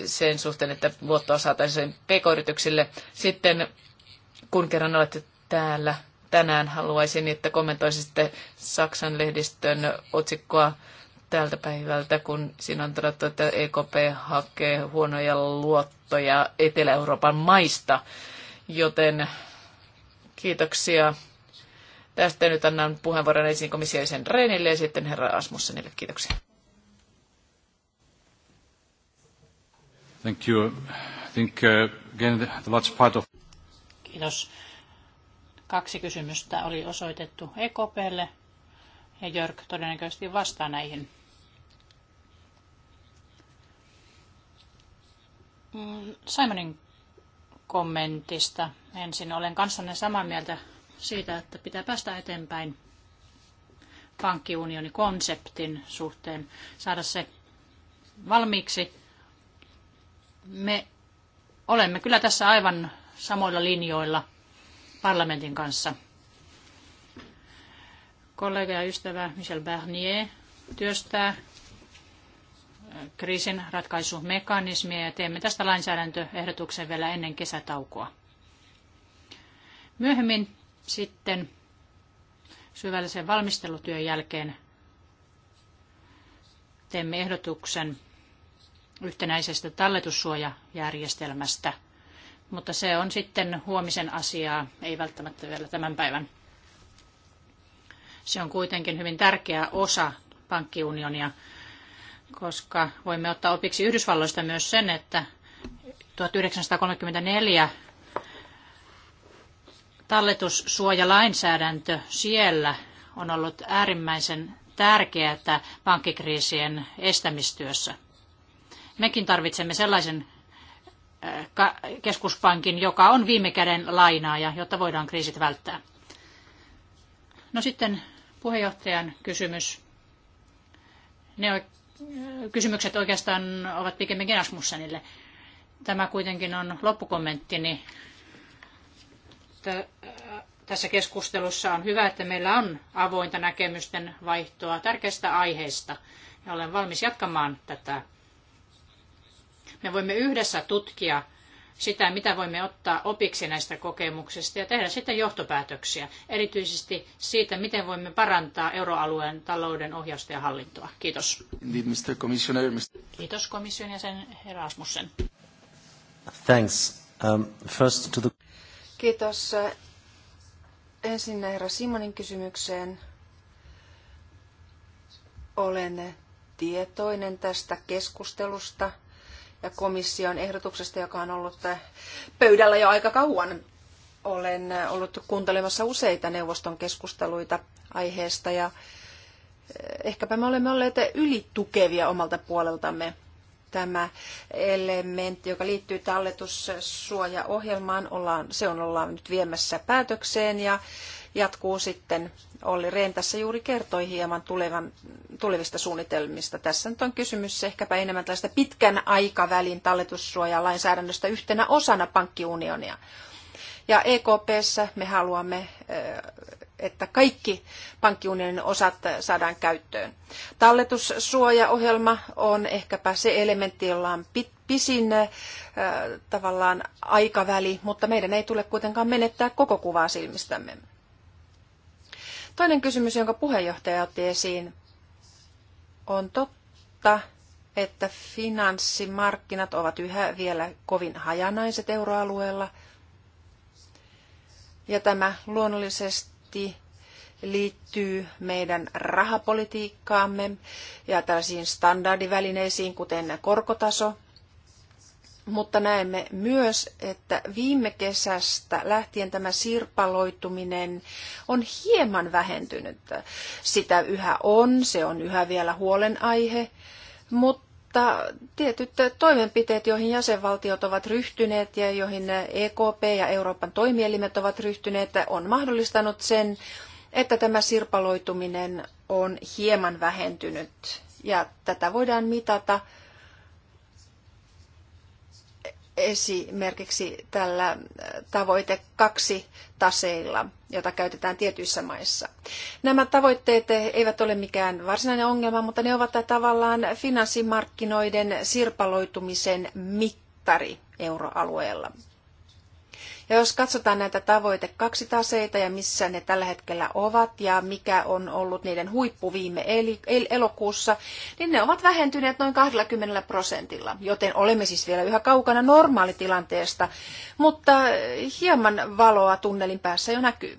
Speaker 5: sen suhteen, että luottoa saataisiin pk-yrityksille. Sitten kun kerran olette täällä tänään, haluaisin, että kommentoisitte Saksan lehdistön otsikkoa tältä päivältä, kun siinä on todettu, että EKP hakee huonoja luottoja Etelä-Euroopan maista. Joten kiitoksia. Tästä nyt annan puheenvuoron ensin komissiaisen Reinille ja sitten herra Asmussenille. Kiitoksia.
Speaker 4: Thank you. I think, uh, again, the large part of...
Speaker 3: Kiitos. Kaksi kysymystä oli osoitettu EKPlle ja Jörg todennäköisesti vastaa näihin. Mm, Simonin kommentista ensin. Olen kanssanne samaa mieltä siitä, että pitää päästä eteenpäin pankkiunionikonseptin suhteen, saada se valmiiksi me olemme kyllä tässä aivan samoilla linjoilla parlamentin kanssa. Kollega ja ystävä Michel Barnier työstää äh, kriisin ratkaisumekanismia ja teemme tästä lainsäädäntöehdotuksen vielä ennen kesätaukoa. Myöhemmin sitten syvällisen valmistelutyön jälkeen teemme ehdotuksen yhtenäisestä talletussuojajärjestelmästä, mutta se on sitten huomisen asiaa, ei välttämättä vielä tämän päivän. Se on kuitenkin hyvin tärkeä osa pankkiunionia, koska voimme ottaa opiksi Yhdysvalloista myös sen, että 1934 talletussuojalainsäädäntö siellä on ollut äärimmäisen tärkeää pankkikriisien estämistyössä. Mekin tarvitsemme sellaisen keskuspankin, joka on viime käden lainaaja, jotta voidaan kriisit välttää. No sitten puheenjohtajan kysymys. Ne kysymykset oikeastaan ovat pikemminkin Asmussenille. Tämä kuitenkin on loppukommenttini. Tässä keskustelussa on hyvä, että meillä on avointa näkemysten vaihtoa tärkeistä aiheista. Ja olen valmis jatkamaan tätä me voimme yhdessä tutkia sitä, mitä voimme ottaa opiksi näistä kokemuksista ja tehdä sitten johtopäätöksiä, erityisesti siitä, miten voimme parantaa euroalueen talouden ohjausta ja hallintoa. Kiitos.
Speaker 4: Mr. Commissioner.
Speaker 3: Kiitos komission jäsen Erasmussen.
Speaker 1: Thanks. Um, first to the...
Speaker 2: Kiitos. Ensin herra Simonin kysymykseen. Olen tietoinen tästä keskustelusta – ja komission ehdotuksesta, joka on ollut pöydällä jo aika kauan. Olen ollut kuuntelemassa useita neuvoston keskusteluita aiheesta ja eh, ehkäpä me olemme olleet ylitukevia omalta puoleltamme. Tämä elementti, joka liittyy talletussuojaohjelmaan, ollaan, se on ollaan nyt viemässä päätökseen ja jatkuu sitten. Olli Rehn tässä juuri kertoi hieman tulevan, tulevista suunnitelmista. Tässä nyt on kysymys ehkäpä enemmän tällaista pitkän aikavälin talletussuojalainsäädännöstä yhtenä osana pankkiunionia. Ja EKPssä me haluamme, eh, että kaikki pankkiunionin osat saadaan käyttöön. Talletussuojaohjelma on ehkäpä se elementti, jolla on pisin eh, tavallaan aikaväli, mutta meidän ei tule kuitenkaan menettää koko kuvaa silmistämme. Toinen kysymys, jonka puheenjohtaja otti esiin, on totta, että finanssimarkkinat ovat yhä vielä kovin hajanaiset euroalueella. Ja tämä luonnollisesti liittyy meidän rahapolitiikkaamme ja tällaisiin standardivälineisiin, kuten korkotaso, mutta näemme myös, että viime kesästä lähtien tämä sirpaloituminen on hieman vähentynyt. Sitä yhä on, se on yhä vielä huolenaihe, mutta mutta tietyt toimenpiteet, joihin jäsenvaltiot ovat ryhtyneet ja joihin EKP ja Euroopan toimielimet ovat ryhtyneet, on mahdollistanut sen, että tämä sirpaloituminen on hieman vähentynyt. Ja tätä voidaan mitata esimerkiksi tällä äh, tavoite kaksi taseilla, jota käytetään tietyissä maissa. Nämä tavoitteet eivät ole mikään varsinainen ongelma, mutta ne ovat tavallaan finanssimarkkinoiden sirpaloitumisen mittari euroalueella. Ja jos katsotaan näitä tavoite kaksi taseita ja missä ne tällä hetkellä ovat ja mikä on ollut niiden huippu viime elokuussa, niin ne ovat vähentyneet noin 20 prosentilla, joten olemme siis vielä yhä kaukana normaalitilanteesta, mutta hieman valoa tunnelin päässä jo näkyy.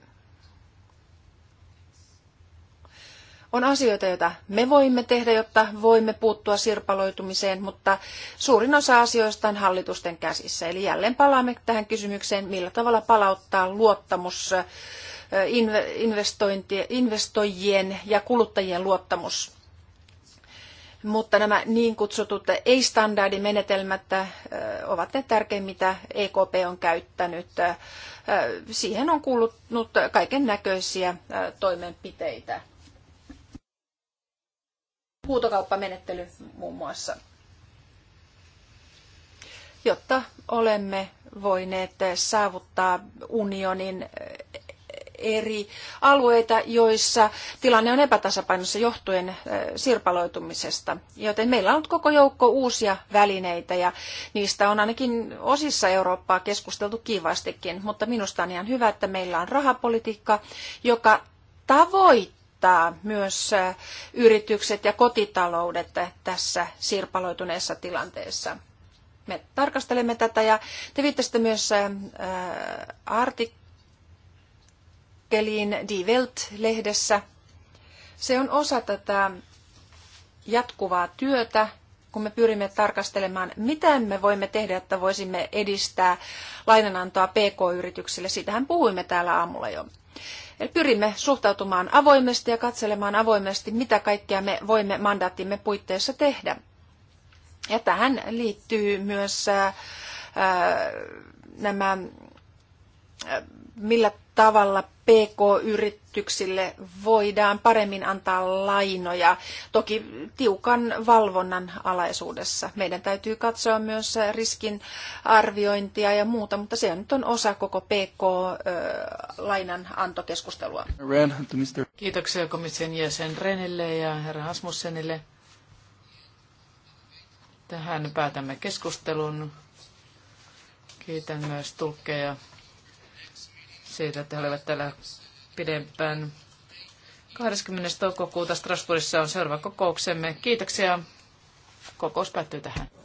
Speaker 2: On asioita, joita me voimme tehdä, jotta voimme puuttua sirpaloitumiseen, mutta suurin osa asioista on hallitusten käsissä. Eli jälleen palaamme tähän kysymykseen, millä tavalla palauttaa luottamus investoijien ja kuluttajien luottamus. Mutta nämä niin kutsutut ei-standardimenetelmät ovat ne tärkein, mitä EKP on käyttänyt. Siihen on kuulunut kaiken näköisiä toimenpiteitä huutokauppamenettely muun muassa, jotta olemme voineet saavuttaa unionin eri alueita, joissa tilanne on epätasapainossa johtuen eh, sirpaloitumisesta. Joten meillä on ollut koko joukko uusia välineitä ja niistä on ainakin osissa Eurooppaa keskusteltu kiivaastikin, mutta minusta on ihan hyvä, että meillä on rahapolitiikka, joka tavoittaa auttaa myös äh, yritykset ja kotitaloudet tässä sirpaloituneessa tilanteessa. Me tarkastelemme tätä ja te viittasitte myös äh, äh, artikkeliin Die Welt-lehdessä. Se on osa tätä jatkuvaa työtä, kun me pyrimme tarkastelemaan, mitä me voimme tehdä, että voisimme edistää lainanantoa PK-yrityksille. Siitähän puhuimme täällä aamulla jo. Eli pyrimme suhtautumaan avoimesti ja katselemaan avoimesti, mitä kaikkea me voimme mandaattimme puitteissa tehdä. Ja tähän liittyy myös ää, äh, äh, nämä, ää, äh, millä tavalla PK-yrityksille voidaan paremmin antaa lainoja, toki tiukan valvonnan alaisuudessa. Meidän täytyy katsoa myös riskin arviointia ja muuta, mutta se nyt on osa koko PK-lainan antokeskustelua.
Speaker 5: Kiitoksia komission jäsen Renille ja herra Hasmussenille. Tähän päätämme keskustelun. Kiitän myös tulkkeja siitä, että he olivat täällä pidempään. 20. toukokuuta Strasbourgissa on seuraava kokouksemme. Kiitoksia. Kokous päättyy tähän.